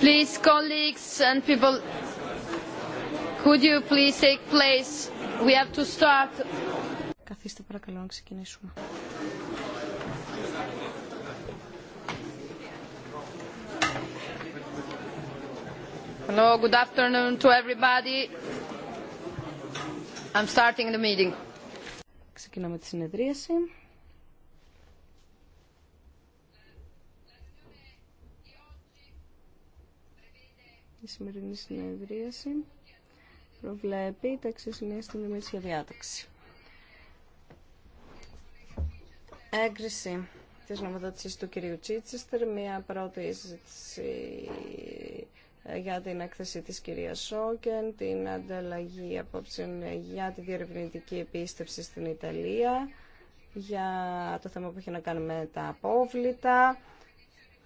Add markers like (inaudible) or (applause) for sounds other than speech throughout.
Please, colleagues and people, could you please take place? We have to start. Καθίστε παρακαλώ να ξεκινήσουμε. Hello, good afternoon to everybody. I'm starting the meeting. Ξεκινάμε τη συνεδρίαση. Η σημερινή συνεδρίαση προβλέπει τα εξής στην ημερήσια διάταξη. Έγκριση της νομοδότησης του κυρίου Τσίτσεστερ, μια πρώτη συζήτηση ε, για την έκθεση της κυρίας Σόκεν, την ανταλλαγή απόψεων για τη διερευνητική επίστευση στην Ιταλία, για το θέμα που έχει να κάνει με τα απόβλητα,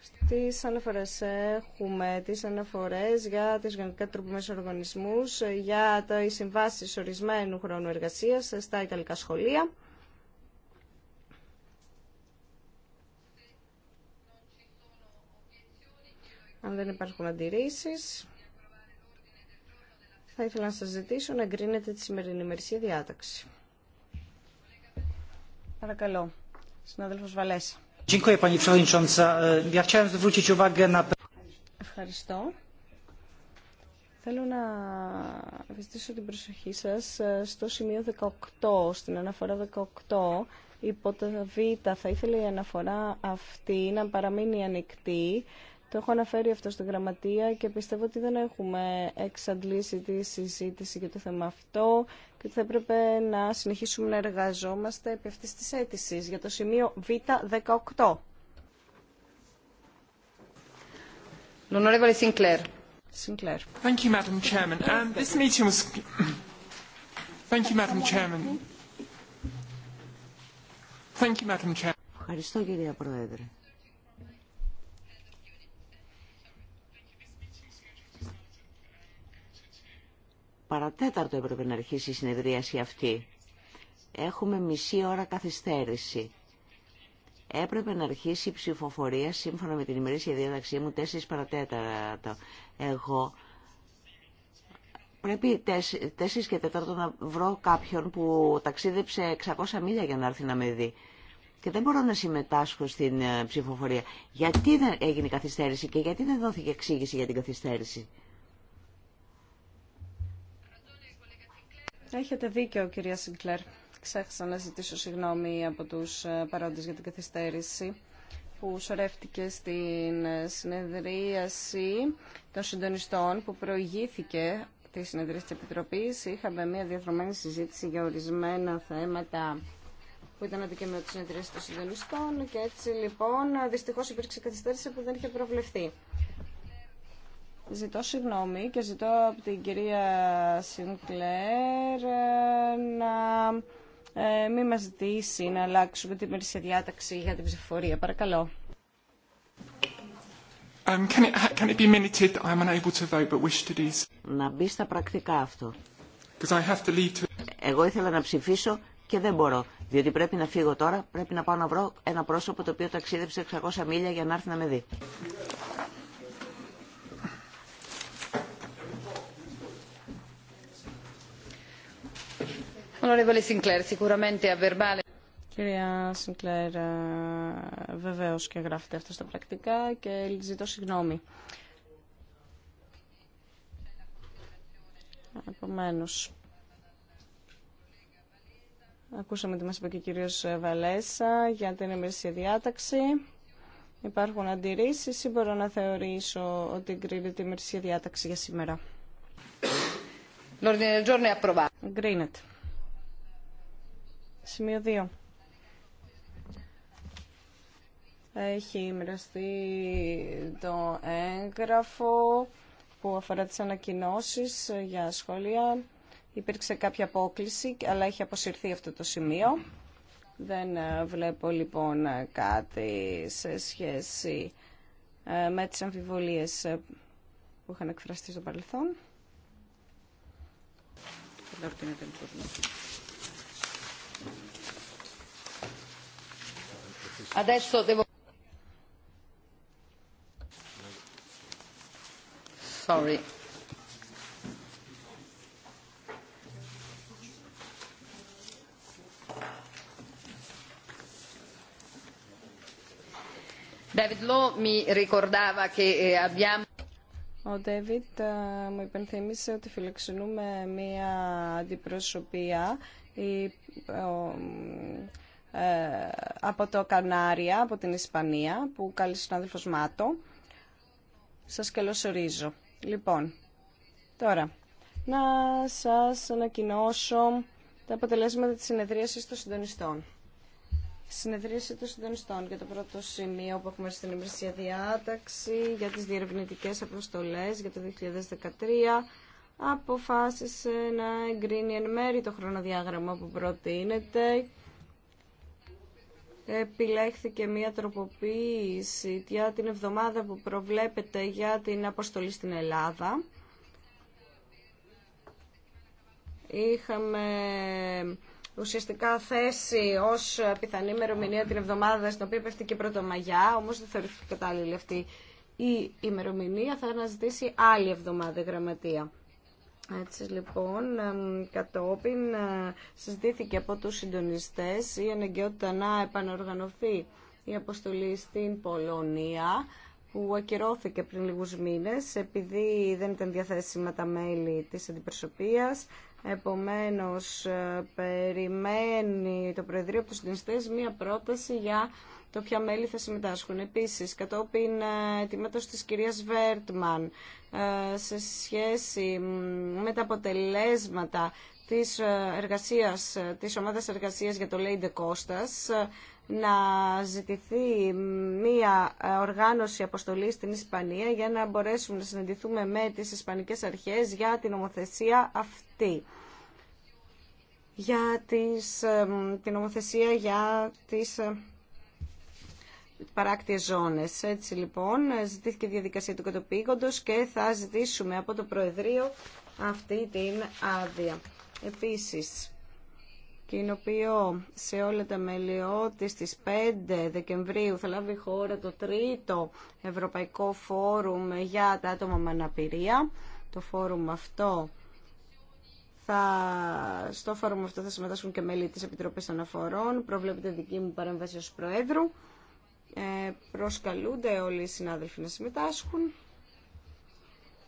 στις αναφορές έχουμε Τι αναφορές για τις γενικά τροπημένες οργανισμούς, για τα συμβάσει ορισμένου χρόνου εργασίας στα Ιταλικά σχολεία. Αν δεν υπάρχουν αντιρρήσει, θα ήθελα να σας ζητήσω να εγκρίνετε τη σημερινή ημερησία διάταξη. Παρακαλώ, συνάδελφος Βαλέσσα. Ευχαριστώ. Θέλω να ευχαριστήσω την προσοχή σας ε, στο σημείο 18, στην αναφορά 18. Υπό το Β θα ήθελε η αναφορά αυτή να παραμείνει ανοιχτή το έχω αναφέρει αυτό στην γραμματεία και πιστεύω ότι δεν έχουμε εξαντλήσει τη συζήτηση για το θέμα αυτό και ότι θα έπρεπε να συνεχίσουμε να εργαζόμαστε επί αυτής της αίτησης για το σημείο Β18. L'onorevole Sinclair. Sinclair. Thank you, Madam Ευχαριστώ, κυρία Πρόεδρε. παρατέταρτο έπρεπε να αρχίσει η συνεδρίαση αυτή. Έχουμε μισή ώρα καθυστέρηση. Έπρεπε να αρχίσει η ψηφοφορία σύμφωνα με την ημερήσια διάταξή μου 4 παρατέταρτο. Εγώ πρέπει 4 και τέταρτο να βρω κάποιον που ταξίδεψε 600 μίλια για να έρθει να με δει. Και δεν μπορώ να συμμετάσχω στην ε, ψηφοφορία. Γιατί δεν έγινε καθυστέρηση και γιατί δεν δόθηκε εξήγηση για την καθυστέρηση. Έχετε δίκιο, κυρία Σιγκλέρ. Ξέχασα να ζητήσω συγγνώμη από τους ε, παρόντες για την καθυστέρηση που σωρεύτηκε στην ε, συνεδρίαση των συντονιστών που προηγήθηκε τη συνεδρία της Επιτροπής. Είχαμε μια διαδρομένη συζήτηση για ορισμένα θέματα που ήταν αντικείμενο της συνεδρίας των συντονιστών και έτσι λοιπόν δυστυχώς υπήρξε καθυστέρηση που δεν είχε προβλεφθεί. Ζητώ συγγνώμη και ζητώ από την κυρία Σινκλέρ ε, να ε, μην μας ζητήσει να αλλάξουμε την μερίσια διάταξη για την ψηφορία. Παρακαλώ. Να μπει στα πρακτικά αυτό. I have to leave to... Εγώ ήθελα να ψηφίσω και δεν μπορώ, διότι πρέπει να φύγω τώρα, πρέπει να πάω να βρω ένα πρόσωπο το οποίο ταξίδεψε 600 μίλια για να έρθει να με δει. Κυρία Σινκλέρ, ε, βεβαίω και γράφεται αυτό στα πρακτικά και ζητώ συγγνώμη. Επομένω. Ακούσαμε τι μα είπε και ο κύριος Βαλέσα για την ημερήσια διάταξη. Υπάρχουν αντιρρήσει ή μπορώ να θεωρήσω ότι εγκρίνεται η ημερήσια διάταξη για σήμερα. Γκρίνεται. Σημείο 2. Έχει μοιραστεί το έγγραφο που αφορά τις ανακοινώσεις για σχόλια. Υπήρξε κάποια απόκληση, αλλά έχει αποσυρθεί αυτό το σημείο. Δεν ε, βλέπω λοιπόν κάτι σε σχέση ε, με τις αμφιβολίες ε, που είχαν εκφραστεί στο παρελθόν. David Law mi ricordava che eh, abbiamo... Ο Ντέβιτ ε, μου υπενθύμισε ότι φιλοξενούμε μία αντιπροσωπεία Η, ε, από το Κανάρια, από την Ισπανία, που τον αδελφός Μάτο. Σας καλωσορίζω. Λοιπόν, τώρα, να σας ανακοινώσω τα αποτελέσματα της συνεδρίασης των συντονιστών. Συνεδρίαση των συντονιστών για το πρώτο σημείο που έχουμε στην ημερησία διάταξη για τις διερευνητικές αποστολές για το 2013 αποφάσισε να εγκρίνει εν μέρη το χρονοδιάγραμμα που προτείνεται επιλέχθηκε μία τροποποίηση για την εβδομάδα που προβλέπεται για την αποστολή στην Ελλάδα. Είχαμε ουσιαστικά θέση ως πιθανή ημερομηνία την εβδομάδα στην οποία πέφτει και πρωτομαγιά, όμως δεν θεωρήθηκε κατάλληλη αυτή η ημερομηνία, θα αναζητήσει άλλη εβδομάδα γραμματεία. Έτσι λοιπόν, κατόπιν ε, συζητήθηκε από τους συντονιστές η αναγκαιότητα να επαναοργανωθεί η αποστολή στην Πολωνία που ακυρώθηκε πριν λίγους μήνες επειδή δεν ήταν διαθέσιμα τα μέλη της αντιπροσωπείας. Επομένως, ε, περιμένει το Προεδρείο από τους συντονιστές μία πρόταση για το ποια μέλη θα συμμετάσχουν. Επίσης, κατόπιν ε, αιτήματος της κυρίας Βέρτμαν, ε, σε σχέση με τα αποτελέσματα της ε, εργασίας, της ομάδας εργασίας για το Λέιντε Κώστας, να ζητηθεί μία οργάνωση αποστολή στην Ισπανία για να μπορέσουμε να συναντηθούμε με τις Ισπανικές Αρχές για την ομοθεσία αυτή. Για τις, την ομοθεσία για τις παράκτιες ζώνε. Έτσι λοιπόν ζητήθηκε διαδικασία του κατοπήγοντο και θα ζητήσουμε από το Προεδρείο αυτή την άδεια. Επίση, κοινοποιώ σε όλα τα μέλη ότι στι 5 Δεκεμβρίου θα λάβει η χώρα το τρίτο Ευρωπαϊκό Φόρουμ για τα άτομα με αναπηρία. Το φόρουμ αυτό θα, στο φόρουμ αυτό θα συμμετάσχουν και μέλη της Επιτροπής Αναφορών. Προβλέπετε δική μου παρέμβαση ως Προέδρου. Ε, προσκαλούνται όλοι οι συνάδελφοι να συμμετάσχουν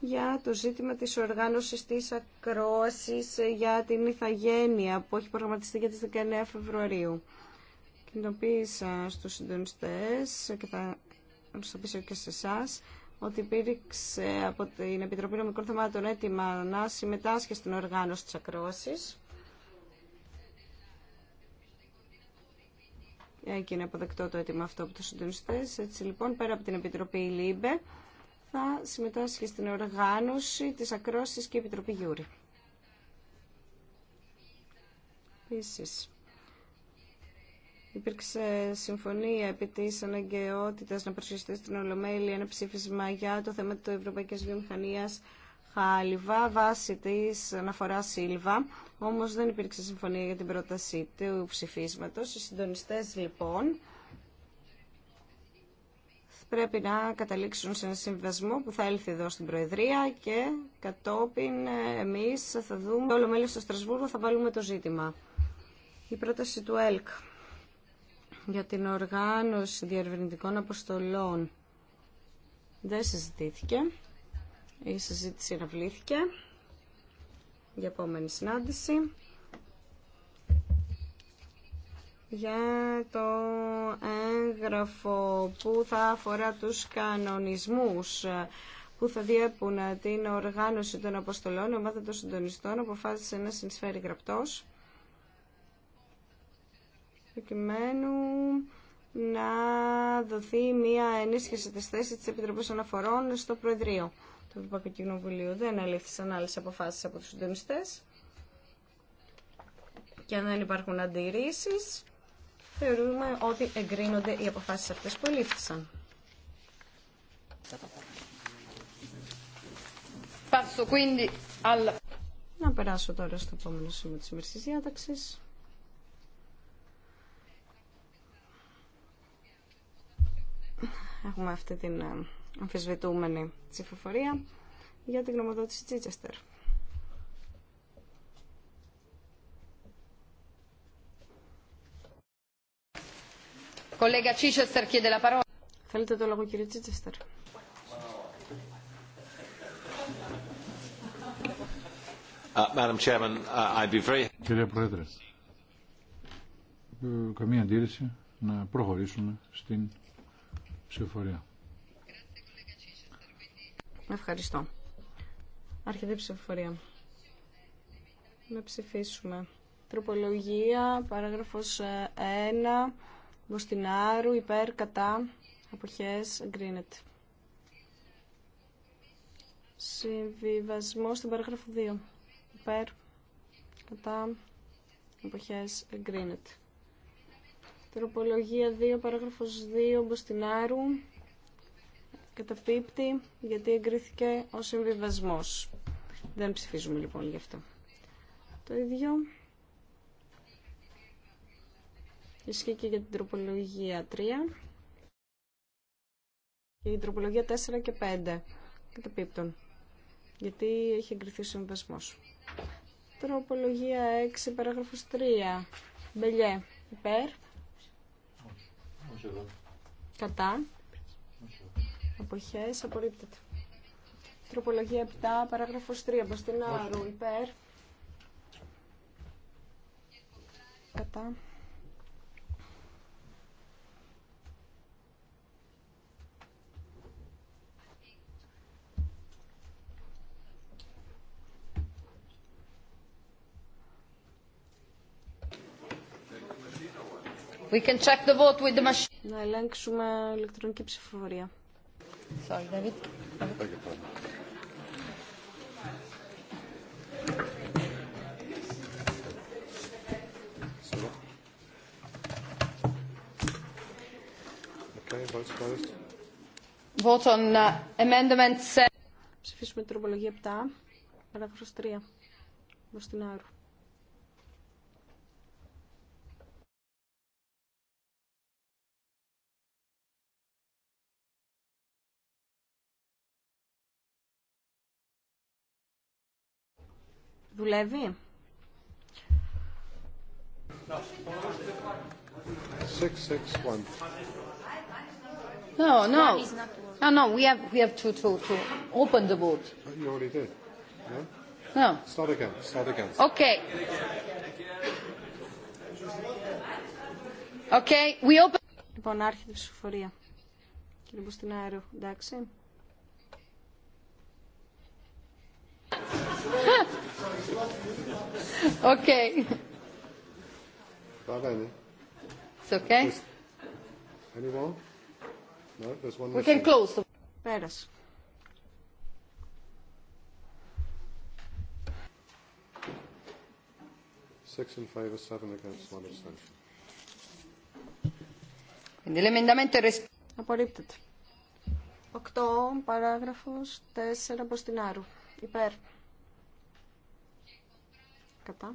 για το ζήτημα της οργάνωσης της ακρόασης για την ηθαγένεια που έχει προγραμματιστεί για τις 19 Φεβρουαρίου. Κοινοποίησα στους συντονιστές και θα σας πείσω και σε εσά ότι υπήρξε από την Επιτροπή Νομικών Θεμάτων έτοιμα να συμμετάσχει στην οργάνωση της ακρόασης και είναι αποδεκτό το αίτημα αυτό από τους συντονιστέ. Έτσι λοιπόν, πέρα από την Επιτροπή ΛΥΜΠΕ, θα συμμετάσχει στην οργάνωση της ακρόσης και η Επιτροπή Γιούρη. Επίσης, υπήρξε συμφωνία επί της αναγκαιότητας να παρουσιαστεί στην Ολομέλη ένα ψήφισμα για το θέμα του Ευρωπαϊκής Βιομηχανίας Χάλιβα βάση της αναφορά Σίλβα, όμως δεν υπήρξε συμφωνία για την πρόταση του ψηφίσματος. Οι συντονιστές λοιπόν πρέπει να καταλήξουν σε ένα συμβασμό που θα έλθει εδώ στην Προεδρία και κατόπιν ε, εμείς θα δούμε όλο μέλο στο Στρασβούργο θα βάλουμε το ζήτημα. Η πρόταση του ΕΛΚ για την οργάνωση διερευνητικών αποστολών δεν συζητήθηκε. Η συζήτηση αναβλήθηκε για επόμενη συνάντηση για το έγγραφο που θα αφορά τους κανονισμούς που θα διέπουν την οργάνωση των αποστολών, η ομάδα των συντονιστών αποφάσισε να συνεισφέρει γραπτός προκειμένου να δοθεί μία ενίσχυση της θέσης της Επιτροπής Αναφορών στο Προεδρείο του Ευρωπαϊκού Κοινοβουλίου δεν ελήφθησαν άλλε αποφάσει από του συντονιστέ. και αν δεν υπάρχουν αντιρρήσει, θεωρούμε ότι εγκρίνονται οι αποφάσει αυτέ που ελήφθησαν. Να περάσω τώρα στο επόμενο σημείο της ημερικής διάταξης. Έχουμε αυτή την ε, αμφισβητούμενη ψηφοφορία για την γνωμοδότηση Τσίτσεστερ. Θέλετε το λόγο κύριε Τσίτσεστερ. Uh, uh, κύριε Πρόεδρε, καμία αντίρρηση να προχωρήσουμε στην ψηφοφορία. Ευχαριστώ. Άρχεται ψηφοφορία. Να ψηφίσουμε. Τροπολογία, παράγραφος 1, ε, Μποστινάρου, υπέρ, κατά, αποχές, εγκρίνεται. Συμβιβασμό στην παράγραφο 2. Υπέρ, κατά, αποχές, εγκρίνεται. Τροπολογία 2, παράγραφος 2, Μποστινάρου, καταπίπτει γιατί εγκρίθηκε ο συμβιβασμός. Δεν ψηφίζουμε λοιπόν γι' αυτό. Το ίδιο ισχύει και για την τροπολογία 3 και η τροπολογία 4 και 5 καταπίπτων γιατί έχει εγκριθεί ο συμβιβασμός. Τροπολογία 6 παράγραφος 3 Μπελιέ υπέρ κατά εποχές απορρίπτεται. Τροπολογία 7, παράγραφος 3, άρου υπέρ. Κατά. We can check the vote with the machine. Να ελέγξουμε ηλεκτρονική ψηφοφορία. Sorry, David. Vote 7. τροπολογία 7, 3, Δουλεύει. Six, six, one. No, no. No, no, we have, we have to, to, to open the vote. You already did. No? No. Start again, start again. Okay. Okay, we open... Λοιπόν, άρχεται η ψηφοφορία. Κύριε Μποστινάρου, εντάξει. Ok. Va bene. It's okay. Anyone? No, there's one. We can close. Πέρασε. Six in favor, seven against, one abstention. Quindi l'emendamento è Απορρίπτεται. 8 παράγραφος 4 προς την Άρου. Υπέρ. Κατά.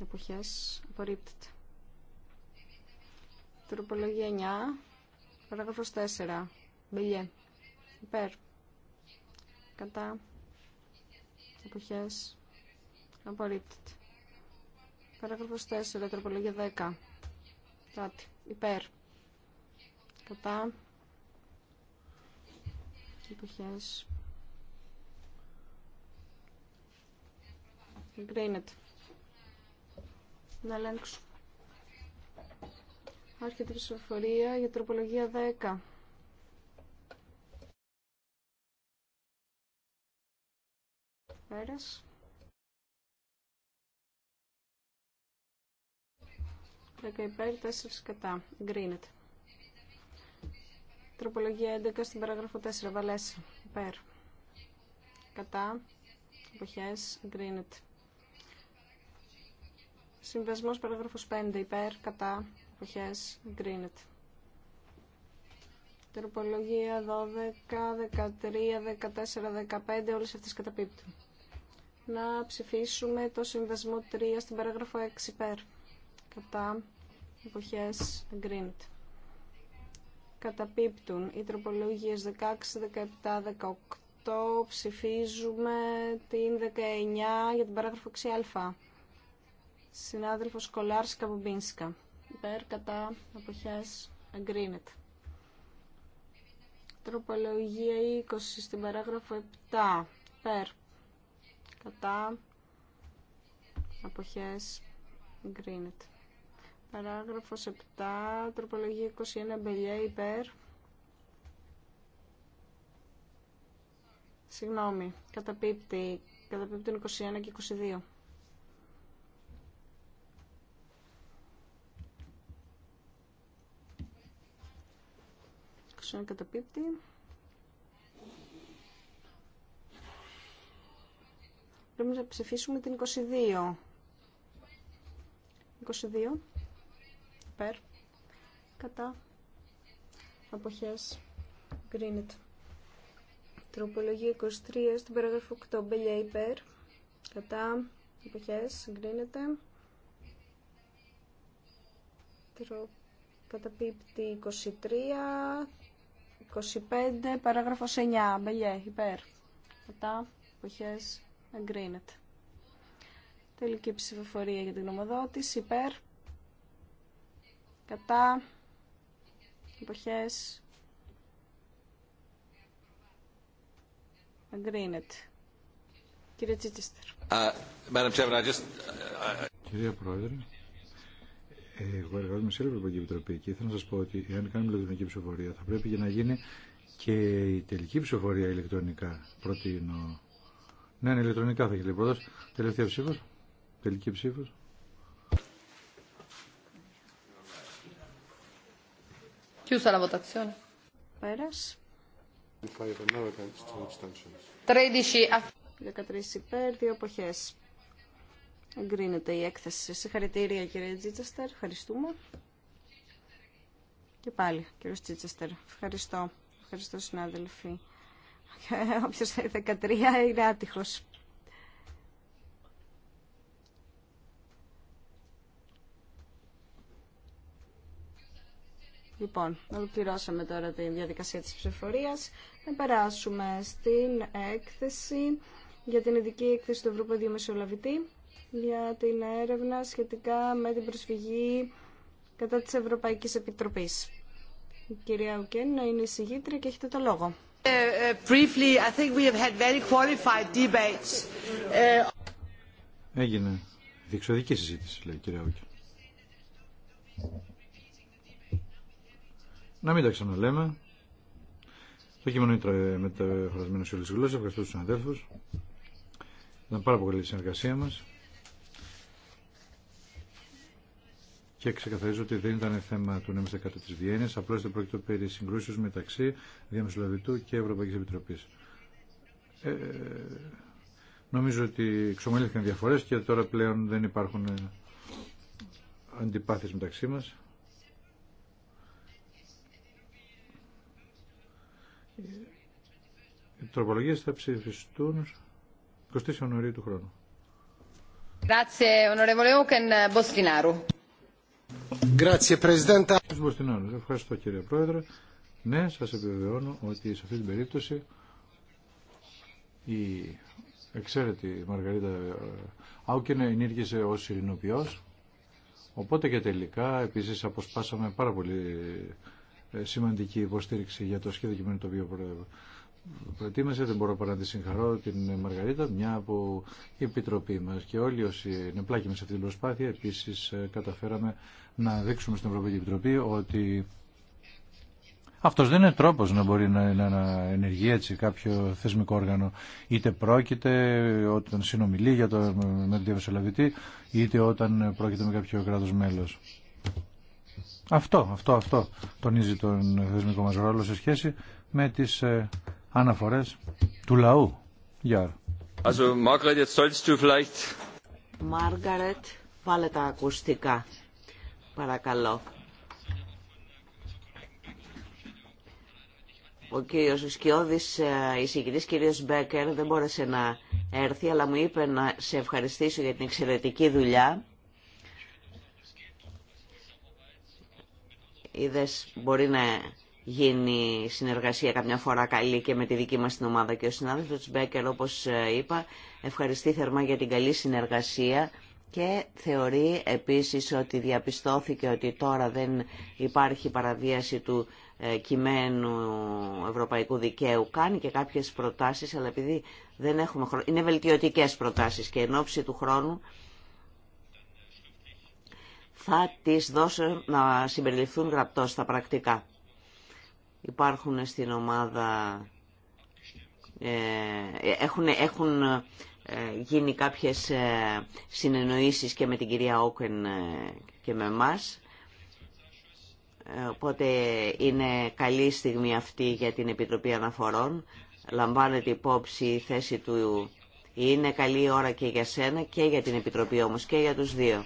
Εποχές. Απορρίπτεται. Τροπολογία 9. Παράγραφος 4. Μπελιέ. Υπέρ. Κατά. Εποχές. Απορρίπτεται. Παράγραφος 4. Τροπολογία 10. Κάτι. Υπέρ. Κατά. Εποχές. Εγκρίνεται. Να ελέγξω. Άρχεται η ψηφοφορία για τροπολογία 10. Πέρας. Δέκα υπέρ, τέσσερις κατά. Γκρίνεται. Τροπολογία 11 στην παράγραφο 4. Βαλέσσα. Υπέρ. Κατά. Εποχές. Γκρίνεται. Συμβασμός παράγραφος 5 υπέρ, κατά, εποχές, εγκρίνεται. Τροπολογία 12, 13, 14, 15, όλες αυτές καταπίπτουν. Να ψηφίσουμε το συμβασμό 3 στην παράγραφο 6 υπέρ. Κατά εποχές εγκρίνεται. Καταπίπτουν οι τροπολογίες 16, 17, 18. Ψηφίζουμε την 19 για την παράγραφο 6α. Συνάδελφος Κολάρσκα Μπουμπίνσκα. Υπέρ κατά αποχές εγκρίνεται. Τροπολογία 20 στην παράγραφο 7. Υπέρ κατά αποχές εγκρίνεται. Παράγραφος 7, τροπολογία 21, μπελιέ υπέρ. Συγγνώμη, καταπίπτει, καταπίπτουν 21 και 22. καταπίπτει. Πρέπει να ψηφίσουμε την 22. 22. Περ. Κατά. Αποχές. Γκρίνεται. Τροπολογία 23 στην παραγραφή 8. Μπελιά υπέρ. Κατά. Αποχές. Γκρίνεται. Τροπολογία καταπίπτει 23, 25, παράγραφος 9, μπελιέ, υπέρ. Κατά, εποχές, εγκρίνεται. Τελική ψηφοφορία για την νομοδότηση, υπέρ. Κατά, εποχές, εγκρίνεται. Κύριε Τσίτσιστερ. Uh, uh, Κύριε Πρόεδρε, ε, εγώ εργάζομαι σε Ευρωπαϊκή Επιτροπή και ήθελα να σα πω ότι εάν κάνουμε ηλεκτρονική ψηφοφορία θα πρέπει και να γίνει και η τελική ψηφοφορία ηλεκτρονικά. Προτείνω. Ναι, είναι ηλεκτρονικά θα γίνει πρώτα. Τελευταία ψήφο. Τελική ψήφο. Chiusa 13 υπέρ, 2 εποχές. Εγκρίνεται η έκθεση. Συγχαρητήρια κύριε Τζίτσαστερ. Ευχαριστούμε. Και πάλι κύριο Τζίτσαστερ. Ευχαριστώ. Ευχαριστώ συνάδελφοι. (laughs) Όποιος θέλει 13 είναι άτυχος. Λοιπόν, ολοκληρώσαμε τώρα τη διαδικασία της ψηφοφορίας, Να περάσουμε στην έκθεση για την ειδική έκθεση του Ευρωπαϊκού Μεσολαβητή για την έρευνα σχετικά με την προσφυγή κατά της Ευρωπαϊκής Επιτροπής. Η κυρία Ουκέν είναι η συγγήτρια και έχετε το λόγο. Έγινε διεξοδική συζήτηση, λέει η κυρία Ουκέν. Να μην τα ξαναλέμε. Το κείμενο είναι μεταφρασμένο σε όλες τις γλώσσες. Ευχαριστώ τους συναδέλφους. Ήταν πάρα πολύ καλή η συνεργασία μας. και ξεκαθαρίζω ότι δεν ήταν θέμα του νέου 10 τη Βιέννη, απλώ δεν πρόκειται περί συγκρούσεω μεταξύ Διαμεσολαβητού και Ευρωπαϊκή Επιτροπή. Ε, νομίζω ότι εξομολύθηκαν διαφορέ και τώρα πλέον δεν υπάρχουν ε, αντιπάθειε μεταξύ μα. Οι τροπολογίε θα ψηφιστούν 20 Ιανουαρίου του χρόνου. Grazie onorevole Oken Bostinaru. Ευχαριστώ κύριε Πρόεδρε. Ναι, σας επιβεβαιώνω ότι σε αυτή την περίπτωση η εξαίρετη Μαργαρίτα ε, Άουκενε ενήργησε ως ειρηνοποιός, οπότε και τελικά επίσης αποσπάσαμε πάρα πολύ ε, σημαντική υποστήριξη για το σχέδιο κειμένου το οποίο προετοίμασε. Δεν μπορώ παρά να τη συγχαρώ την Μαργαρίτα, μια από η Επιτροπή μας και όλοι όσοι είναι πλάκοι μας σε αυτή την προσπάθεια. Επίσης ε, καταφέραμε να δείξουμε στην Ευρωπαϊκή Επιτροπή ότι αυτός δεν είναι τρόπος να μπορεί να, να, να ενεργεί έτσι κάποιο θεσμικό όργανο. Είτε πρόκειται όταν συνομιλεί για το, με τον Διαβεσολαβητή, είτε όταν πρόκειται με κάποιο κράτος μέλος. Αυτό, αυτό, αυτό τονίζει τον θεσμικό μας ρόλο σε σχέση με τις ε, αναφορές του λαού. Γεια. βάλε τα ακουστικά. Παρακαλώ. Ο κύριος η ε, εισηγητής κύριος Μπέκερ, δεν μπόρεσε να έρθει, αλλά μου είπε να σε ευχαριστήσω για την εξαιρετική δουλειά. Είδες, μπορεί να γίνει συνεργασία καμιά φορά καλή και με τη δική μας την ομάδα και ο συνάδελφος Μπέκερ όπως ε, είπα ευχαριστεί θερμά για την καλή συνεργασία και θεωρεί επίσης ότι διαπιστώθηκε ότι τώρα δεν υπάρχει παραβίαση του ε, κειμένου ευρωπαϊκού δικαίου. Κάνει και κάποιες προτάσεις, αλλά επειδή δεν έχουμε χρόνο... Είναι βελτιωτικές προτάσεις και εν ώψη του χρόνου θα τις δώσω να συμπεριληφθούν γραπτώς στα πρακτικά. Υπάρχουν στην ομάδα... Ε, έχουν, έχουν ε, γίνει κάποιες ε, συνεννοήσεις και με την κυρία Όκεν ε, και με μας. Οπότε είναι καλή στιγμή αυτή για την Επιτροπή Αναφορών. Λαμβάνεται υπόψη η θέση του. Είναι καλή ώρα και για σένα και για την Επιτροπή όμως και για τους δύο.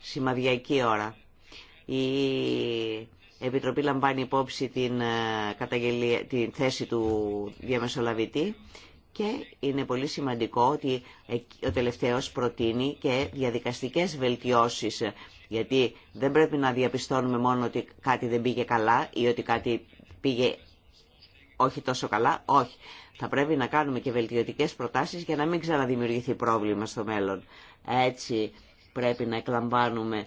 Σημαδιακή ώρα. Η Επιτροπή λαμβάνει υπόψη την, καταγγελία, την θέση του διαμεσολαβητή και είναι πολύ σημαντικό ότι ο τελευταίος προτείνει και διαδικαστικές βελτιώσεις, γιατί δεν πρέπει να διαπιστώνουμε μόνο ότι κάτι δεν πήγε καλά ή ότι κάτι πήγε όχι τόσο καλά, όχι. Θα πρέπει να κάνουμε και βελτιωτικές προτάσεις για να μην ξαναδημιουργηθεί πρόβλημα στο μέλλον. Έτσι πρέπει να εκλαμβάνουμε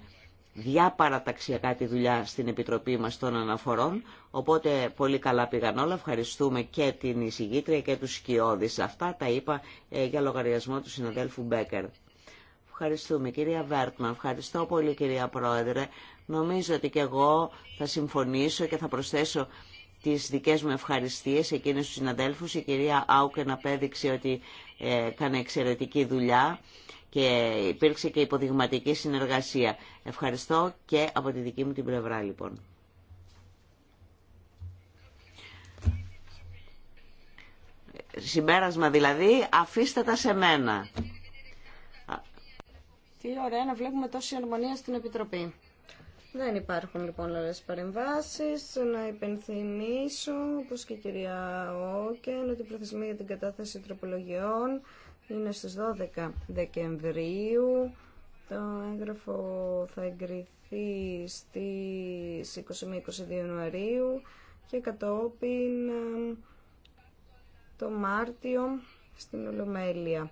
διαπαραταξιακά τη δουλειά στην Επιτροπή μας των Αναφορών, οπότε πολύ καλά πήγαν όλα. Ευχαριστούμε και την εισηγήτρια και τους σκιώδεις. Αυτά τα είπα ε, για λογαριασμό του συναδέλφου Μπέκερ. Ευχαριστούμε κυρία Βέρτμα, ευχαριστώ πολύ κυρία Πρόεδρε. Νομίζω ότι και εγώ θα συμφωνήσω και θα προσθέσω τις δικές μου ευχαριστίες εκείνες του συναδέλφους. Η κυρία Άουκεν απέδειξε ότι ε, έκανε εξαιρετική δουλειά και υπήρξε και υποδειγματική συνεργασία. Ευχαριστώ και από τη δική μου την πλευρά λοιπόν. Συμπέρασμα δηλαδή, αφήστε τα σε μένα. Τι ωραία να βλέπουμε τόση αρμονία στην Επιτροπή. Δεν υπάρχουν λοιπόν άλλε παρεμβάσει. Να υπενθυμίσω, όπω και η κυρία Όκεν, ότι η για την κατάθεση τροπολογιών είναι στις 12 Δεκεμβρίου. Το έγγραφο θα εγκριθεί στις 21-22 Ιανουαρίου και κατόπιν το Μάρτιο στην Ολομέλεια.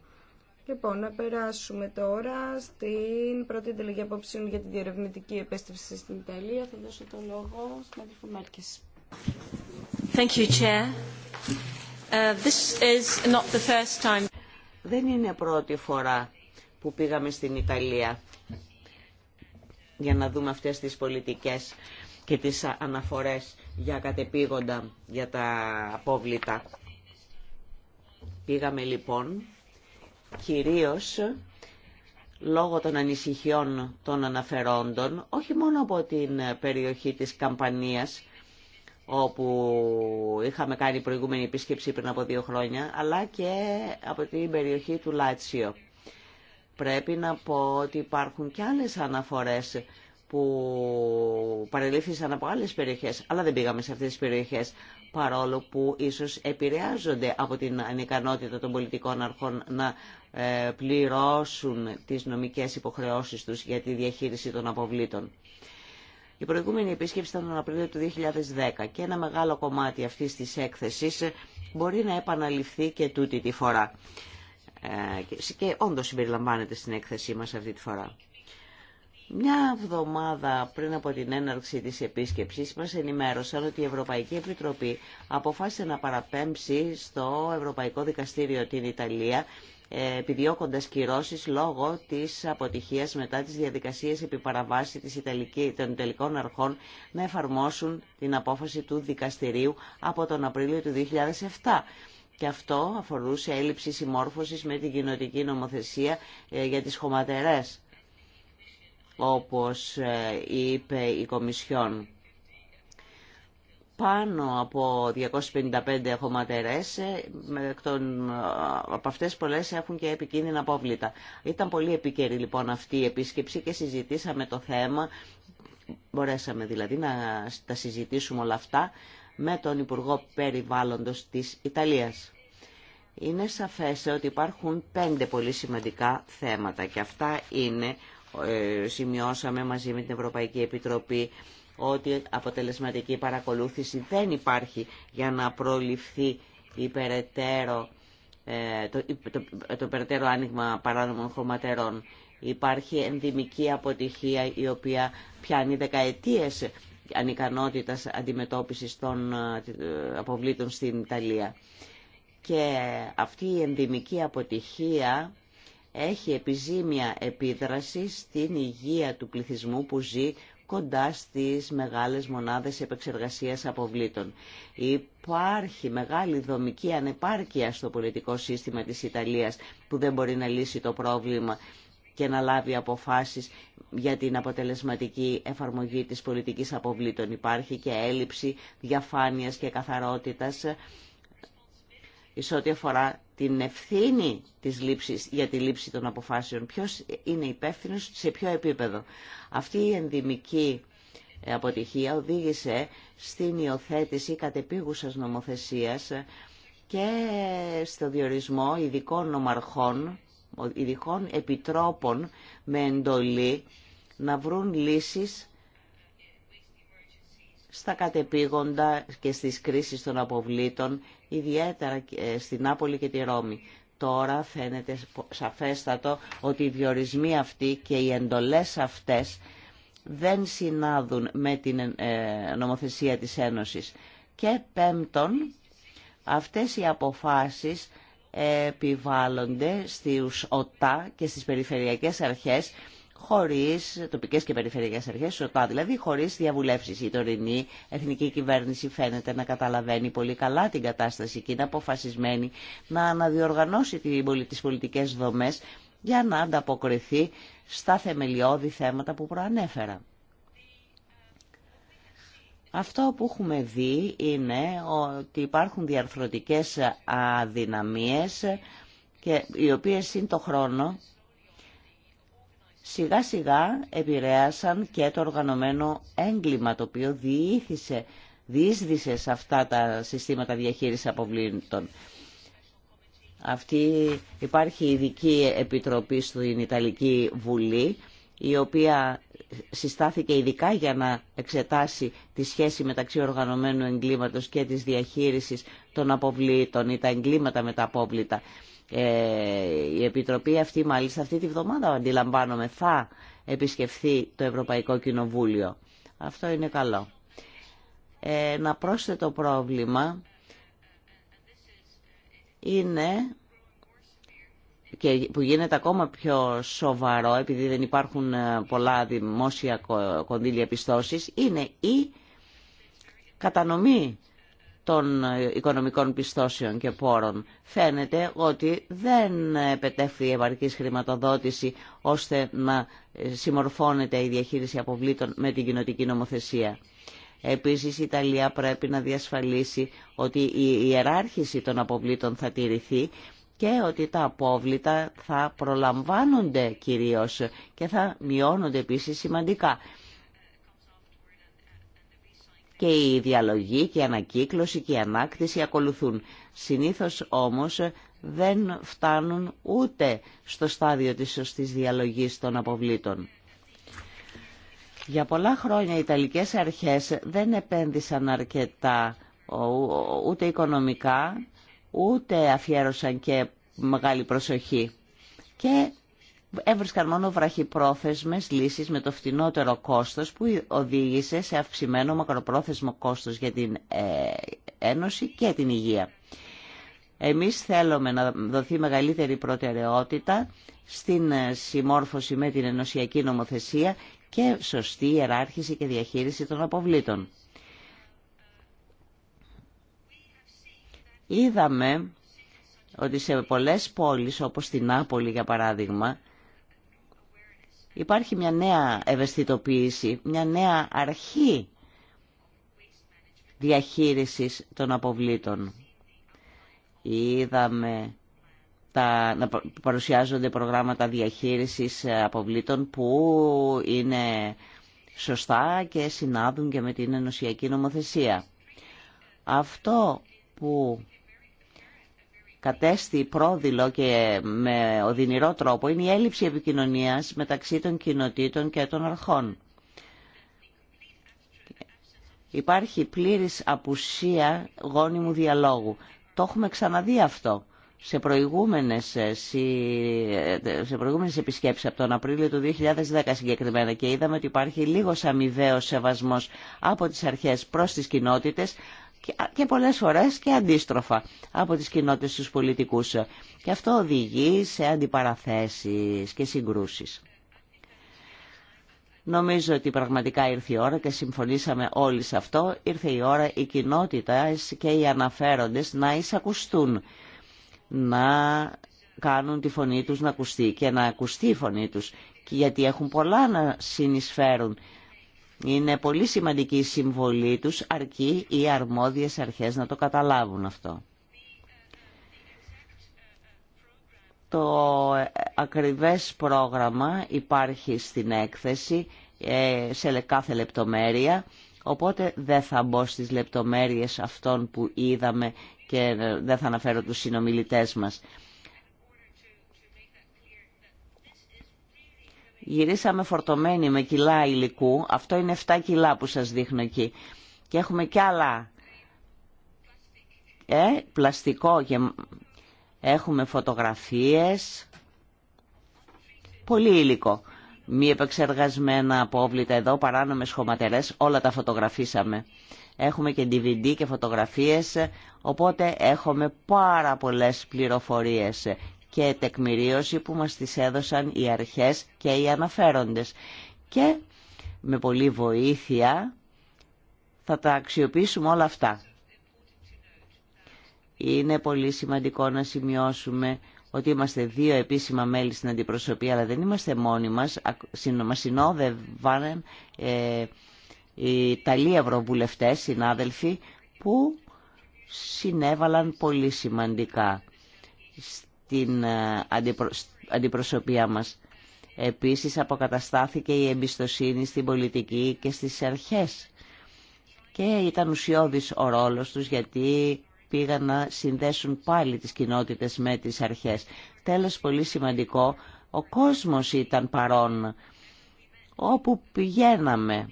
Λοιπόν, να περάσουμε τώρα στην πρώτη εντελεγή απόψεων για τη διερευνητική επέστρεψη στην Ιταλία. Θα δώσω το λόγο στην Αδερφή Μέρκης. Δεν είναι πρώτη φορά που πήγαμε στην Ιταλία για να δούμε αυτές τις πολιτικές και τις αναφορές για κατεπήγοντα για τα απόβλητα. Πήγαμε λοιπόν κυρίως λόγω των ανησυχιών των αναφερόντων, όχι μόνο από την περιοχή της Καμπανίας, όπου είχαμε κάνει προηγούμενη επίσκεψη πριν από δύο χρόνια, αλλά και από την περιοχή του Λάτσιο. Πρέπει να πω ότι υπάρχουν και άλλες αναφορές που παρελήφθησαν από άλλες περιοχές, αλλά δεν πήγαμε σε αυτές τις περιοχές, παρόλο που ίσως επηρεάζονται από την ανικανότητα των πολιτικών αρχών να ε, πληρώσουν τις νομικές υποχρεώσεις τους για τη διαχείριση των αποβλήτων. Η προηγούμενη επίσκεψη ήταν τον Απρίλιο του 2010 και ένα μεγάλο κομμάτι αυτής της έκθεσης μπορεί να επαναληφθεί και τούτη τη φορά. Ε, και όντως συμπεριλαμβάνεται στην έκθεσή μας αυτή τη φορά. Μια εβδομάδα πριν από την έναρξη της επίσκεψης μας ενημέρωσαν ότι η Ευρωπαϊκή Επιτροπή αποφάσισε να παραπέμψει στο Ευρωπαϊκό Δικαστήριο την Ιταλία επιδιώκοντας κυρώσεις λόγω της αποτυχίας μετά τις διαδικασίες επί της Ιταλική, των Ιταλικών αρχών να εφαρμόσουν την απόφαση του δικαστηρίου από τον Απρίλιο του 2007. Και αυτό αφορούσε έλλειψη συμμόρφωσης με την κοινοτική νομοθεσία ε, για τις χωματερές, όπως ε, είπε η Κομισιόν πάνω από 255 χωματερές, ε, ε, από αυτές πολλές έχουν και επικίνδυνα απόβλητα. Ήταν πολύ επίκαιρη λοιπόν αυτή η επίσκεψη και συζητήσαμε το θέμα, μπορέσαμε δηλαδή να τα συζητήσουμε όλα αυτά με τον Υπουργό Περιβάλλοντος της Ιταλίας. Είναι σαφές ε, ότι υπάρχουν πέντε πολύ σημαντικά θέματα και αυτά είναι, σημειώσαμε μαζί με την Ευρωπαϊκή Επιτροπή, ότι αποτελεσματική παρακολούθηση δεν υπάρχει για να προληφθεί υπεραιτέρω, ε, το, το, το, περαιτέρω άνοιγμα παράνομων χρωματερών. Υπάρχει ενδημική αποτυχία η οποία πιάνει δεκαετίες ανικανότητας αντιμετώπισης των ε, αποβλήτων στην Ιταλία. Και αυτή η ενδημική αποτυχία έχει επιζήμια επίδραση στην υγεία του πληθυσμού που ζει κοντά στις μεγάλες μονάδες επεξεργασίας αποβλήτων. Υπάρχει μεγάλη δομική ανεπάρκεια στο πολιτικό σύστημα της Ιταλίας που δεν μπορεί να λύσει το πρόβλημα και να λάβει αποφάσεις για την αποτελεσματική εφαρμογή της πολιτικής αποβλήτων. Υπάρχει και έλλειψη διαφάνειας και καθαρότητας ε, σε ό,τι αφορά την ευθύνη της λήψης, για τη λήψη των αποφάσεων. Ποιος είναι υπεύθυνος σε ποιο επίπεδο. Αυτή η ενδημική ε, αποτυχία οδήγησε στην υιοθέτηση κατεπίγουσας νομοθεσίας και στο διορισμό ειδικών νομαρχών, ειδικών επιτρόπων με εντολή να βρουν λύσεις στα κατεπήγοντα και στις κρίσεις των αποβλήτων ιδιαίτερα ε, στην Νάπολη και τη Ρώμη. Τώρα φαίνεται σαφέστατο ότι οι διορισμοί αυτοί και οι εντολές αυτές δεν συνάδουν με την ε, νομοθεσία της Ένωσης. Και πέμπτον, αυτές οι αποφάσεις επιβάλλονται στους ΟΤΑ και στις περιφερειακές αρχές χωρίς τοπικές και περιφερειακές αρχέ, σωτά, δηλαδή χωρίς διαβουλεύσει. Η τωρινή εθνική κυβέρνηση φαίνεται να καταλαβαίνει πολύ καλά την κατάσταση και είναι αποφασισμένη να αναδιοργανώσει τι πολιτικές δομές για να ανταποκριθεί στα θεμελιώδη θέματα που προανέφερα. Αυτό που έχουμε δει είναι ότι υπάρχουν διαρθρωτικές αδυναμίες και οι οποίες είναι το χρόνο σιγά σιγά επηρέασαν και το οργανωμένο έγκλημα το οποίο διήθησε, διείσδησε σε αυτά τα συστήματα διαχείρισης αποβλήτων. Αυτή υπάρχει ειδική επιτροπή στην Ιταλική Βουλή η οποία συστάθηκε ειδικά για να εξετάσει τη σχέση μεταξύ οργανωμένου εγκλήματος και της διαχείρισης των αποβλήτων ή τα εγκλήματα με τα απόβλητα. Ε, η Επιτροπή αυτή μάλιστα αυτή τη βδομάδα αντιλαμβάνομαι θα επισκεφθεί το Ευρωπαϊκό Κοινοβούλιο. Αυτό είναι καλό. Ένα ε, πρόσθετο πρόβλημα είναι και που γίνεται ακόμα πιο σοβαρό επειδή δεν υπάρχουν ε, πολλά δημόσια κονδύλια πιστώσεις είναι η κατανομή των οικονομικών πιστώσεων και πόρων. Φαίνεται ότι δεν επετεύχθη ευαρκής χρηματοδότηση ώστε να συμμορφώνεται η διαχείριση αποβλήτων με την κοινοτική νομοθεσία. Επίσης η Ιταλία πρέπει να διασφαλίσει ότι η ιεράρχηση των αποβλήτων θα τηρηθεί και ότι τα απόβλητα θα προλαμβάνονται κυρίως και θα μειώνονται επίσης σημαντικά και η διαλογή και η ανακύκλωση και η ανάκτηση ακολουθούν. Συνήθως όμως δεν φτάνουν ούτε στο στάδιο της σωστής διαλογής των αποβλήτων. Για πολλά χρόνια οι Ιταλικές αρχές δεν επένδυσαν αρκετά ούτε οικονομικά, ούτε αφιέρωσαν και μεγάλη προσοχή. Και έβρισκαν μόνο βραχυπρόθεσμες λύσεις με το φτηνότερο κόστος που οδήγησε σε αυξημένο μακροπρόθεσμο κόστος για την ε, Ένωση και την υγεία. Εμείς θέλουμε να δοθεί μεγαλύτερη προτεραιότητα στην ε, συμμόρφωση με την ενωσιακή νομοθεσία και σωστή ιεράρχηση και διαχείριση των αποβλήτων. Είδαμε ότι σε πολλές πόλεις, όπως την Νάπολη για παράδειγμα, Υπάρχει μια νέα ευαισθητοποίηση, μια νέα αρχή διαχείρισης των αποβλήτων. Είδαμε τα, να παρουσιάζονται προγράμματα διαχείρισης ε, αποβλήτων που είναι σωστά και συνάδουν και με την ενωσιακή νομοθεσία. Αυτό που κατέστη πρόδειλο και με οδυνηρό τρόπο είναι η έλλειψη επικοινωνίας μεταξύ των κοινοτήτων και των αρχών. Υπάρχει πλήρης απουσία γόνιμου διαλόγου. Το έχουμε ξαναδεί αυτό σε προηγούμενες, ε, ε, σε προηγούμενες επισκέψεις από τον Απρίλιο του 2010 συγκεκριμένα και είδαμε ότι υπάρχει λίγος αμοιβαίος σεβασμός από τις αρχές προς τις κοινότητες και πολλές φορές και αντίστροφα από τις κοινότητες τους πολιτικούς. Και αυτό οδηγεί σε αντιπαραθέσεις και συγκρούσεις. Νομίζω ότι πραγματικά ήρθε η ώρα και συμφωνήσαμε όλοι σε αυτό. Ήρθε η ώρα οι κοινότητες και οι αναφέροντες να εισακουστούν, να κάνουν τη φωνή τους να ακουστεί και να ακουστεί η φωνή τους, γιατί έχουν πολλά να συνεισφέρουν είναι πολύ σημαντική η συμβολή τους, αρκεί οι αρμόδιες αρχές να το καταλάβουν αυτό. Το ακριβές πρόγραμμα υπάρχει στην έκθεση ε, σε κάθε λεπτομέρεια, οπότε δεν θα μπω στις λεπτομέρειες αυτών που είδαμε και δεν θα αναφέρω τους συνομιλητές μας. Γυρίσαμε φορτωμένοι με κιλά υλικού, αυτό είναι 7 κιλά που σας δείχνω εκεί. Και έχουμε κι άλλα. Ε, πλαστικό και έχουμε φωτογραφίες. Πολύ υλικό. Μη επεξεργασμένα απόβλητα εδώ, παράνομες χωματερές, όλα τα φωτογραφίσαμε. Έχουμε και DVD και φωτογραφίες, οπότε έχουμε πάρα πολλές πληροφορίες και τεκμηρίωση που μας τις έδωσαν οι αρχές και οι αναφέροντες. Και με πολλή βοήθεια θα τα αξιοποιήσουμε όλα αυτά. Είναι πολύ σημαντικό να σημειώσουμε ότι είμαστε δύο επίσημα μέλη στην αντιπροσωπεία, αλλά δεν είμαστε μόνοι μας. Μας συνόδευαν ε, οι Ιταλοί Ευρωβουλευτές, συνάδελφοι, που συνέβαλαν πολύ σημαντικά την ε, αντιπροσωπία μας. Επίσης αποκαταστάθηκε η εμπιστοσύνη στην πολιτική και στις αρχές. Και ήταν ουσιώδης ο ρόλος τους γιατί πήγαν να συνδέσουν πάλι τις κοινότητες με τις αρχές. Τέλος πολύ σημαντικό, ο κόσμος ήταν παρόν. Όπου πηγαίναμε,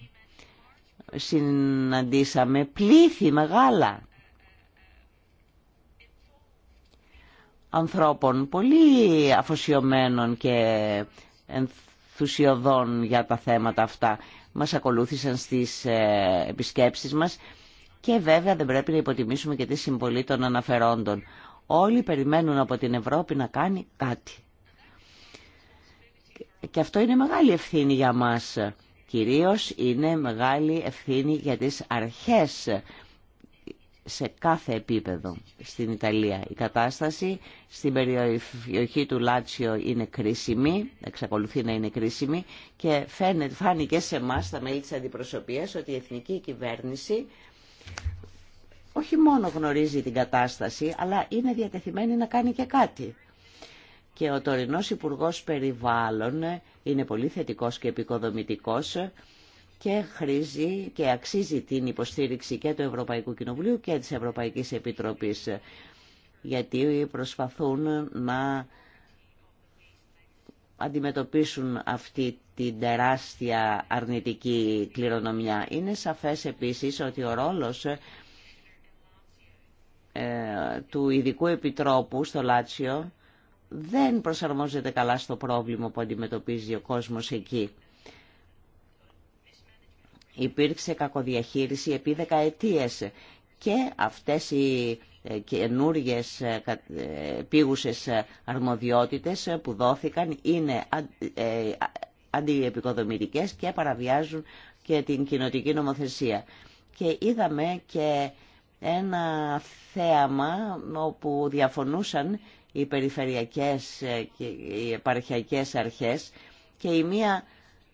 συναντήσαμε πλήθη μεγάλα ανθρώπων πολύ αφοσιωμένων και ενθουσιωδών για τα θέματα αυτά. Μας ακολούθησαν στις ε, επισκέψεις μας και βέβαια δεν πρέπει να υποτιμήσουμε και τη συμβολή των αναφερόντων. Όλοι περιμένουν από την Ευρώπη να κάνει κάτι. Και αυτό είναι μεγάλη ευθύνη για μας. Κυρίως είναι μεγάλη ευθύνη για τις αρχές σε κάθε επίπεδο στην Ιταλία. Η κατάσταση στην περιοχή του Λάτσιο είναι κρίσιμη, εξακολουθεί να είναι κρίσιμη και φαίνεται, φάνηκε σε εμά τα μέλη της αντιπροσωπείας ότι η εθνική κυβέρνηση όχι μόνο γνωρίζει την κατάσταση, αλλά είναι διατεθειμένη να κάνει και κάτι. Και ο τωρινός Υπουργός Περιβάλλον είναι πολύ θετικός και επικοδομητικός και χρήζει και αξίζει την υποστήριξη και του Ευρωπαϊκού Κοινοβουλίου και της Ευρωπαϊκής Επιτροπής γιατί προσπαθούν να αντιμετωπίσουν αυτή την τεράστια αρνητική κληρονομιά. Είναι σαφές επίσης ότι ο ρόλος ε, του ειδικού επιτρόπου στο Λάτσιο δεν προσαρμόζεται καλά στο πρόβλημα που αντιμετωπίζει ο κόσμος εκεί υπήρξε κακοδιαχείριση επί δεκαετίες και αυτές οι ε, καινούριε ε, ε, πήγουσες αρμοδιότητες που δόθηκαν είναι αντιεπικοδομητικές και παραβιάζουν και την κοινοτική νομοθεσία. Και είδαμε και ένα θέαμα όπου διαφωνούσαν οι περιφερειακές και οι επαρχιακές αρχές και η μία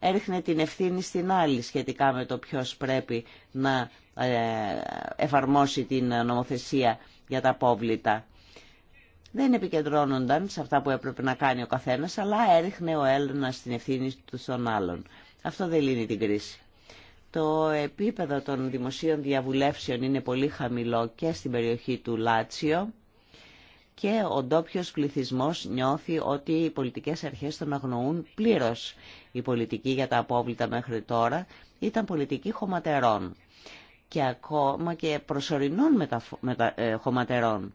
έριχνε την ευθύνη στην άλλη σχετικά με το ποιος πρέπει να ε, εφαρμόσει την νομοθεσία για τα απόβλητα. Δεν επικεντρώνονταν σε αυτά που έπρεπε να κάνει ο καθένας, αλλά έριχνε ο Έλληνας την ευθύνη του στον άλλον. Αυτό δεν λύνει την κρίση. Το επίπεδο των δημοσίων διαβουλεύσεων είναι πολύ χαμηλό και στην περιοχή του Λάτσιο και ο ντόπιο πληθυσμό νιώθει ότι οι πολιτικέ αρχέ τον αγνοούν πλήρω. Η πολιτική για τα απόβλητα μέχρι τώρα ήταν πολιτική χωματερών και ακόμα και προσωρινών μετα... Ε, χωματερών.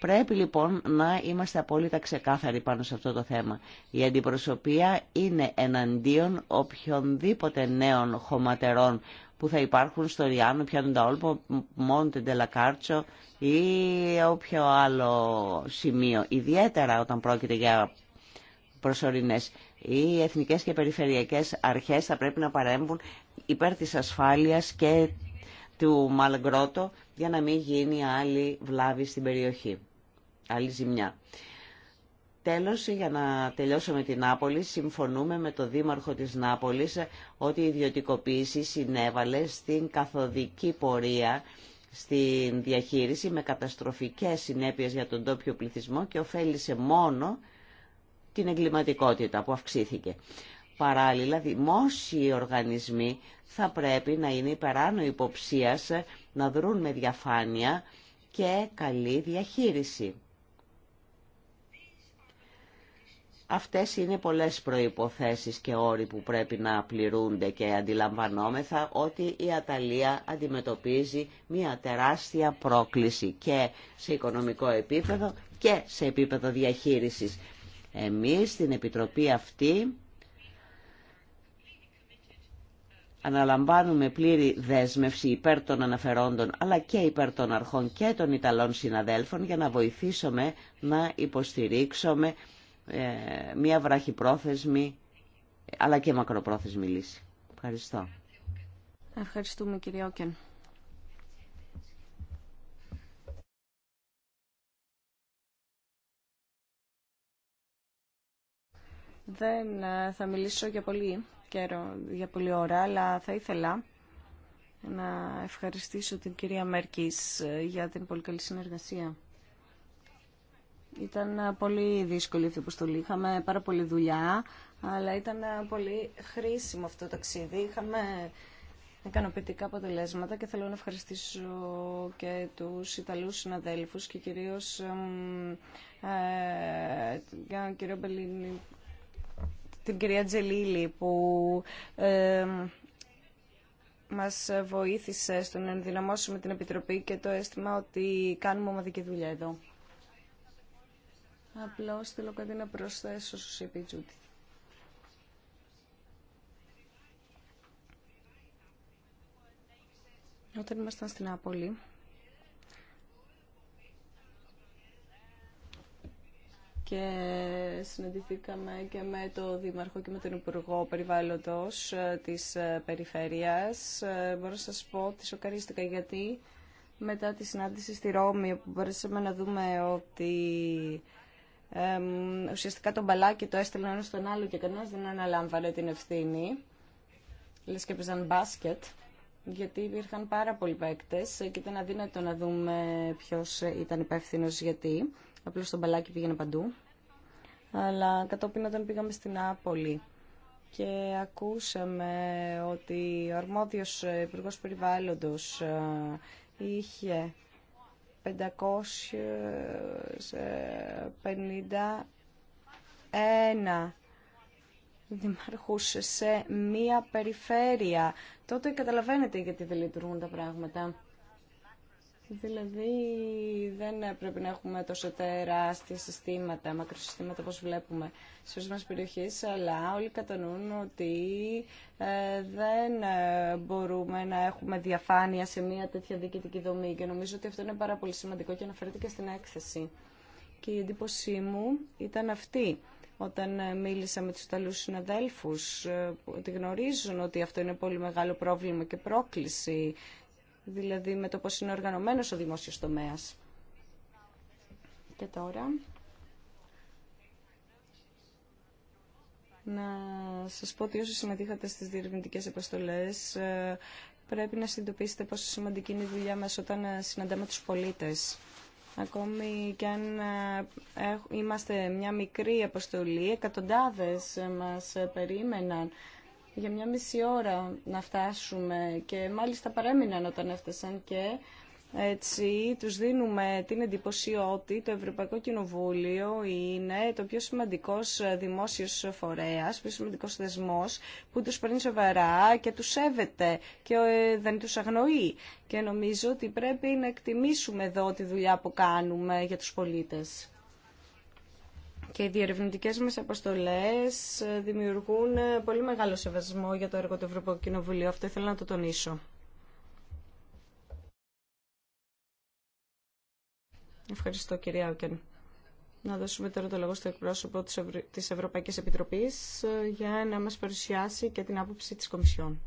Πρέπει λοιπόν να είμαστε απόλυτα ξεκάθαροι πάνω σε αυτό το θέμα. Η αντιπροσωπεία είναι εναντίον οποιονδήποτε νέων χωματερών που θα υπάρχουν στο Ριάνο, πιάνουν τα Όλπο, Μόντε, Ντελακάρτσο ή όποιο άλλο σημείο. Ιδιαίτερα όταν πρόκειται για προσωρινές. Οι εθνικές και περιφερειακές αρχές θα πρέπει να παρέμβουν υπέρ τη ασφάλειας και του Μαλγκρότο για να μην γίνει άλλη βλάβη στην περιοχή, άλλη ζημιά. Τέλος, για να τελειώσω με την Νάπολη, συμφωνούμε με το Δήμαρχο της Νάπολης ότι η ιδιωτικοποίηση συνέβαλε στην καθοδική πορεία στην διαχείριση με καταστροφικές συνέπειες για τον τόπιο πληθυσμό και ωφέλησε μόνο την εγκληματικότητα που αυξήθηκε. Παράλληλα, δημόσιοι οργανισμοί θα πρέπει να είναι υπεράνω υποψίας, να δρούν με διαφάνεια και καλή διαχείριση. Αυτές είναι πολλές προϋποθέσεις και όροι που πρέπει να πληρούνται και αντιλαμβανόμεθα ότι η Αταλία αντιμετωπίζει μια τεράστια πρόκληση και σε οικονομικό επίπεδο και σε επίπεδο διαχείρισης. Εμείς στην Επιτροπή αυτή αναλαμβάνουμε πλήρη δέσμευση υπέρ των αναφερόντων αλλά και υπέρ των αρχών και των Ιταλών συναδέλφων για να βοηθήσουμε να υποστηρίξουμε ε, μια βραχυπρόθεσμη αλλά και μακροπρόθεσμη λύση. Ευχαριστώ. Ευχαριστούμε κύριε Όκεν. Δεν ε, θα μιλήσω για πολύ καιρό, για πολύ ώρα, αλλά θα ήθελα να ευχαριστήσω την κυρία Μέρκης ε, για την πολύ καλή συνεργασία. Ήταν πολύ δύσκολη αυτή η αποστολή. Είχαμε πάρα πολλή δουλειά, αλλά ήταν πολύ χρήσιμο αυτό το ταξίδι. Είχαμε ικανοποιητικά αποτελέσματα και θέλω να ευχαριστήσω και τους Ιταλούς συναδέλφους και κυρίως ε, κύριο την κυρία Τζελίλη που ε, μας βοήθησε στο να ενδυναμώσουμε την Επιτροπή και το αίσθημα ότι κάνουμε ομαδική δουλειά εδώ. Απλώς θέλω κάτι να προσθέσω στο είπε Όταν ήμασταν στην Άπολη, και συναντηθήκαμε και με το Δήμαρχο και με τον Υπουργό Περιβάλλοντος ε, της ε, Περιφέρειας. Ε, μπορώ να σας πω ότι σοκαρίστηκα γιατί μετά τη συνάντηση στη Ρώμη που μπορέσαμε να δούμε ότι ουσιαστικά το μπαλάκι το έστειλε ένα στον άλλο και κανένα δεν αναλάμβανε την ευθύνη. Λες και έπαιζαν μπάσκετ, γιατί υπήρχαν πάρα πολλοί παίκτες και ήταν αδύνατο να δούμε ποιος ήταν υπεύθυνο γιατί. Απλώς το μπαλάκι πήγαινε παντού. Αλλά κατόπιν όταν πήγαμε στην Άπολη και ακούσαμε ότι ο αρμόδιος υπουργό περιβάλλοντος ε, είχε 551 ε, δημαρχούς σε μία περιφέρεια. Τότε καταλαβαίνετε γιατί δεν λειτουργούν τα πράγματα. Δηλαδή δεν πρέπει να έχουμε τόσο τεράστια συστήματα, μακροσυστήματα όπως βλέπουμε σε ορισμένες περιοχές, αλλά όλοι κατανοούν ότι ε, δεν ε, μπορούμε να έχουμε διαφάνεια σε μια τέτοια διοικητική δομή και νομίζω ότι αυτό είναι πάρα πολύ σημαντικό και αναφέρεται και στην έκθεση. Και η εντύπωσή μου ήταν αυτή όταν ε, μίλησα με τους Ιταλούς συναδέλφους, ότι γνωρίζουν ότι αυτό είναι πολύ μεγάλο πρόβλημα και πρόκληση δηλαδή με το πώς είναι οργανωμένος ο δημόσιος τομέας. Και τώρα να σας πω ότι όσοι συμμετείχατε στις διερευνητικές επαστολές ε, πρέπει να συνειδητοποιήσετε πόσο σημαντική είναι η δουλειά μας όταν ε, συναντάμε τους πολίτες. Ακόμη και αν ε, είμαστε μια μικρή αποστολή, εκατοντάδες μας περίμεναν για μια μισή ώρα να φτάσουμε και μάλιστα παρέμειναν όταν έφτασαν και έτσι τους δίνουμε την εντύπωση ότι το Ευρωπαϊκό Κοινοβούλιο είναι το πιο σημαντικός δημόσιος φορέας, πιο σημαντικός δεσμός που τους παίρνει σοβαρά και τους σέβεται και ε, δεν τους αγνοεί. Και νομίζω ότι πρέπει να εκτιμήσουμε εδώ τη δουλειά που κάνουμε για τους πολίτες και οι διερευνητικές μας αποστολές ε, δημιουργούν ε, πολύ μεγάλο σεβασμό για το έργο του Ευρωπαϊκού Κοινοβουλίου. Αυτό ήθελα να το τονίσω. Ευχαριστώ κυρία Άουκεν. Να δώσουμε τώρα το λόγο στο εκπρόσωπο της Ευρωπαϊκής Επιτροπής ε, για να μας παρουσιάσει και την άποψη της Κομισιόν.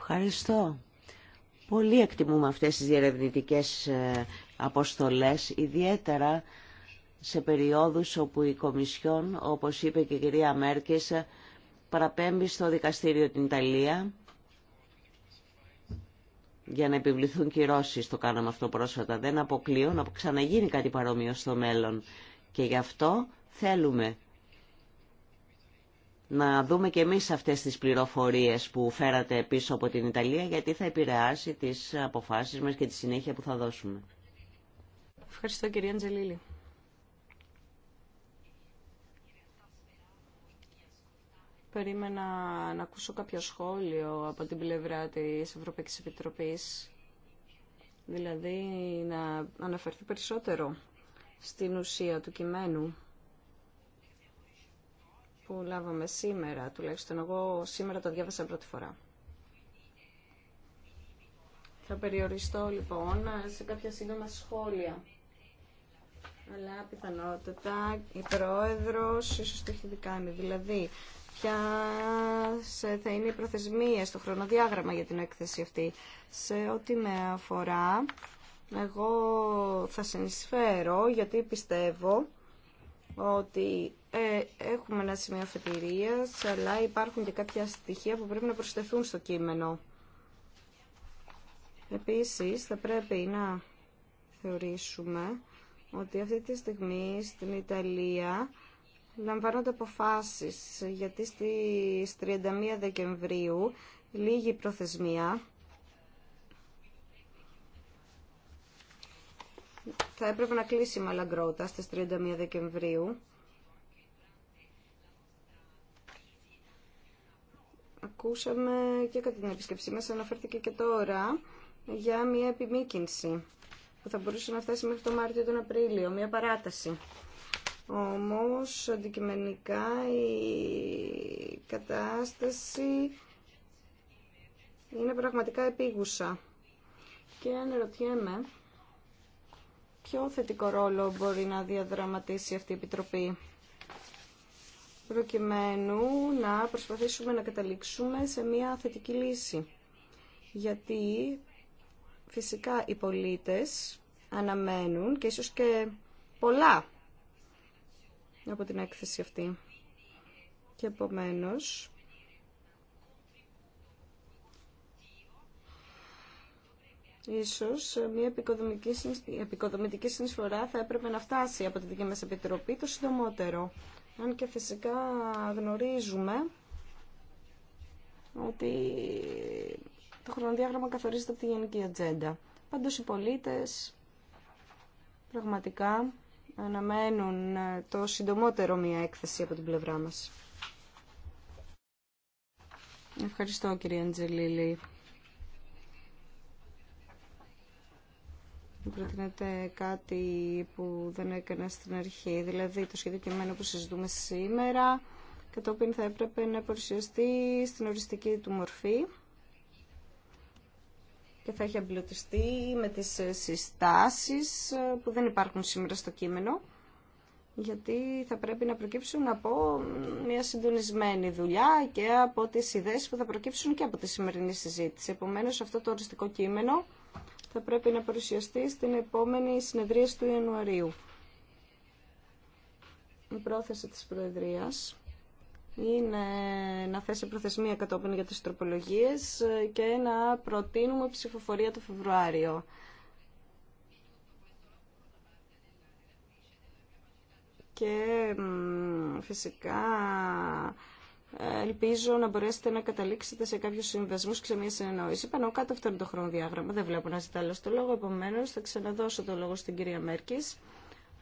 Ευχαριστώ. Πολύ εκτιμούμε αυτές τις διερευνητικές ε, αποστολές, ιδιαίτερα σε περιόδους όπου η Κομισιόν, όπως είπε και η κυρία Μέρκης, παραπέμπει στο δικαστήριο την Ιταλία για να επιβληθούν κυρώσεις. Το κάναμε αυτό πρόσφατα. Δεν αποκλείω να ξαναγίνει κάτι παρόμοιο στο μέλλον. Και γι' αυτό θέλουμε να δούμε και εμείς αυτές τις πληροφορίες που φέρατε πίσω από την Ιταλία γιατί θα επηρεάσει τις αποφάσεις μας και τη συνέχεια που θα δώσουμε. Ευχαριστώ κυρία Αντζελίλη. Περίμενα να ακούσω κάποιο σχόλιο από την πλευρά της Ευρωπαϊκής Επιτροπής, δηλαδή να αναφερθεί περισσότερο στην ουσία του κειμένου που λάβαμε σήμερα, τουλάχιστον εγώ σήμερα το διάβασα πρώτη φορά. Θα περιοριστώ λοιπόν σε κάποια σύντομα σχόλια. Αλλά πιθανότητα η πρόεδρος ίσως το έχει κάνει. Δηλαδή, ποια θα είναι η προθεσμία στο χρονοδιάγραμμα για την έκθεση αυτή. Σε ό,τι με αφορά, εγώ θα συνεισφέρω γιατί πιστεύω ότι ε, έχουμε ένα σημείο αφετηρίας, αλλά υπάρχουν και κάποια στοιχεία που πρέπει να προσθεθούν στο κείμενο. Επίσης, θα πρέπει να θεωρήσουμε ότι αυτή τη στιγμή στην Ιταλία λαμβάνονται αποφάσεις, γιατί στις 31 Δεκεμβρίου λίγη προθεσμία θα έπρεπε να κλείσει η Μαλαγκρότα στις 31 Δεκεμβρίου. ακούσαμε και κατά την επισκεψή μας, αναφέρθηκε και τώρα, για μια επιμήκυνση που θα μπορούσε να φτάσει μέχρι το Μάρτιο τον Απρίλιο, μια παράταση. Όμως, αντικειμενικά, η κατάσταση είναι πραγματικά επίγουσα. Και αναρωτιέμαι ποιο θετικό ρόλο μπορεί να διαδραματίσει αυτή η Επιτροπή προκειμένου να προσπαθήσουμε να καταλήξουμε σε μια θετική λύση. Γιατί φυσικά οι πολίτες αναμένουν και ίσως και πολλά από την έκθεση αυτή. Και επομένως Ίσως μια επικοδομητική συνεισφορά θα έπρεπε να φτάσει από την δική μας Επιτροπή το συντομότερο. Αν και φυσικά γνωρίζουμε ότι το χρονοδιάγραμμα καθορίζεται από τη Γενική Ατζέντα. Πάντως οι πολίτες πραγματικά αναμένουν το συντομότερο μία έκθεση από την πλευρά μας. Ευχαριστώ κύριε Αντζελίλη. προτείνεται κάτι που δεν έκανα στην αρχή. Δηλαδή το σχέδιο κειμένο που συζητούμε σήμερα και οποίο θα έπρεπε να παρουσιαστεί στην οριστική του μορφή και θα έχει αμπλωτιστεί με τις συστάσεις που δεν υπάρχουν σήμερα στο κείμενο γιατί θα πρέπει να προκύψουν από μια συντονισμένη δουλειά και από τις ιδέες που θα προκύψουν και από τη σημερινή συζήτηση. Επομένως αυτό το οριστικό κείμενο θα πρέπει να παρουσιαστεί στην επόμενη συνεδρία του Ιανουαρίου. Η πρόθεση της Προεδρίας είναι να θέσει προθεσμία κατόπιν για τις τροπολογίες και να προτείνουμε ψηφοφορία το Φεβρουάριο. Και φυσικά ελπίζω να μπορέσετε να καταλήξετε σε κάποιου συμβασμού και σε μια συνεννόηση. Πάνω κάτω αυτό είναι το χρονοδιάγραμμα. Δεν βλέπω να ζητά άλλο το λόγο. Επομένω, θα ξαναδώσω το λόγο στην κυρία Μέρκη.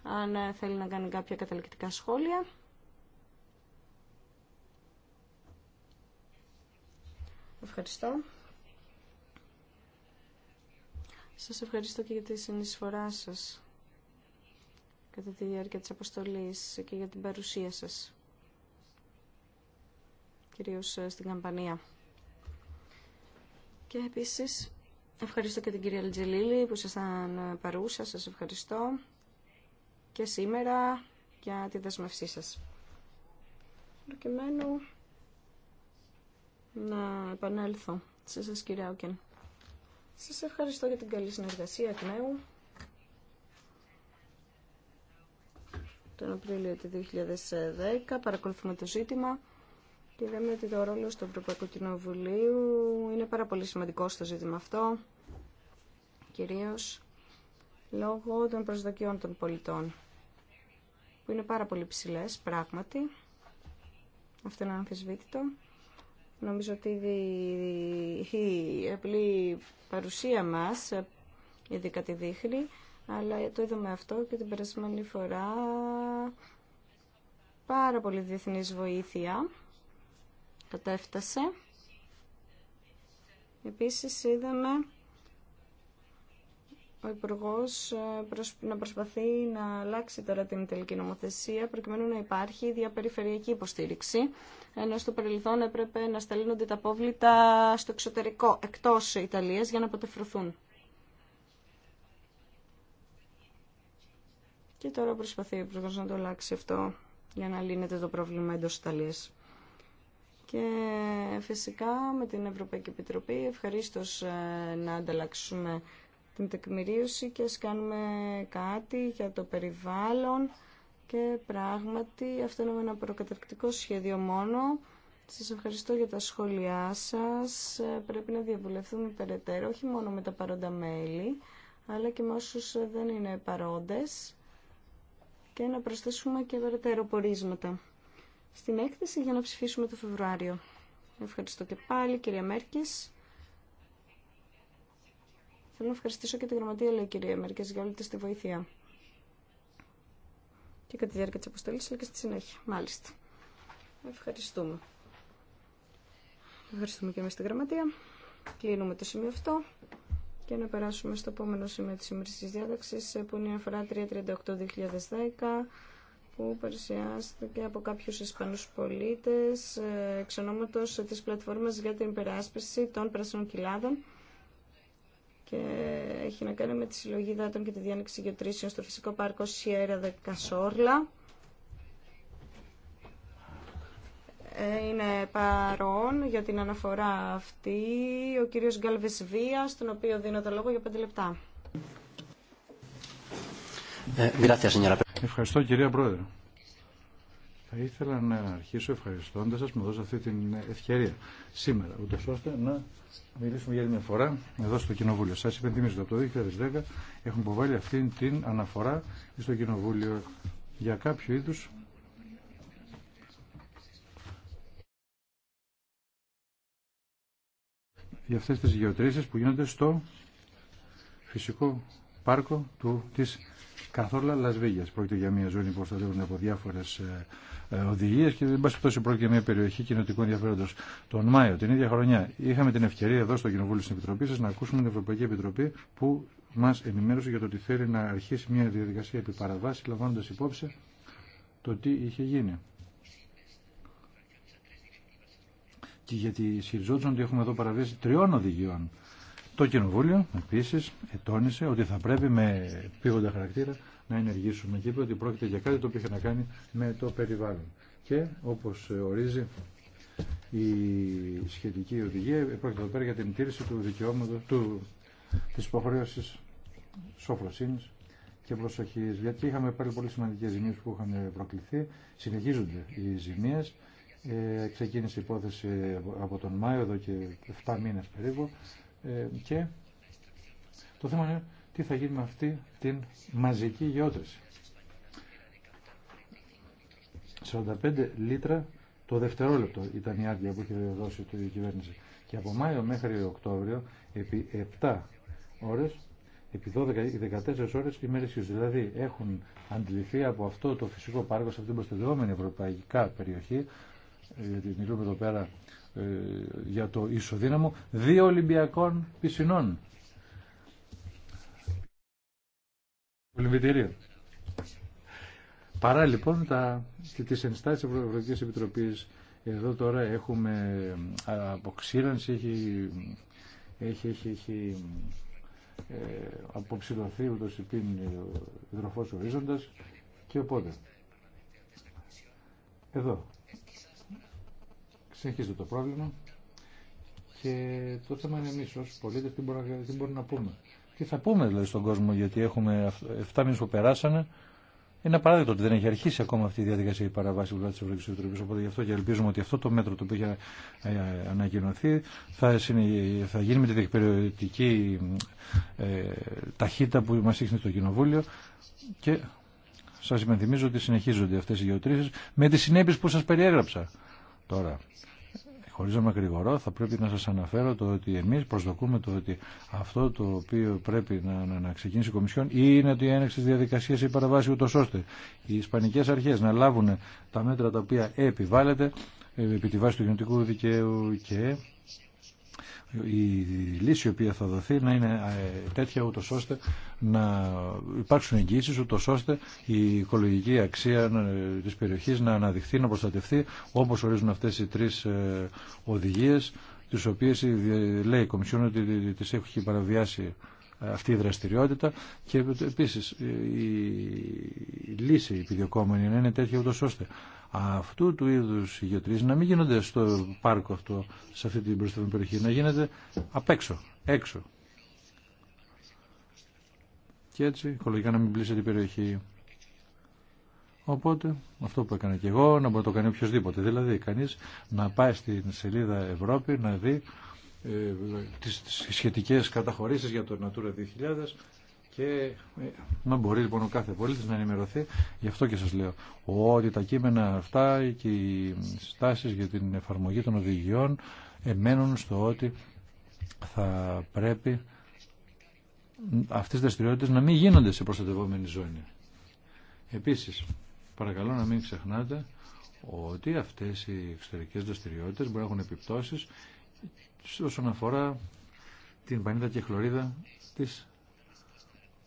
Αν θέλει να κάνει κάποια καταληκτικά σχόλια. Ευχαριστώ. Σας ευχαριστώ και για τη συνεισφορά σας κατά τη διάρκεια της αποστολής και για την παρουσία σας κυρίως ε, στην Καμπανία. Και επίσης ευχαριστώ και την κυρία Λτζελίλη που ήσασταν ε, παρούσα, σας ευχαριστώ και σήμερα για τη δεσμευσή σας. Προκειμένου να επανέλθω σε σας κυρία Όκεν. Σας ευχαριστώ για την καλή συνεργασία εκ νέου. Τον Απρίλιο του 2010 παρακολουθούμε το ζήτημα Είδαμε ότι το ρόλο του Ευρωπαϊκού Κοινοβουλίου είναι πάρα πολύ σημαντικό στο ζήτημα αυτό, κυρίως λόγω των προσδοκιών των πολιτών, που είναι πάρα πολύ ψηλέ, πράγματι. Αυτό είναι αμφισβήτητο. Νομίζω ότι η απλή παρουσία μας ήδη κατι δείχνει, αλλά το είδαμε αυτό και την περασμένη φορά πάρα πολύ διεθνής βοήθεια κατέφτασε. Επίσης είδαμε ο υπουργό ε, να προσπαθεί να αλλάξει τώρα την τελική νομοθεσία προκειμένου να υπάρχει διαπεριφερειακή υποστήριξη. Ενώ στο παρελθόν έπρεπε να σταλίνονται τα απόβλητα στο εξωτερικό, εκτός Ιταλίας, για να αποτεφρωθούν. Και τώρα προσπαθεί ο υπουργό να το αλλάξει αυτό για να λύνεται το πρόβλημα εντός Ιταλίας. Και φυσικά με την Ευρωπαϊκή Επιτροπή ευχαρίστω ε, να ανταλλάξουμε την τεκμηρίωση και ας κάνουμε κάτι για το περιβάλλον και πράγματι αυτό είναι ένα προκαταρκτικό σχέδιο μόνο. Σας ευχαριστώ για τα σχόλιά σας. Ε, πρέπει να διαβουλευτούμε περαιτέρω, όχι μόνο με τα παρόντα μέλη, αλλά και με ε, δεν είναι παρόντες και να προσθέσουμε και περαιτέρω πορίσματα στην έκθεση για να ψηφίσουμε το Φεβρουάριο. Ευχαριστώ και πάλι κυρία Μέρκης. Θέλω να ευχαριστήσω και τη γραμματεία, λέει κυρία Μέρκης, για όλη τη τη βοήθεια. Και κατά τη διάρκεια τη αποστολή, αλλά και στη συνέχεια. Μάλιστα. Ευχαριστούμε. Ευχαριστούμε και εμεί τη γραμματεία. Κλείνουμε το σημείο αυτό και να περάσουμε στο επόμενο σημείο της σημερινή διάταξη, που είναι η αφορά 338-2010 που παρουσιάστηκε από κάποιους Ισπανούς πολίτες ε, εξ ονόματος της πλατφόρμας για την υπεράσπιση των πράσινων κοιλάδων και έχει να κάνει με τη συλλογή δάτων και τη διάνοιξη γεωτρήσεων στο φυσικό πάρκο Σιέρα Κασόρλα. Ε, είναι παρόν για την αναφορά αυτή ο κύριος Γκαλβεσβία, τον οποίο δίνω το λόγο για πέντε λεπτά. Ε, Ευχαριστώ κυρία Πρόεδρε. Θα ήθελα να αρχίσω ευχαριστώντα σα που μου αυτή την ευκαιρία σήμερα, ούτω ώστε να μιλήσουμε για μια φορά εδώ στο Κοινοβούλιο. Σα υπενθυμίζω ότι από το 2010 έχουμε υποβάλει αυτή την αναφορά στο Κοινοβούλιο για κάποιο είδου για αυτές τις γεωτρήσεις που γίνονται στο φυσικό πάρκο του, της καθόλου Las Vegas. Πρόκειται για μια ζώνη που προστατεύουν από διάφορε ε, οδηγίε και, δεν πάση περιπτώσει, πρόκειται για μια περιοχή κοινοτικού ενδιαφέροντο. Τον Μάιο, την ίδια χρονιά, είχαμε την ευκαιρία εδώ στο Κοινοβούλιο τη Επιτροπή σα να ακούσουμε την Ευρωπαϊκή Επιτροπή που μα ενημέρωσε για το ότι θέλει να αρχίσει μια διαδικασία επί παραβάση, λαμβάνοντα υπόψη το τι είχε γίνει. Και γιατί ισχυριζόντουσαν ότι έχουμε εδώ παραβίαση τριών οδηγιών το Κοινοβούλιο επίση ετώνησε ότι θα πρέπει με πήγοντα χαρακτήρα να ενεργήσουμε και είπε ότι πρόκειται για κάτι το οποίο είχε να κάνει με το περιβάλλον. Και όπω ορίζει η σχετική οδηγία, πρόκειται εδώ πέρα για την τήρηση του δικαιώματο του, τη υποχρέωση σοφροσύνη και προσοχή. Γιατί είχαμε πάλι πολύ σημαντικέ ζημίε που είχαν προκληθεί. Συνεχίζονται οι ζημίε. Ε, ξεκίνησε η υπόθεση από τον Μάιο, εδώ και 7 μήνε περίπου. Ε, και το θέμα είναι τι θα γίνει με αυτή την μαζική γεώτρηση. 45 λίτρα το δευτερόλεπτο ήταν η άδεια που είχε δώσει η κυβέρνηση. Και από Μάιο μέχρι Οκτώβριο, επί 7 ώρες, επί 12 14 ώρες Δηλαδή έχουν αντιληφθεί από αυτό το φυσικό πάρκο σε αυτήν την προστατευόμενη ευρωπαϊκή περιοχή, γιατί ε, μιλούμε εδώ πέρα ε, για το ισοδύναμο δύο Ολυμπιακών πισινών. Ολυμπιτήριο. Παρά λοιπόν τα, τις ενστάσεις της Ευρωπαϊκής Επιτροπής εδώ τώρα έχουμε ε, αποξήρανση, έχει, έχει, έχει, έχει ε, αποψηλωθεί ούτως ε, υδροφός ορίζοντας και οπότε. Εδώ συνεχίζεται το πρόβλημα και το θέμα είναι εμεί ω πολίτε τι, τι μπορούμε να πούμε. Τι θα πούμε δηλαδή στον κόσμο, γιατί έχουμε 7 μήνε που περάσανε. Είναι απαράδεκτο ότι δεν έχει αρχίσει ακόμα αυτή η διαδικασία η παραβάση του τη Ευρωπαϊκή Οπότε γι' αυτό και ελπίζουμε ότι αυτό το μέτρο το οποίο είχε ε, ε, ανακοινωθεί θα, θα γίνει με τη εκπαιδευτική ε, ταχύτητα που μα έχει στο Κοινοβούλιο. Και σα υπενθυμίζω ότι συνεχίζονται αυτέ οι γεωτρήσει με τι συνέπειε που σα περιέγραψα. Τώρα, χωρίς να μακρηγορώ, θα πρέπει να σας αναφέρω το ότι εμείς προσδοκούμε το ότι αυτό το οποίο πρέπει να, να, να ξεκινήσει η Κομισιόν ή είναι ότι ένεξη της διαδικασίας ή παραβάσει ούτως ώστε οι Ισπανικές αρχές να λάβουν τα μέτρα τα οποία επιβάλλεται ε, επί τη βάση του γενικού δικαίου και η λύση η οποία θα δοθεί να είναι ε, τέτοια ούτως ώστε να υπάρξουν εγγύησεις ούτως ώστε η οικολογική αξία ε, της περιοχής να αναδειχθεί, να προστατευτεί όπως ορίζουν αυτές οι τρεις ε, οδηγίες τις οποίες λέει η Κομισιόν ότι τις έχει παραβιάσει αυτή η δραστηριότητα και επίσης η λύση επιδιωκόμενη να είναι τέτοια ούτως ώστε αυτού του είδους υγειοτρήσεις να μην γίνονται στο πάρκο αυτό, σε αυτή την περιοχή, να γίνεται απ' έξω, έξω. Και έτσι, οικολογικά να μην πλήσει την περιοχή. Οπότε, αυτό που έκανα και εγώ, να μπορεί να το κάνει οποιοδήποτε. Δηλαδή, κανείς να πάει στην σελίδα Ευρώπη να δει τι ε, τις, τις σχετικές καταχωρήσεις για το Natura 2000 και ε, να μπορεί λοιπόν ο κάθε πολίτη να ενημερωθεί. Γι' αυτό και σας λέω ότι τα κείμενα αυτά και οι στάσεις για την εφαρμογή των οδηγιών εμένουν στο ότι θα πρέπει αυτές τι δραστηριότητε να μην γίνονται σε προστατευόμενη ζώνη. Επίσης, παρακαλώ να μην ξεχνάτε ότι αυτές οι εξωτερικέ δραστηριότητε μπορεί να έχουν επιπτώσει όσον αφορά την πανίδα και χλωρίδα της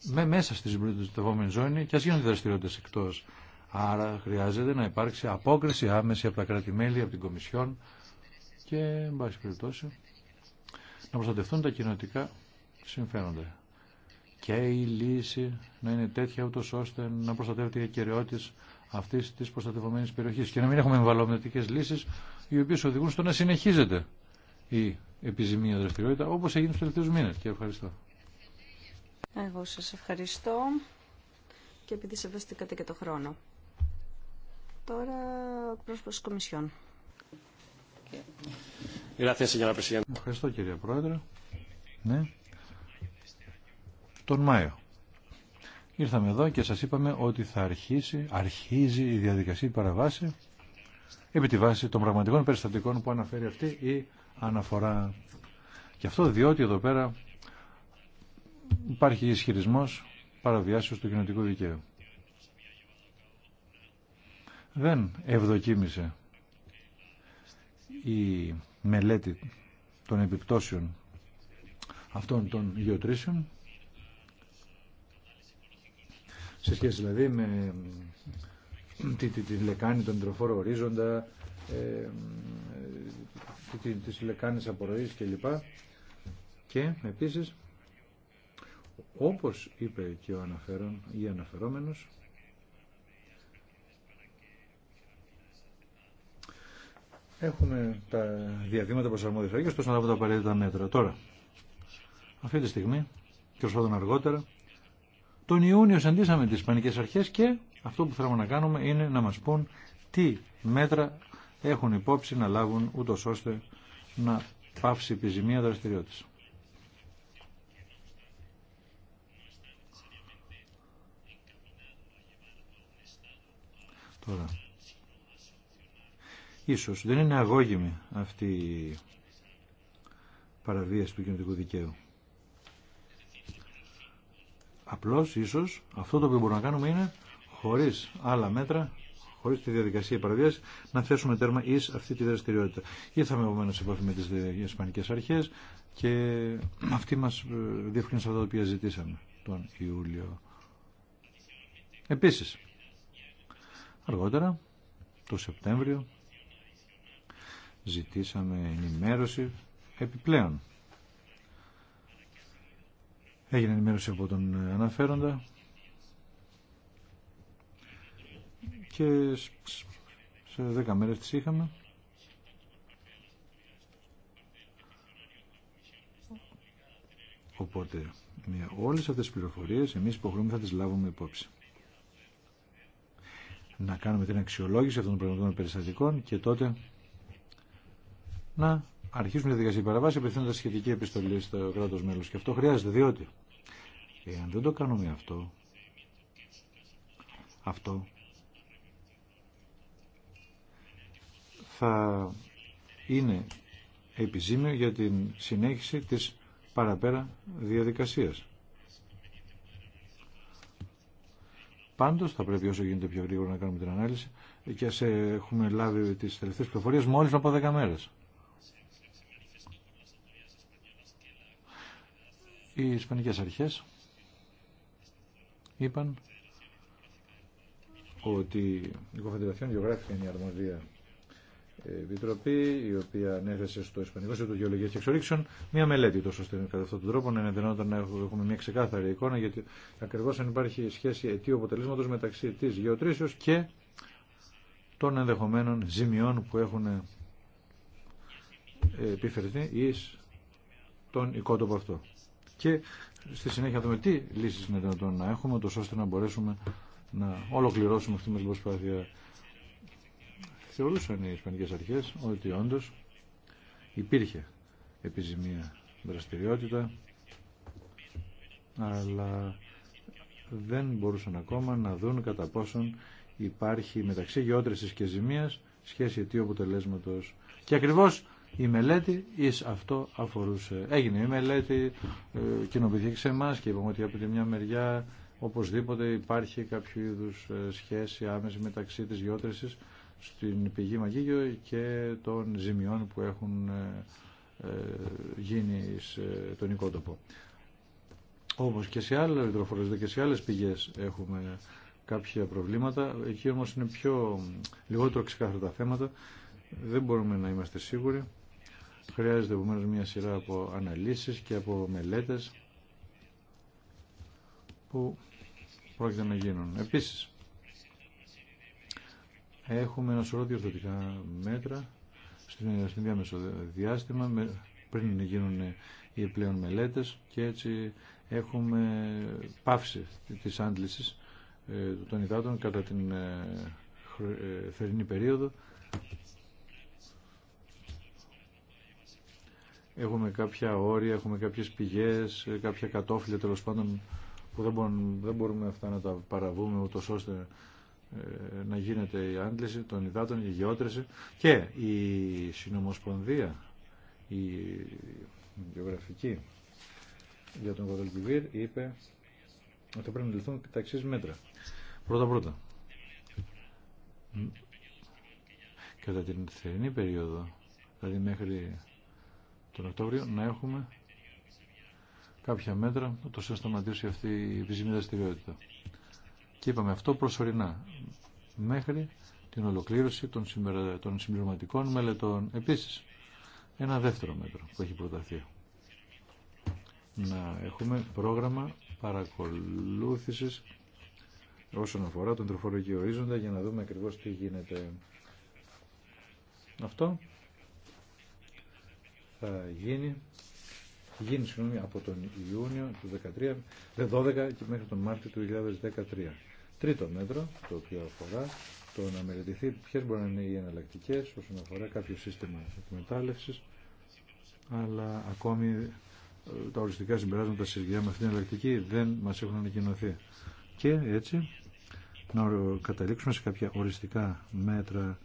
με μέσα στη συμπληρωτευόμενη ζώνη και ας γίνονται δραστηριότητες εκτός. Άρα χρειάζεται να υπάρξει απόκριση άμεση από τα κράτη-μέλη, από την Κομισιόν και, εν πάση περιπτώσει, να προστατευτούν τα κοινοτικά συμφέροντα. Και η λύση να είναι τέτοια ούτως ώστε να προστατεύεται η ακεραιότητα αυτή τη προστατευμένη περιοχή και να μην έχουμε εμβαλωμετικές λύσει, οι οποίε οδηγούν στο να συνεχίζεται η επιζημία δραστηριότητα όπω έγινε του τελευταίου μήνε. Και ευχαριστώ. Εγώ σας ευχαριστώ και επειδή σεβαστήκατε και το χρόνο. Τώρα ο πρόσωπος Κομισιόν. Ευχαριστώ κύριε Πρόεδρε. Ναι. Τον Μάιο. Ήρθαμε εδώ και σας είπαμε ότι θα αρχίσει, αρχίζει η διαδικασία η παραβάση επί τη βάση των πραγματικών περιστατικών που αναφέρει αυτή η αναφορά. Και αυτό διότι εδώ πέρα υπάρχει ισχυρισμό παραβιάσεως του κοινωτικού δικαίου. Δεν ευδοκίμησε η μελέτη των επιπτώσεων αυτών των γεωτρήσεων σε σχέση δηλαδή με τη, τη, λεκάνη των τροφόρων ορίζοντα ε, τη, τις λεκάνες απορροής κλπ. Και επίσης όπως είπε και ο αναφέρον ή αναφερόμενος, έχουμε τα διαδήματα που αρμόδιες να λάβουν τα απαραίτητα μέτρα. Τώρα, αυτή τη στιγμή, και όσο αργότερα, τον Ιούνιο συναντήσαμε τις πανικές Αρχές και αυτό που θέλουμε να κάνουμε είναι να μας πούν τι μέτρα έχουν υπόψη να λάβουν ούτως ώστε να πάψει η επιζημία δραστηριότητα. τώρα. Ίσως δεν είναι αγώγιμη αυτή η παραβίαση του κοινωτικού δικαίου. Απλώς, ίσως, αυτό το οποίο μπορούμε να κάνουμε είναι, χωρίς άλλα μέτρα, χωρίς τη διαδικασία παραβίαση, να θέσουμε τέρμα εις αυτή τη δραστηριότητα. Ήρθαμε επομένω σε επαφή με τις Ισπανικές Αρχές και αυτή μας ε, διευκρινήσε αυτά τα οποία ζητήσαμε τον Ιούλιο. Επίσης, Αργότερα, το Σεπτέμβριο, ζητήσαμε ενημέρωση επιπλέον. Έγινε ενημέρωση από τον αναφέροντα και σε δέκα μέρες τις είχαμε. Οπότε με όλες αυτές τις πληροφορίες εμείς υποχρεούμε θα τις λάβουμε υπόψη να κάνουμε την αξιολόγηση αυτών των πραγματικών περιστατικών και τότε να αρχίσουμε τη δικασία παραβάση απευθύνοντα σχετική επιστολή στο κράτο μέλο. Και αυτό χρειάζεται, διότι εάν δεν το κάνουμε αυτό, αυτό θα είναι επιζήμιο για την συνέχιση της παραπέρα διαδικασίας. Πάντω θα πρέπει όσο γίνεται πιο γρήγορα να κάνουμε την ανάλυση και έχουμε λάβει τι τελευταίε πληροφορίε, μόλι από 10 μέρε. Οι ισπανικέ αρχέ είπαν ότι η Κοφεντεραθιόν Γεωγράφη είναι η αρμοδία Επιτροπή, η οποία ανέφερε στο Ισπανικό Συμβούλιο Γεωλογία και Εξορίξεων μια μελέτη, τόσο ώστε κατά αυτόν τον τρόπο να είναι δυνατόν να έχουμε μια ξεκάθαρη εικόνα, γιατί ακριβώ αν υπάρχει σχέση αιτίου αποτελέσματο μεταξύ τη γεωτρήσεω και των ενδεχομένων ζημιών που έχουν ε, επιφερθεί ει τον οικότοπο αυτό. Και στη συνέχεια δούμε τι λύσει είναι δυνατόν να έχουμε, τόσο ώστε να μπορέσουμε να ολοκληρώσουμε αυτή την προσπάθεια θεωρούσαν οι Ισπανικές Αρχές ότι όντως υπήρχε επιζημία δραστηριότητα αλλά δεν μπορούσαν ακόμα να δουν κατά πόσον υπάρχει μεταξύ γεώτρησης και ζημίας σχέση αιτίου αποτελέσματος. Και ακριβώς η μελέτη εις αυτό αφορούσε. Έγινε η μελέτη, ε, κοινοποιηθήκε σε εμά και είπαμε ότι από τη μια μεριά οπωσδήποτε υπάρχει κάποιο είδους ε, σχέση άμεση μεταξύ της γεώτρησης στην πηγή Μαγίγιο και των ζημιών που έχουν ε, ε, γίνει ε, τον οικότοπο. Όπως και σε άλλες και σε άλλες πηγές έχουμε κάποια προβλήματα. Εκεί όμως είναι πιο λιγότερο ξεκάθαρα τα θέματα. Δεν μπορούμε να είμαστε σίγουροι. Χρειάζεται επομένω μια σειρά από αναλύσεις και από μελέτες που πρόκειται να γίνουν. Επίσης, έχουμε ένα σωρό διορθωτικά μέτρα στην, διάμεσο διάστημα με, πριν γίνουν οι πλέον μελέτες και έτσι έχουμε πάυση της άντλησης ε, των υδάτων κατά την ε, ε, θερινή περίοδο. Έχουμε κάποια όρια, έχουμε κάποιες πηγές, κάποια κατόφυλλα τέλο πάντων που δεν μπορούμε, δεν μπορούμε αυτά να τα παραβούμε ούτως ώστε ε, να γίνεται η άντληση των υδάτων, η γεώτρηση και η συνομοσπονδία, η γεωγραφική για τον Κοδελκυβίρ είπε ότι πρέπει να λυθούν τα εξή μέτρα. Πρώτα πρώτα. Κατά την θερινή περίοδο, δηλαδή μέχρι τον Οκτώβριο, να έχουμε κάποια μέτρα, ώστε να σταματήσει αυτή η επιζημή δραστηριότητα. Και είπαμε αυτό προσωρινά μέχρι την ολοκλήρωση των, των συμπληρωματικών μελετών. Επίσης, ένα δεύτερο μέτρο που έχει προταθεί. Να έχουμε πρόγραμμα παρακολούθησης όσον αφορά τον τροφολογικό ορίζοντα για να δούμε ακριβώς τι γίνεται. Αυτό θα γίνει, γίνει συγγνώμη, από τον Ιούνιο του 2013, 12 ε, και μέχρι τον Μάρτιο του 2013 τρίτο μέτρο, το οποίο αφορά το να μελετηθεί ποιε μπορεί να είναι οι εναλλακτικέ όσον αφορά κάποιο σύστημα εκμετάλλευση, αλλά ακόμη ε, τα οριστικά συμπεράσματα συζητιά με αυτήν την εναλλακτική δεν μα έχουν ανακοινωθεί. Και έτσι να καταλήξουμε σε κάποια οριστικά μέτρα,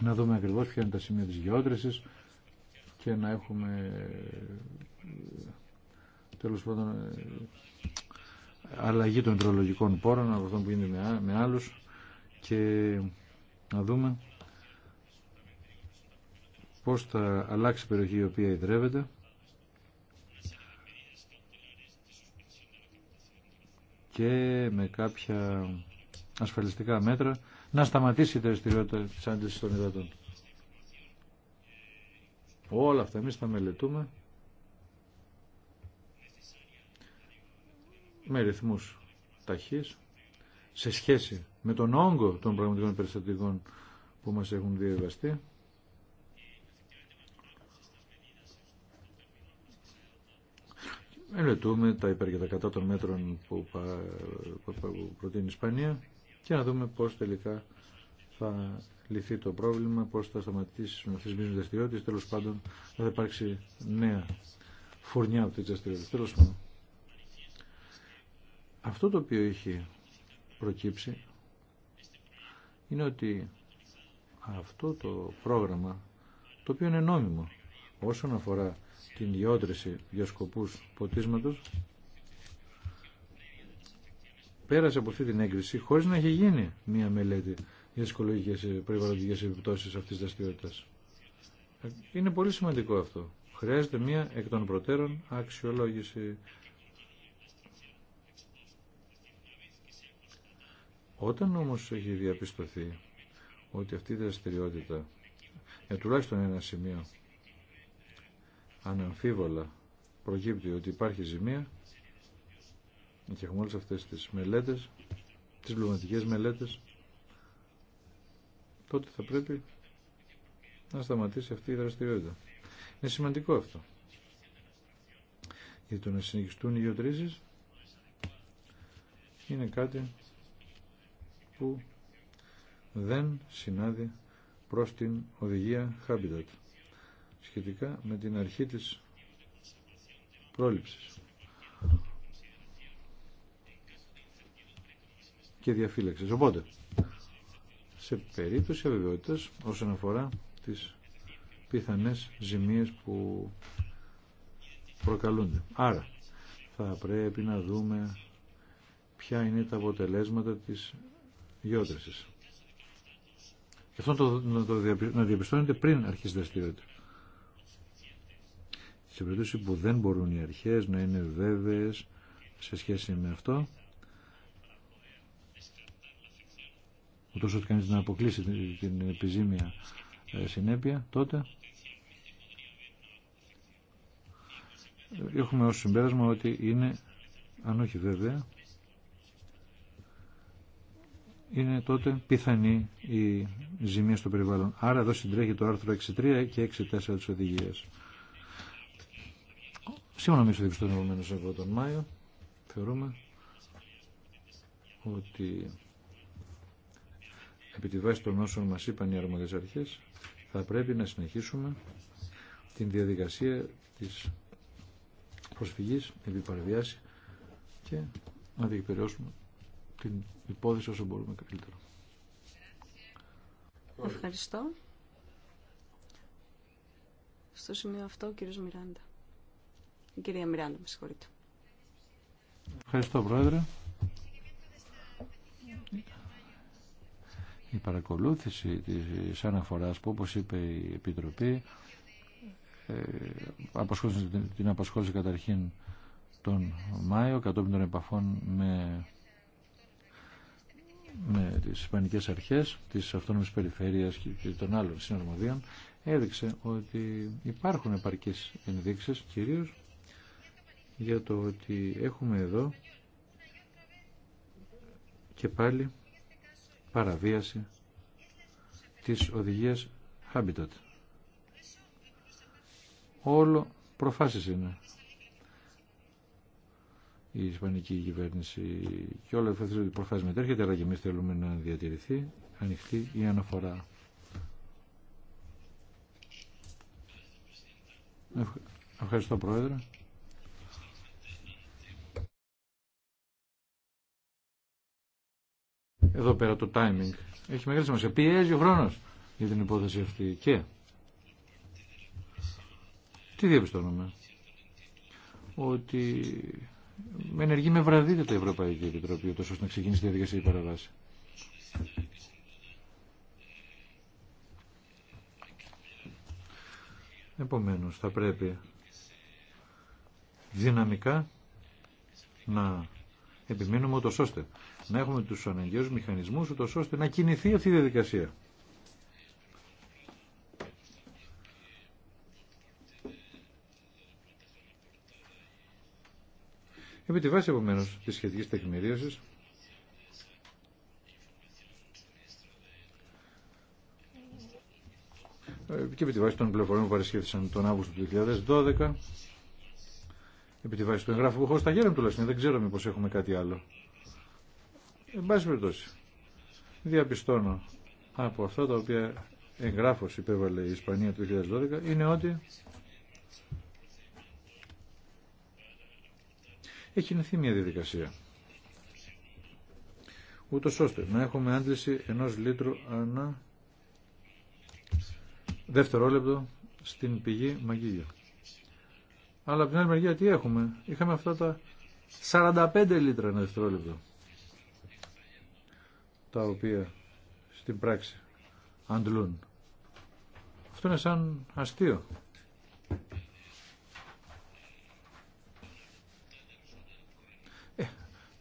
να δούμε ακριβώ ποια είναι τα σημεία τη γεώτρηση και να έχουμε ε, τέλο πάντων ε, αλλαγή των υδρολογικών πόρων από αυτό που γίνεται με άλλους και να δούμε πώς θα αλλάξει η περιοχή η οποία ιδρεύεται και με κάποια ασφαλιστικά μέτρα να σταματήσει η δραστηριότητα της άντλησης των υδατών. Όλα αυτά εμείς θα μελετούμε με ρυθμού ταχύ σε σχέση με τον όγκο των πραγματικών περιστατικών που μας έχουν διαβαστεί. Ελετούμε τα υπέρ και τα κατά των μέτρων που προτείνει η Ισπανία και να δούμε πώς τελικά θα λυθεί το πρόβλημα, πώς θα σταματήσει να θεσμίζουν δραστηριότητε, τέλος πάντων θα υπάρξει νέα φουρνιά από τις δραστηριότητες. Τέλος πάντων. Αυτό το οποίο είχε προκύψει είναι ότι αυτό το πρόγραμμα το οποίο είναι νόμιμο όσον αφορά την διόντρηση για σκοπούς ποτίσματος πέρασε από αυτή την έγκριση χωρίς να έχει γίνει μια μελέτη για τις οικολογικές ε, περιβαλλοντικές επιπτώσεις αυτής της δραστηριότητας. Ε, είναι πολύ σημαντικό αυτό. Χρειάζεται μια εκ των προτέρων αξιολόγηση Όταν όμως έχει διαπιστωθεί ότι αυτή η δραστηριότητα για τουλάχιστον ένα σημείο αναμφίβολα προκύπτει ότι υπάρχει ζημία και έχουμε όλες αυτές τις μελέτες τις πληματικές μελέτες τότε θα πρέπει να σταματήσει αυτή η δραστηριότητα. Είναι σημαντικό αυτό. Γιατί το να συνεχιστούν οι γεωτρήσεις είναι κάτι που δεν συνάδει προς την οδηγία Habitat σχετικά με την αρχή της πρόληψης και διαφύλαξης. Οπότε, σε περίπτωση αβεβαιότητας όσον αφορά τις πιθανές ζημίες που προκαλούνται. Άρα, θα πρέπει να δούμε ποια είναι τα αποτελέσματα της γεώτρηση. Και αυτό το, να, το να διαπιστώνεται πριν αρχίσει δραστηριότητα. Σε περίπτωση που δεν μπορούν οι αρχές να είναι βέβαιες σε σχέση με αυτό, ούτω ώστε κανεί να αποκλείσει την επιζήμια ε, συνέπεια, τότε έχουμε ως συμπέρασμα ότι είναι, αν όχι βέβαια, είναι τότε πιθανή η ζημία στο περιβάλλον. Άρα εδώ συντρέχει το άρθρο 6.3 και 6.4 της οδηγίας. Σύμφωνα με τους τον από τον Μάιο, θεωρούμε ότι επί τη βάση των όσων μας είπαν οι αρμόδιες αρχές, θα πρέπει να συνεχίσουμε την διαδικασία της προσφυγής επί και να διεκπαιρεώσουμε την υπόθεση όσο μπορούμε καλύτερα. Ευχαριστώ. Στο σημείο αυτό ο κύριος Μιράντα. Η κυρία Μιράντα, με συγχωρείτε. Ευχαριστώ, Πρόεδρε. Η παρακολούθηση της αναφοράς που, όπως είπε η Επιτροπή, ε, την απασχόληση καταρχήν τον Μάιο κατόπιν των επαφών με με τις ισπανικές αρχές της αυτόνομης περιφέρειας και των άλλων συναρμοδίων έδειξε ότι υπάρχουν επαρκείς ενδείξεις κυρίως για το ότι έχουμε εδώ και πάλι παραβίαση της οδηγίας Habitat. Όλο προφάσεις είναι η Ισπανική κυβέρνηση και όλα αυτά που μετέρχεται, αλλά και εμείς θέλουμε να διατηρηθεί ανοιχτή η αναφορά. Ευχαριστώ Πρόεδρε. Εδώ πέρα το timing έχει μεγάλη σημασία. Πιέζει ο χρόνο για την υπόθεση αυτή. Και τι διαπιστώνουμε. Ότι ενεργεί με βραδίτε το Ευρωπαϊκή Επιτροπή, ούτως ώστε να ξεκινήσει τη διαδικασία η παραβάση. Επομένως, θα πρέπει δυναμικά να επιμείνουμε ούτως ώστε να έχουμε τους αναγκαίους μηχανισμούς ούτως ώστε να κινηθεί αυτή η διαδικασία. Επί τη βάση επομένω τη σχετική τεκμηρίωση, ε, και επί τη βάση των πληροφοριών που παρεσχέθησαν τον Αύγουστο του 2012, επί τη βάση του εγγράφου που έχω στα χέρια μου τουλάχιστον, δεν ξέρω μήπως έχουμε κάτι άλλο. Εν πάση περιπτώσει, διαπιστώνω από αυτά τα οποία εγγράφος υπέβαλε η Ισπανία του 2012 είναι ότι έχει νηθεί μια διαδικασία. Ούτω ώστε να έχουμε άντληση ενό λίτρου ανά δευτερόλεπτο στην πηγή μαγείλια. Αλλά από την άλλη μεριά τι έχουμε. Είχαμε αυτά τα 45 λίτρα ένα δευτερόλεπτο. Τα οποία στην πράξη αντλούν. Αυτό είναι σαν αστείο.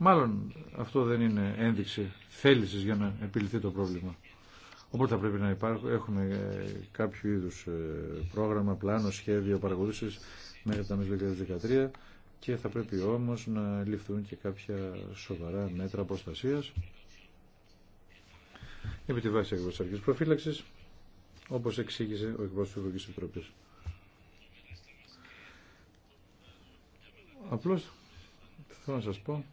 Μάλλον αυτό δεν είναι ένδειξη θέλησης για να επιληθεί το πρόβλημα. Οπότε θα πρέπει να υπάρχουν, έχουμε κάποιο είδους ε, πρόγραμμα, πλάνο, σχέδιο παραγωγή μέχρι τα μέσα 2013 και θα πρέπει όμως να ληφθούν και κάποια σοβαρά μέτρα προστασίας επί τη βάση αγροσαρκής προφύλαξης όπως εξήγησε ο εκπρόσωπος της Ευρωπαϊκής Επιτροπής. Απλώς θέλω να σας πω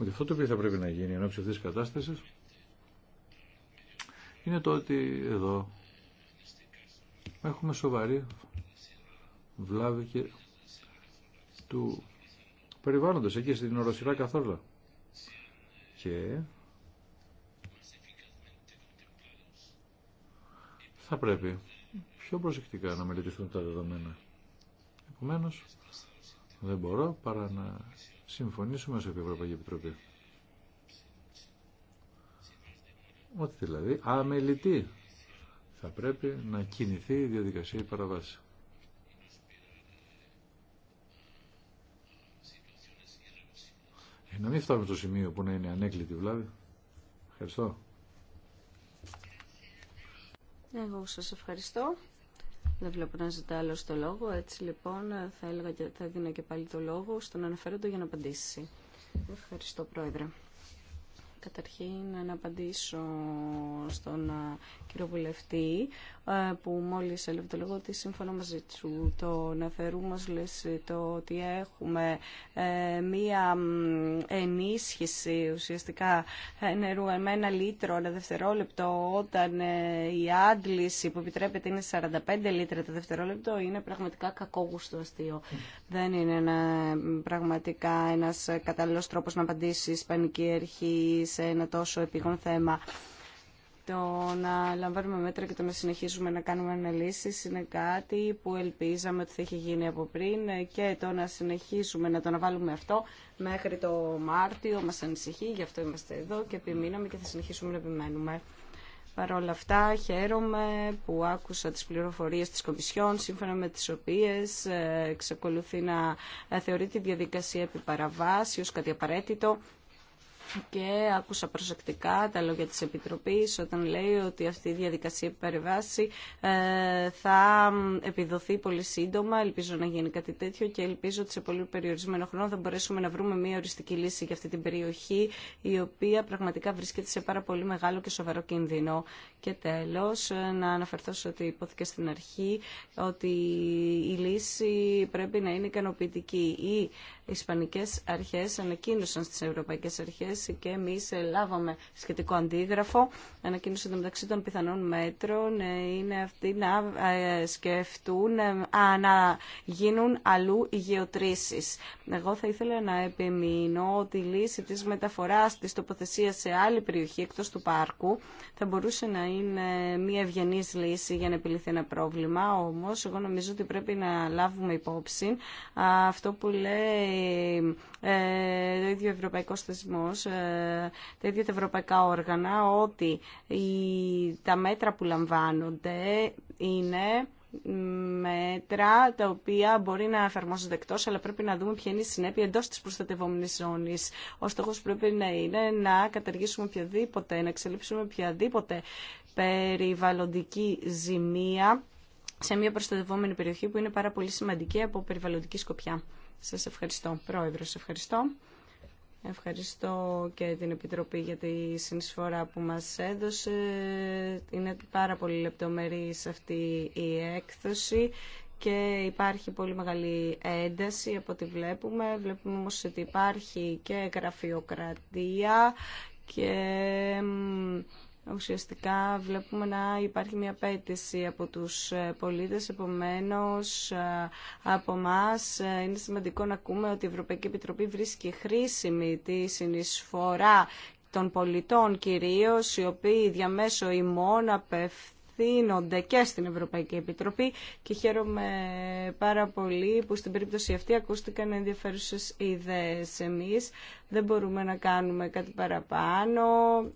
ότι αυτό το οποίο θα πρέπει να γίνει εν αυτής κατάστασης είναι το ότι εδώ έχουμε σοβαρή βλάβη και του περιβάλλοντος εκεί στην οροσυρά καθόλου και θα πρέπει πιο προσεκτικά να μελετηθούν τα δεδομένα. Επομένως, δεν μπορώ παρά να συμφωνήσουμε ως Ευρωπαϊκή Επιτροπή. Ότι δηλαδή αμελητή θα πρέπει να κινηθεί η διαδικασία παραβάση. Ε, να μην φτάσουμε στο σημείο που να είναι ανέκλητη βλάβη. Ευχαριστώ. Εγώ σας ευχαριστώ. Δεν βλέπω να ζητά άλλο το λόγο. Έτσι λοιπόν θα, έλεγα και, θα δίνω και πάλι το λόγο στον αναφέροντο για να απαντήσει. Ευχαριστώ Πρόεδρε. Καταρχήν να απαντήσω στον ε, κύριο Βουλευτή ε, που μόλις έλεγε το λόγο ότι σύμφωνα μαζί του το να φερούμε το ότι έχουμε ε, μία ενίσχυση ουσιαστικά ε, νερού με ένα λίτρο ένα δευτερόλεπτο όταν η άντληση που επιτρέπεται είναι 45 λίτρα το δευτερόλεπτο είναι πραγματικά κακόγουστο αστείο. Δεν είναι ένα, πραγματικά ένας κατάλληλος τρόπος να απαντήσει η Ισπανική Αρχή σε ένα τόσο επίγον θέμα το να λαμβάνουμε μέτρα και το να συνεχίζουμε να κάνουμε αναλύσεις είναι κάτι που ελπίζαμε ότι θα είχε γίνει από πριν και το να συνεχίσουμε να το αναβάλουμε αυτό μέχρι το Μάρτιο μας ανησυχεί, γι' αυτό είμαστε εδώ και επιμείναμε και θα συνεχίσουμε να επιμένουμε. Παρ' όλα αυτά χαίρομαι που άκουσα τις πληροφορίες της Κομισιόν σύμφωνα με τις οποίες ε, εξακολουθεί να θεωρεί τη διαδικασία επιπαραβάση ω κάτι απαραίτητο και άκουσα προσεκτικά τα λόγια της Επιτροπής όταν λέει ότι αυτή η διαδικασία περιβάσει θα επιδοθεί πολύ σύντομα. Ελπίζω να γίνει κάτι τέτοιο και ελπίζω ότι σε πολύ περιορισμένο χρόνο θα μπορέσουμε να βρούμε μια οριστική λύση για αυτή την περιοχή η οποία πραγματικά βρίσκεται σε πάρα πολύ μεγάλο και σοβαρό κίνδυνο. Και τέλος, να αναφερθώ σε ότι υπόθηκε στην αρχή ότι η λύση πρέπει να είναι ικανοποιητική. Οι Ισπανικές αρχές ανακοίνωσαν στις Ευρωπαϊκές αρχές και εμείς λάβαμε σχετικό αντίγραφο. Ανακοίνωσε το μεταξύ των πιθανών μέτρων είναι αυτοί να ε, σκεφτούν ε, να γίνουν αλλού οι γεωτρήσεις. Εγώ θα ήθελα να επιμείνω ότι η λύση της μεταφοράς της τοποθεσίας σε άλλη περιοχή εκτός του πάρκου θα μπορούσε να είναι μια ευγενής λύση για να επιληθεί ένα πρόβλημα, όμως εγώ νομίζω ότι πρέπει να λάβουμε υπόψη αυτό που λέει ε, το ίδιο Ευρωπαϊκό Θεσμός, ε, τα ίδια τα ευρωπαϊκά όργανα, ότι τα μέτρα που λαμβάνονται είναι μέτρα τα οποία μπορεί να εφαρμόζονται εκτό, αλλά πρέπει να δούμε ποια είναι η συνέπεια εντό τη προστατευόμενη ζώνη. Ο στόχο πρέπει να είναι να καταργήσουμε οποιαδήποτε, να εξελίψουμε οποιαδήποτε περιβαλλοντική ζημία σε μια προστατευόμενη περιοχή που είναι πάρα πολύ σημαντική από περιβαλλοντική σκοπιά. Σας ευχαριστώ, Πρόεδρο, ευχαριστώ. Ευχαριστώ και την Επιτροπή για τη συνεισφορά που μας έδωσε. Είναι πάρα πολύ σε αυτή η έκθεση και υπάρχει πολύ μεγάλη ένταση από ό,τι βλέπουμε. Βλέπουμε όμως ότι υπάρχει και γραφειοκρατία και ουσιαστικά βλέπουμε να υπάρχει μια απέτηση από τους ε, πολίτες, επομένως ε, από εμά ε, είναι σημαντικό να ακούμε ότι η Ευρωπαϊκή Επιτροπή βρίσκει χρήσιμη τη συνεισφορά των πολιτών κυρίως, οι οποίοι διαμέσω ημών απευθύνουν απευθύνονται και στην Ευρωπαϊκή Επιτροπή και χαίρομαι πάρα πολύ που στην περίπτωση αυτή ακούστηκαν ενδιαφέρουσες ιδέες. Εμείς δεν μπορούμε να κάνουμε κάτι παραπάνω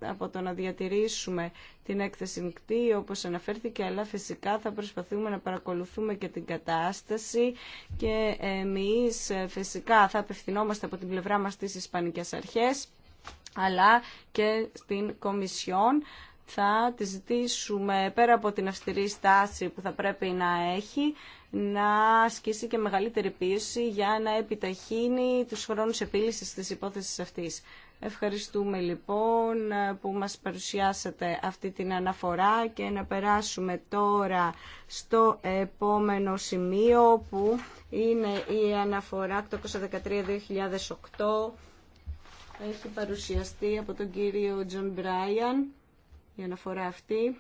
από το να διατηρήσουμε την έκθεση νυχτή όπως αναφέρθηκε αλλά φυσικά θα προσπαθούμε να παρακολουθούμε και την κατάσταση και εμείς ε, φυσικά θα απευθυνόμαστε από την πλευρά μας στις Ισπανικές Αρχές αλλά και στην Κομισιόν θα τη ζητήσουμε πέρα από την αυστηρή στάση που θα πρέπει να έχει να ασκήσει και μεγαλύτερη πίεση για να επιταχύνει τους χρόνους επίλυσης της υπόθεσης αυτής. Ευχαριστούμε λοιπόν που μας παρουσιάσατε αυτή την αναφορά και να περάσουμε τώρα στο επόμενο σημείο που είναι η αναφορά 813-2008. Έχει παρουσιαστεί από τον κύριο Τζον Μπράιαν η αναφορά αυτή.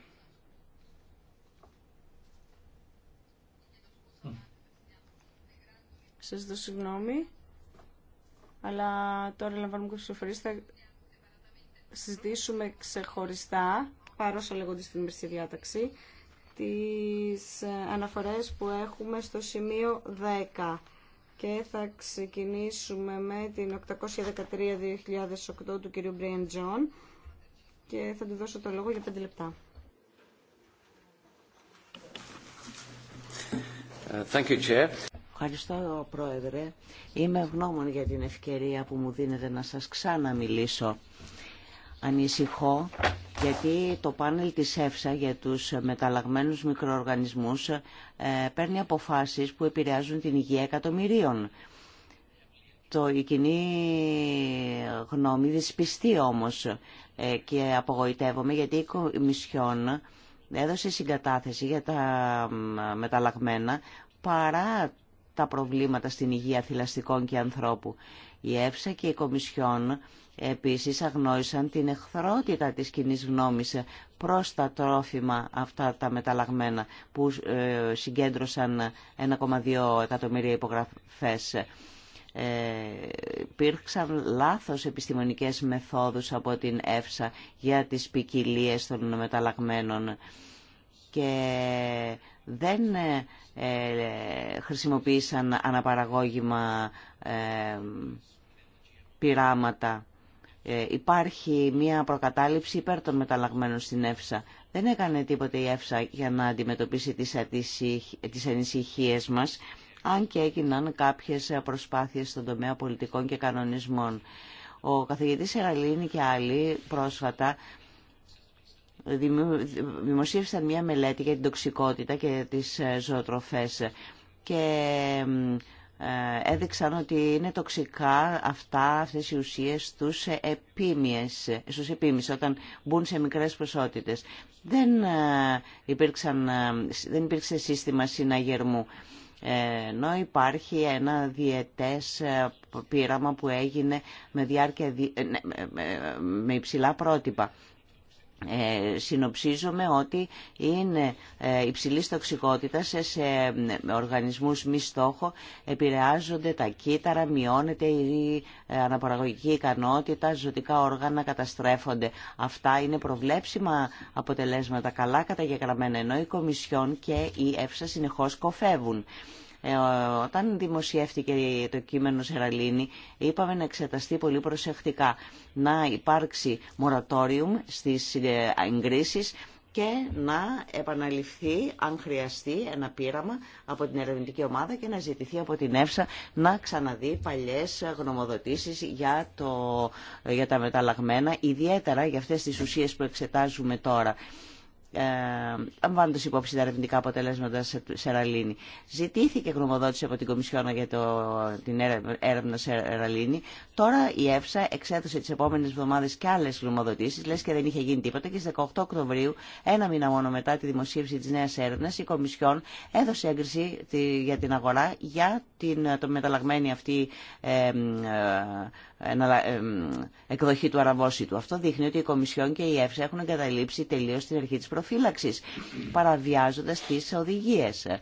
Σας δω συγγνώμη, αλλά τώρα λαμβάνουμε κάποιες θα συζητήσουμε ξεχωριστά, παρόσα όσο λέγονται στην μερική διάταξη, τις ε, αναφορές που έχουμε στο σημείο 10 και θα ξεκινήσουμε με την 813-2008 του κ. Brian Τζον και θα του δώσω το λόγο για πέντε λεπτά. Ε, Ευχαριστώ, Πρόεδρε. Είμαι ευγνώμων για την ευκαιρία που μου δίνετε να σας ξαναμιλήσω. Ανησυχώ γιατί το πάνελ της ΕΦΣΑ για τους μεταλλαγμένους μικροοργανισμούς ε, παίρνει αποφάσεις που επηρεάζουν την υγεία εκατομμυρίων το, η κοινή γνώμη δυσπιστεί όμως ε, και απογοητεύομαι γιατί η Κομισιόν έδωσε συγκατάθεση για τα μεταλλαγμένα παρά τα προβλήματα στην υγεία θηλαστικών και ανθρώπου. Η ΕΦΣΑ και η Κομισιόν επίσης αγνόησαν την εχθρότητα της κοινή γνώμης προς τα τρόφιμα αυτά τα μεταλλαγμένα που ε, συγκέντρωσαν 1,2 εκατομμύρια υπογραφές ε, υπήρξαν λάθος επιστημονικές μεθόδους από την ΕΦΣΑ για τις ποικιλίε των μεταλλαγμένων και δεν ε, ε, χρησιμοποίησαν αναπαραγώγημα ε, πειράματα. Υπάρχει μια προκατάληψη υπέρ των μεταλλαγμένων στην ΕΦΣΑ. Δεν έκανε τίποτε η ΕΦΣΑ για να αντιμετωπίσει τις ανησυχίες μας αν και έγιναν κάποιες προσπάθειες στον τομέα πολιτικών και κανονισμών. Ο καθηγητής Σεραλίνη και άλλοι πρόσφατα δημοσίευσαν μια μελέτη για την τοξικότητα και τις ε, ζωοτροφές και ε, έδειξαν ότι είναι τοξικά αυτά, αυτές οι ουσίες στους επίμιες, στους όταν μπουν σε μικρές ποσότητες. Δεν, ε, υπήρξαν, δεν υπήρξε σύστημα συναγερμού ενώ υπάρχει ένα διετές ε, πείραμα που έγινε με, διάρκεια, ε, ε, με υψηλά πρότυπα ε, συνοψίζομαι ότι είναι ε, υψηλής τοξικότητας σε οργανισμούς μη στόχο, επηρεάζονται τα κύτταρα, μειώνεται η ε, αναπαραγωγική ικανότητα, ζωτικά όργανα καταστρέφονται. Αυτά είναι προβλέψιμα αποτελέσματα καλά καταγεγραμμένα, ενώ οι Κομισιόν και η ΕΦΣΑ συνεχώς κοφεύουν. Ε, όταν δημοσιεύτηκε το κείμενο Σεραλίνη, είπαμε να εξεταστεί πολύ προσεκτικά, να υπάρξει μορατόριουμ στις ε, εγκρίσεις και να επαναληφθεί, αν χρειαστεί, ένα πείραμα από την ερευνητική ομάδα και να ζητηθεί από την ΕΦΣΑ να ξαναδεί παλιές γνωμοδοτήσεις για, το, για τα μεταλλαγμένα, ιδιαίτερα για αυτές τις ουσίες που εξετάζουμε τώρα. Ε, λαμβάνοντα υπόψη τα ερευνητικά αποτελέσματα σε Ραλίνη. Ζητήθηκε γνωμοδότηση από την Κομισιόνα για το, την έρευνα Ραλίνη. Τώρα η ΕΦΣΑ εξέδωσε τι επόμενε εβδομάδε και άλλε γνωμοδοτήσει, λε και δεν είχε γίνει τίποτα. Και στι 18 Οκτωβρίου, ένα μήνα μόνο μετά τη δημοσίευση τη νέα έρευνα, η Κομισιόν έδωσε έγκριση για την αγορά για την, το μεταλλαγμένη αυτή ε, ε, εκδοχή του αραβόσιτου. Αυτό δείχνει ότι η Κομισιόν και η ΕΦΣΑ έχουν εγκαταλείψει τελείως την αρχή της προφύλαξης, παραβιάζοντας τις οδηγίες ε,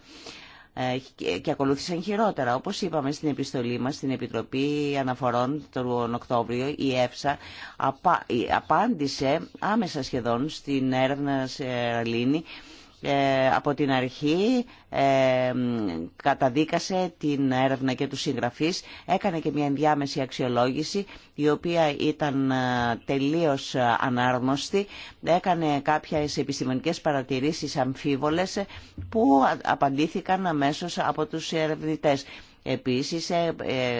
και ακολούθησαν χειρότερα. Όπως είπαμε στην επιστολή μας στην Επιτροπή Αναφορών τον Οκτώβριο, η ΕΦΣΑ απάντησε άμεσα σχεδόν στην έρευνα σε Ραλίνη ε, από την αρχή ε, καταδίκασε την έρευνα και του συγγραφείς, έκανε και μια ενδιάμεση αξιολόγηση η οποία ήταν ε, τελείως ανάρμοστη, έκανε κάποιες επιστημονικές παρατηρήσεις αμφίβολες που απαντήθηκαν αμέσως από τους ερευνητές. Επίσης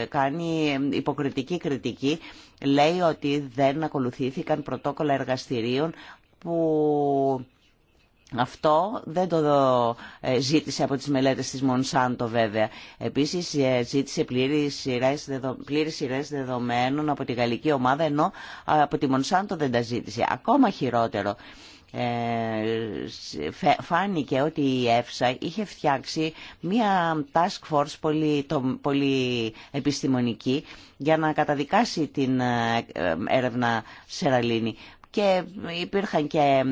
κάνει υποκριτική κριτική, λέει ότι δεν ακολουθήθηκαν πρωτόκολλα εργαστηρίων που αυτό δεν το ε, ζήτησε από τις μελέτες της Μονσάντο βέβαια. Επίσης ε, ζήτησε πλήρες σειρές, σειρές δεδομένων από τη γαλλική ομάδα ενώ ε, από τη Μονσάντο δεν τα ζήτησε. Ακόμα χειρότερο. Φάνηκε ότι η ΕΦΣΑ είχε φτιάξει μία task force πολύ, το, πολύ επιστημονική για να καταδικάσει την έρευνα Σεραλίνη και υπήρχαν και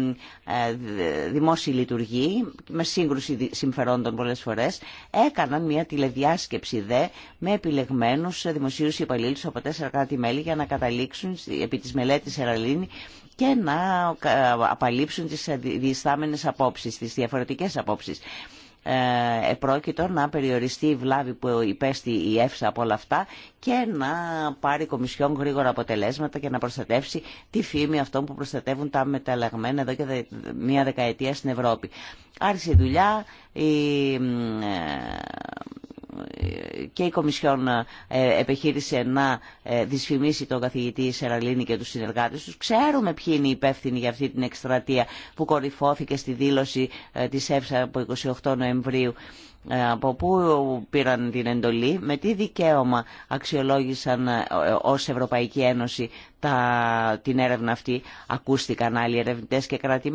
ε, δημόσιοι λειτουργοί με σύγκρουση συμφερόντων πολλές φορές έκαναν μια τηλεδιάσκεψη δε με επιλεγμένους δημοσίους υπαλλήλους από τέσσερα κράτη-μέλη για να καταλήξουν επί της μελέτης Εραλίνη και να ε, απαλείψουν τις διστάμενες απόψεις, τις διαφορετικές απόψεις. Ε, επρόκειτο να περιοριστεί η βλάβη που υπέστη η ΕΦΣΑ από όλα αυτά και να πάρει κομισιόν γρήγορα αποτελέσματα και να προστατεύσει τη φήμη αυτών που προστατεύουν τα μεταλλαγμένα εδώ και μία δεκαετία στην Ευρώπη. Άρχισε η δουλειά, ε, και η Κομισιόν ε, επιχείρησε να ε, δυσφημίσει τον καθηγητή Σεραλίνη και τους συνεργάτες τους. Ξέρουμε ποιοι είναι οι υπεύθυνοι για αυτή την εκστρατεία που κορυφώθηκε στη δήλωση ε, της ΕΦΣΑ από 28 Νοεμβρίου από πού πήραν την εντολή, με τι δικαίωμα αξιολόγησαν ε, ως Ευρωπαϊκή Ένωση τα, την έρευνα αυτή, ακούστηκαν άλλοι ερευνητές και κρατη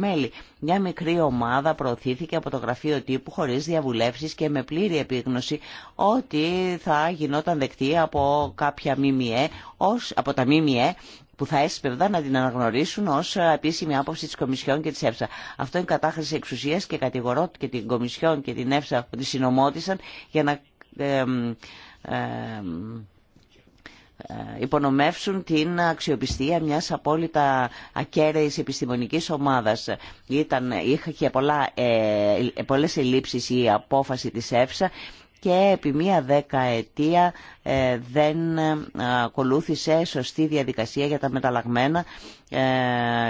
Μια μικρή ομάδα προωθήθηκε από το γραφείο τύπου χωρίς διαβουλεύσεις και με πλήρη επίγνωση ότι θα γινόταν δεκτή από κάποια ΜΜΕ, ως, από τα ΜΜΕ που θα έσπευδαν να την αναγνωρίσουν ως ε, επίσημη άποψη της Κομισιόν και της ΕΦΣΑ. Αυτό είναι κατάχρηση εξουσίας και κατηγορώ και την Κομισιόν και την ΕΦΣΑ που τη συνομότησαν για να ε, υπονομεύσουν την αξιοπιστία μιας απόλυτα ακέραιης επιστημονικής ομάδας. Ήταν, είχα και πολλά, ε, ε, πολλές ελλείψεις η απόφαση της ΕΦΣΑ και επί μία δεκαετία ε, δεν ε, ακολούθησε σωστή διαδικασία για τα μεταλλαγμένα ε,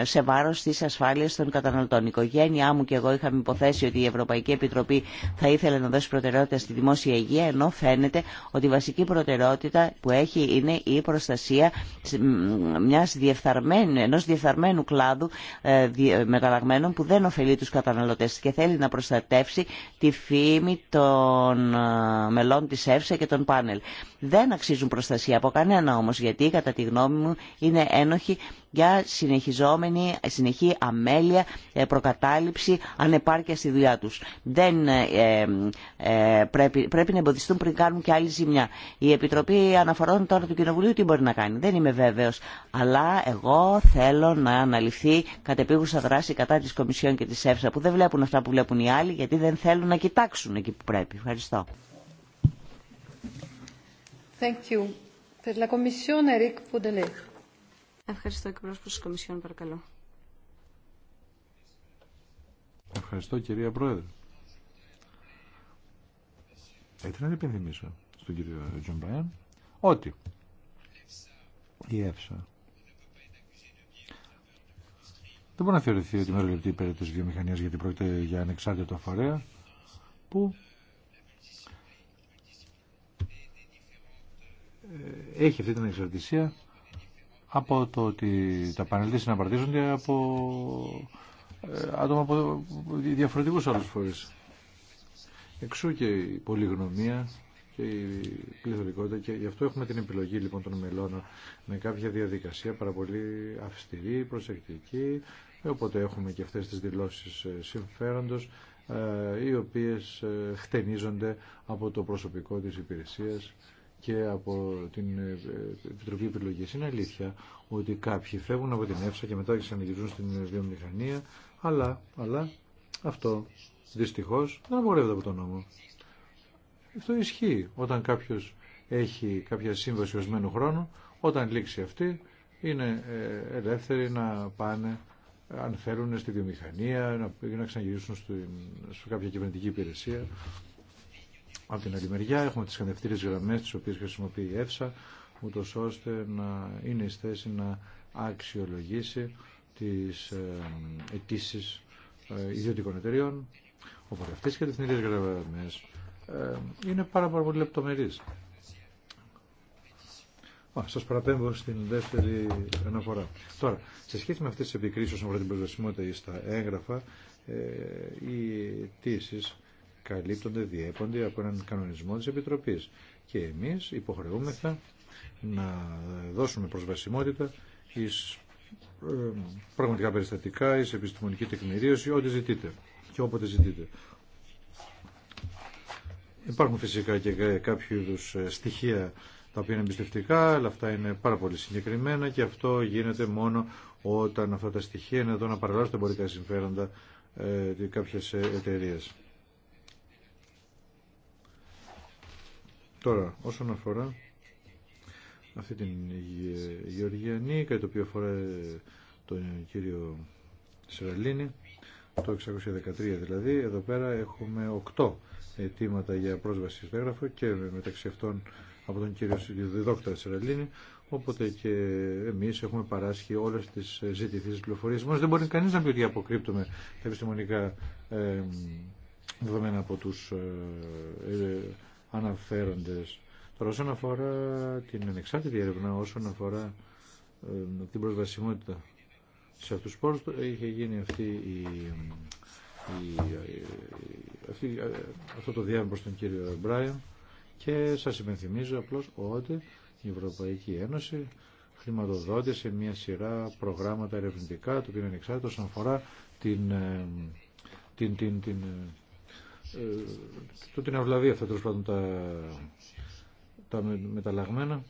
σε βάρος της ασφάλειας των καταναλωτών. Η οικογένειά μου και εγώ είχαμε υποθέσει ότι η Ευρωπαϊκή Επιτροπή θα ήθελε να δώσει προτεραιότητα στη δημόσια υγεία, ενώ φαίνεται ότι η βασική προτεραιότητα που έχει είναι η προστασία μιας διεφθαρμένου, ενός διεφθαρμένου κλάδου μεταλλαγμένων που δεν ωφελεί τους καταναλωτές και θέλει να προστατεύσει τη φήμη των μελών της ΕΦΣΑ και των πάνελ δεν αξίζουν προστασία από κανένα όμως γιατί κατά τη γνώμη μου είναι ένοχοι για συνεχιζόμενη, συνεχή αμέλεια, ε, προκατάληψη, ανεπάρκεια στη δουλειά τους. Ε, ε, πρέπει, πρέπει να εμποδιστούν πριν κάνουν και άλλη ζημιά. Η Επιτροπή Αναφορών τώρα του Κοινοβουλίου τι μπορεί να κάνει. Δεν είμαι βέβαιος. Αλλά εγώ θέλω να αναλυθεί κατεπίγουσα δράση κατά της Κομισιόν και της ΕΦΣΑ που δεν βλέπουν αυτά που βλέπουν οι άλλοι γιατί δεν θέλουν να κοιτάξουν εκεί που πρέπει. Ευχαριστώ. Thank you. Per la Ευχαριστώ εκπρόσωπος Κομισιόν, παρακαλώ. Ευχαριστώ κυρία Πρόεδρε. Έτσι να υπενθυμίσω στον κύριο Τζομπράν ότι η ΕΦΣΑ δεν μπορεί να θεωρηθεί ότι μεροληπτεί υπέρ της βιομηχανίας γιατί πρόκειται για ανεξάρτητο φορέα που έχει αυτή την εξαρτησία από το ότι τα πανελίδια συναπαρτίζονται από ε, άτομα από διαφορετικούς άλλους φορείς. Εξού και η πολυγνωμία και η πληθωρικότητα και γι' αυτό έχουμε την επιλογή λοιπόν των μελών με κάποια διαδικασία πάρα πολύ αυστηρή, προσεκτική οπότε έχουμε και αυτές τις δηλώσεις ε, συμφέροντος ε, οι οποίες χτενίζονται από το προσωπικό της υπηρεσίας και από την ε, Επιτροπή Επιλογής. Είναι αλήθεια ότι κάποιοι φεύγουν από την ΕΦΣΑ και μετά ξαναγυρίζουν στην βιομηχανία, αλλά, αλλά αυτό δυστυχώς δεν απογορεύεται από τον νόμο. Αυτό ισχύει όταν κάποιος έχει κάποια σύμβαση ορισμένου χρόνου, όταν λήξει αυτή είναι ε, ελεύθεροι να πάνε αν θέλουν στη βιομηχανία, να, να ξαναγυρίσουν σε κάποια κυβερνητική υπηρεσία. Από την άλλη μεριά έχουμε τις κατευθύνες γραμμές τις οποίες χρησιμοποιεί η ΕΦΣΑ ούτως ώστε να είναι η θέση να αξιολογήσει τις ε, αιτήσει ε, ιδιωτικών εταιριών. Οπότε αυτές οι κατευθυντήριες γραμμές ε, είναι πάρα, πολύ λεπτομερείς. Σα παραπέμπω στην δεύτερη αναφορά. Τώρα, σε σχέση με αυτέ τι επικρίσει όσον αφορά την προσβασιμότητα στα έγγραφα, οι αιτήσει καλύπτονται, διέπονται από έναν κανονισμό της Επιτροπής. Και εμείς υποχρεούμεθα να δώσουμε προσβασιμότητα εις ε, πραγματικά περιστατικά, εις επιστημονική τεκμηρίωση, ό,τι ζητείτε και όποτε ζητείτε. Υπάρχουν φυσικά και κάποιο είδου ε, στοιχεία τα οποία είναι εμπιστευτικά, αλλά αυτά είναι πάρα πολύ συγκεκριμένα και αυτό γίνεται μόνο όταν αυτά τα στοιχεία είναι εδώ να παραλάσσουν τα εμπορικά συμφέροντα ε, κάποιε εταιρείε. Τώρα, όσον αφορά αυτή την Γεωργιανή, κατά το οποίο αφορά τον κύριο Σεραλίνη, το 613 δηλαδή, εδώ πέρα έχουμε 8 αιτήματα για πρόσβαση στο έγγραφο και μεταξύ αυτών από τον κύριο Διδόκτρα Σεραλίνη, οπότε και εμείς έχουμε παράσχει όλες τις ζητηθείς πληροφορίες. Μας δεν μπορεί κανείς να πει ότι αποκρύπτουμε τα επιστημονικά δεδομένα από τους ε, ε, αναφέροντες. Τώρα όσον αφορά την ανεξάρτητη έρευνα, όσον αφορά ε, την προσβασιμότητα σε αυτούς τους πόρους, είχε γίνει αυτή η, η, αυτή, ε, αυτό το διάβημα προς τον κύριο Μπράιον και σας υπενθυμίζω απλώς ότι η Ευρωπαϊκή Ένωση χρηματοδότησε μια σειρά προγράμματα ερευνητικά, το οποίο είναι εξάρτητο όσον αφορά την, ε, την, την, την ε, το την αυλαβή αυτά τέλο τα, τα μεταλλαγμένα.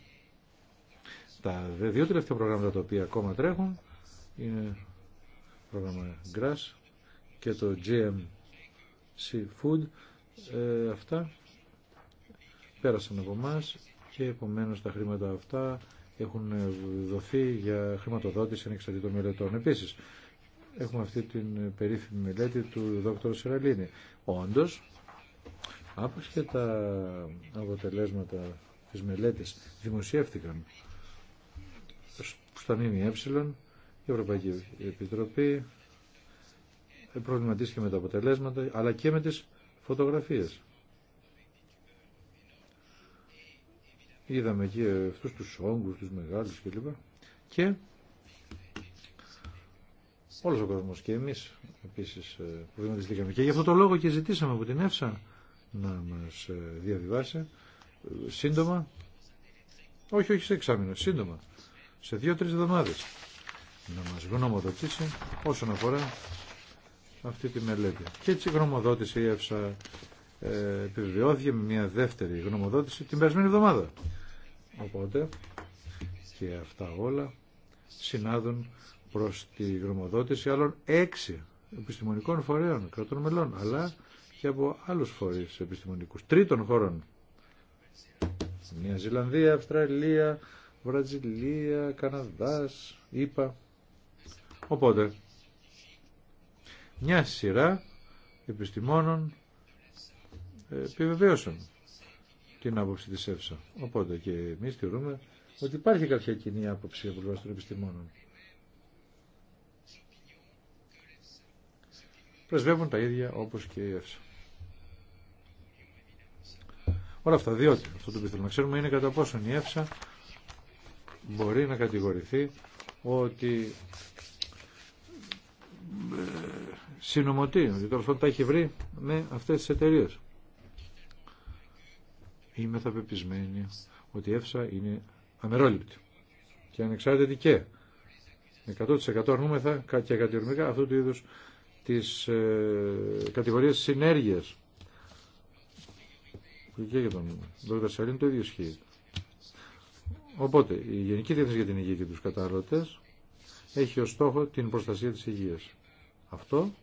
Τα δύο τελευταία προγράμματα τα οποία ακόμα τρέχουν είναι το πρόγραμμα GRASS και το GMC Food. Ε, αυτά πέρασαν από εμά και επομένω τα χρήματα αυτά έχουν δοθεί για χρηματοδότηση ανεξαρτήτων μελετών. Επίσης, έχουμε αυτή την περίφημη μελέτη του Δ. Σεραλίνη Όντως, άπως και τα αποτελέσματα της μελέτης δημοσιεύτηκαν στα ΜΜΕ, η Ευρωπαϊκή Επιτροπή προβληματίστηκε με τα αποτελέσματα, αλλά και με τις φωτογραφίες. Είδαμε εκεί αυτούς τους όγκους, τους μεγάλους κλπ. Και, όλος ο κόσμο και εμείς επίσης ε, που τις Και γι' αυτό το λόγο και ζητήσαμε από την ΕΦΣΑ να μας ε, διαβιβάσει ε, σύντομα, όχι όχι σε εξάμεινο, σύντομα, σε δυο τρει εβδομάδες να μας γνωμοδοτήσει όσον αφορά αυτή τη μελέτη. Και έτσι γνωμοδότησε η ΕΦΣΑ ε, επιβεβαιώθηκε με μια δεύτερη γνωμοδότηση την περασμένη εβδομάδα. Οπότε και αυτά όλα συνάδουν προς τη γνωμοδότηση άλλων έξι επιστημονικών φορέων κρατών μελών, αλλά και από άλλους φορείς επιστημονικούς τρίτων χώρων. Νέα Ζηλανδία, Αυστραλία, Βραζιλία, Καναδάς, ΗΠΑ. Οπότε, μια σειρά επιστημόνων επιβεβαίωσαν την άποψη της ΕΦΣΑ. Οπότε και εμείς θεωρούμε ότι υπάρχει κάποια κοινή άποψη από των επιστημόνων. πρεσβεύουν τα ίδια όπως και η ΕΦΣΑ. Όλα αυτά, διότι αυτό το οποίο να ξέρουμε είναι κατά πόσον η ΕΦΣΑ μπορεί να κατηγορηθεί ότι ε, συνομωτεί, ότι τώρα πάντων τα έχει βρει με αυτές τις εταιρείε. Είμαι θα πεπισμένη ότι η ΕΦΣΑ είναι αμερόληπτη και ανεξάρτητη και 100% αρνούμεθα και ακατηρμικά αυτού του είδους τις ε, κατηγορίας συνέργειας. Και για τον Δ. το ίδιο ισχύει. Οπότε, η Γενική Διεύθυνση για την Υγεία και τους Κατάλλωτες έχει ως στόχο την προστασία της υγείας. Αυτό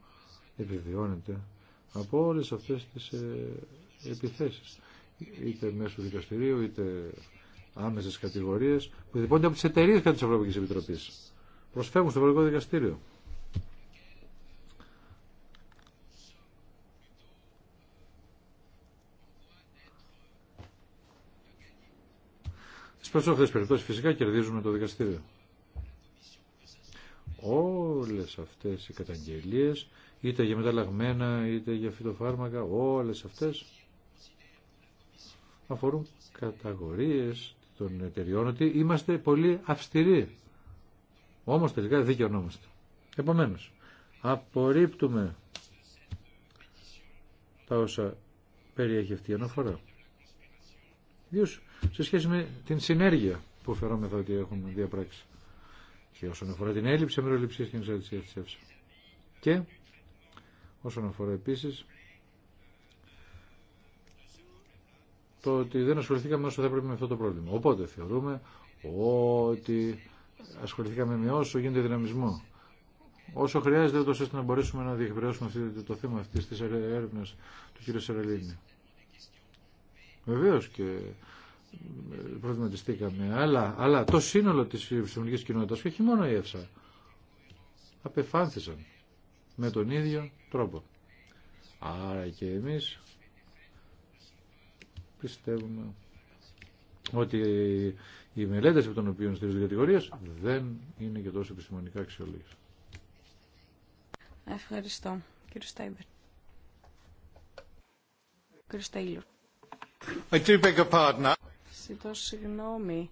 επιβιώνεται από όλες αυτές τις ε, επιθέσεις. Είτε μέσω δικαστηρίου, είτε άμεσες κατηγορίες που διπώνται από τις εταιρείες κατά της Ευρωπαϊκής Επιτροπής. Προσφεύγουν στο Ευρωπαϊκό Δικαστήριο. περισσότερε αυτέ τι περιπτώσει φυσικά κερδίζουμε το δικαστήριο. Όλε αυτέ οι καταγγελίε, είτε για μεταλλαγμένα είτε για φυτοφάρμακα, όλε αυτέ αφορούν καταγορίε των εταιριών ότι είμαστε πολύ αυστηροί. Όμω τελικά δικαιωνόμαστε. Επομένω, απορρίπτουμε τα όσα περιέχει αυτή η αναφορά. Ιδίω σε σχέση με την συνέργεια που φερόμεθα ότι έχουν διαπράξει. Και όσον αφορά την έλλειψη αμεροληψία και εξαρτησία τη ΕΦΣΑ. Και όσον αφορά επίση το ότι δεν ασχοληθήκαμε όσο θα έπρεπε με αυτό το πρόβλημα. Οπότε θεωρούμε ότι ασχοληθήκαμε με όσο γίνεται δυναμισμό. Όσο χρειάζεται, ούτω ώστε να μπορέσουμε να διεκπαιρεώσουμε το θέμα αυτή τη έρευνα του κ. Σεραλίνη. Βεβαίω, και ε, προβληματιστήκαμε, αλλά, αλλά το σύνολο της επιστημονική κοινότητα και όχι μόνο η ΕΦΣΑ απεφάνθησαν με τον ίδιο τρόπο. Άρα και εμείς πιστεύουμε ότι οι μελέτες από των οποίων στηρίζονται κατηγορίες δεν είναι και τόσο επιστημονικά αξιολόγηση. Ευχαριστώ. Κύριο Στάιμπερ. Κύριο Στέιλορ. I do Ζητώ συγγνώμη.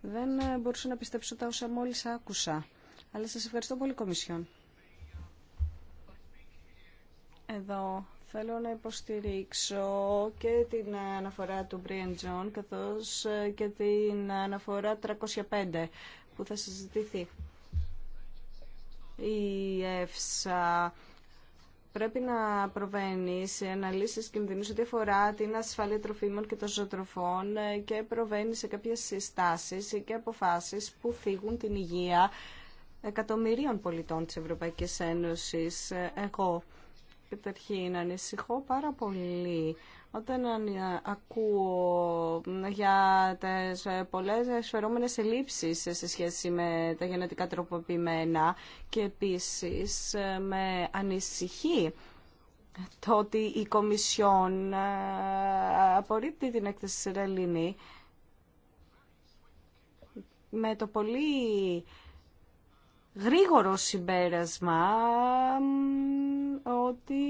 Δεν ε, μπορούσα να πιστέψω τα όσα μόλις άκουσα. Αλλά σας ευχαριστώ πολύ, Κομισιόν. Εδώ θέλω να υποστηρίξω και την αναφορά του Brian John, καθώς ε, και την αναφορά 305 που θα συζητηθεί. Η ΕΦΣΑ πρέπει να προβαίνει σε αναλύσει κινδύνου ό,τι αφορά την ασφάλεια τροφίμων και των ζωοτροφών ε, και προβαίνει σε κάποιες συστάσεις και αποφάσει που φύγουν την υγεία εκατομμυρίων πολιτών τη Ευρωπαϊκή Ένωσης. Ε, εγώ καταρχήν ανησυχώ πάρα πολύ όταν ακούω για τις ε, πολλές σφερόμενες ελλείψεις σε σχέση με τα γενετικά τροποποιημένα και επίσης ε, με ανησυχεί το ότι η Κομισιόν ε, απορρίπτει την έκθεση Σιρελίνη με το πολύ γρήγορο συμπέρασμα ότι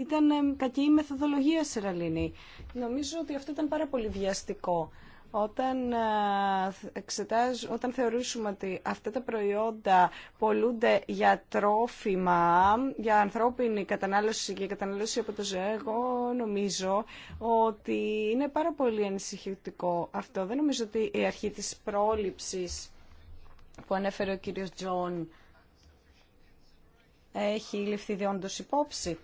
ήταν ε, κακή η μεθοδολογία Σεραλίνη. Νομίζω ότι αυτό ήταν πάρα πολύ βιαστικό. Όταν, ε, εξετάζ, όταν θεωρήσουμε ότι αυτά τα προϊόντα πολλούνται για τρόφιμα, για ανθρώπινη κατανάλωση και κατανάλωση από το ζωέ, εγώ νομίζω ότι είναι πάρα πολύ ανησυχητικό αυτό. Δεν νομίζω ότι η αρχή της πρόληψης που ανέφερε ο κύριος Τζον έχει ληφθεί διόντως υπόψη.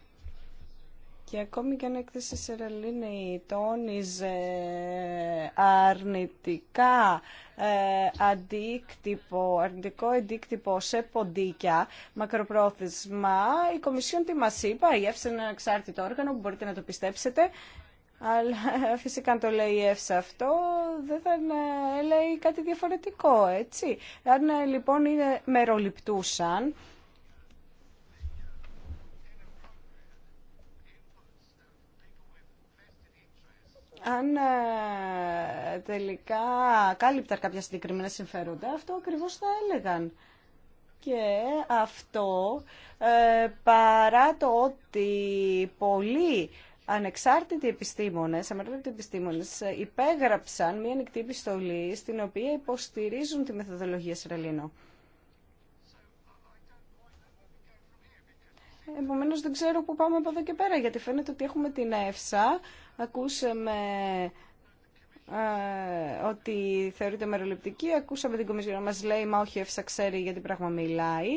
Και ακόμη και αν έκθεση ρελίνη τόνιζε αρνητικά ε, αντίκτυπο, αρνητικό αντίκτυπο σε ποντίκια μακροπρόθεσμα, η Κομισιόν τι μας είπα, η ΕΦΣΕ είναι ένα εξάρτητο όργανο που μπορείτε να το πιστέψετε αλλά (laughs) φυσικά αν το λέει η ΕΦΣΑ αυτό, δεν θα ε, λέει κάτι διαφορετικό, έτσι. Αν ε, λοιπόν είναι μεροληπτούσαν, αν ε, τελικά κάλυπταν κάποια συγκεκριμένα συμφέροντα, αυτό ακριβώς θα έλεγαν. Και αυτό παρά το ότι πολλοί ανεξάρτητοι επιστήμονες, αμερόληπτοι επιστήμονες, ε, υπέγραψαν μια ανοιχτή επιστολή στην οποία υποστηρίζουν τη μεθοδολογία Σρελίνο. Επομένω δεν ξέρω πού πάμε από εδώ και πέρα, γιατί φαίνεται ότι έχουμε την ΕΦΣΑ. Ακούσαμε ε, ότι θεωρείται μεροληπτική, ακούσαμε την Κομισιόν να μα λέει «Μα όχι, η ΕΦΣΑ ξέρει γιατί πράγμα μιλάει»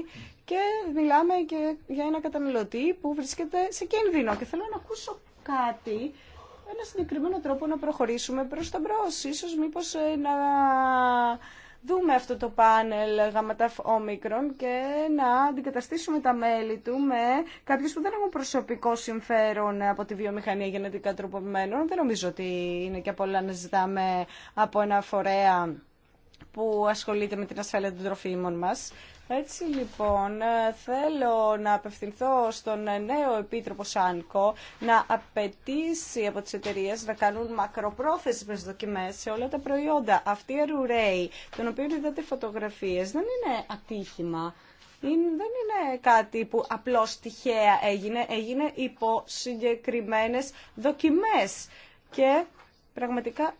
και μιλάμε και για ένα καταναλωτή που βρίσκεται σε κίνδυνο και θέλω να ακούσω κάτι ένα συγκεκριμένο τρόπο να προχωρήσουμε προς τα μπρος. Ίσως μήπως ε, να δούμε αυτό το πάνελ γαματάφ όμικρον και να αντικαταστήσουμε τα μέλη του με κάποιους που δεν έχουν προσωπικό συμφέρον από τη βιομηχανία γενετικά τροποποιημένων. Δεν νομίζω ότι είναι και πολλά να ζητάμε από ένα φορέα που ασχολείται με την ασφάλεια των τροφίμων μας. Έτσι λοιπόν ε, θέλω να απευθυνθώ στον νέο Επίτροπο Σάνκο να απαιτήσει από τις εταιρείες να κάνουν μακροπρόθεσμες δοκιμές σε όλα τα προϊόντα. Αυτή η ρουρέι τον οποίο είδατε φωτογραφίες, δεν είναι ατύχημα. Είναι, δεν είναι κάτι που απλώς τυχαία έγινε, έγινε υπό συγκεκριμένες δοκιμές. Και Πραγματικά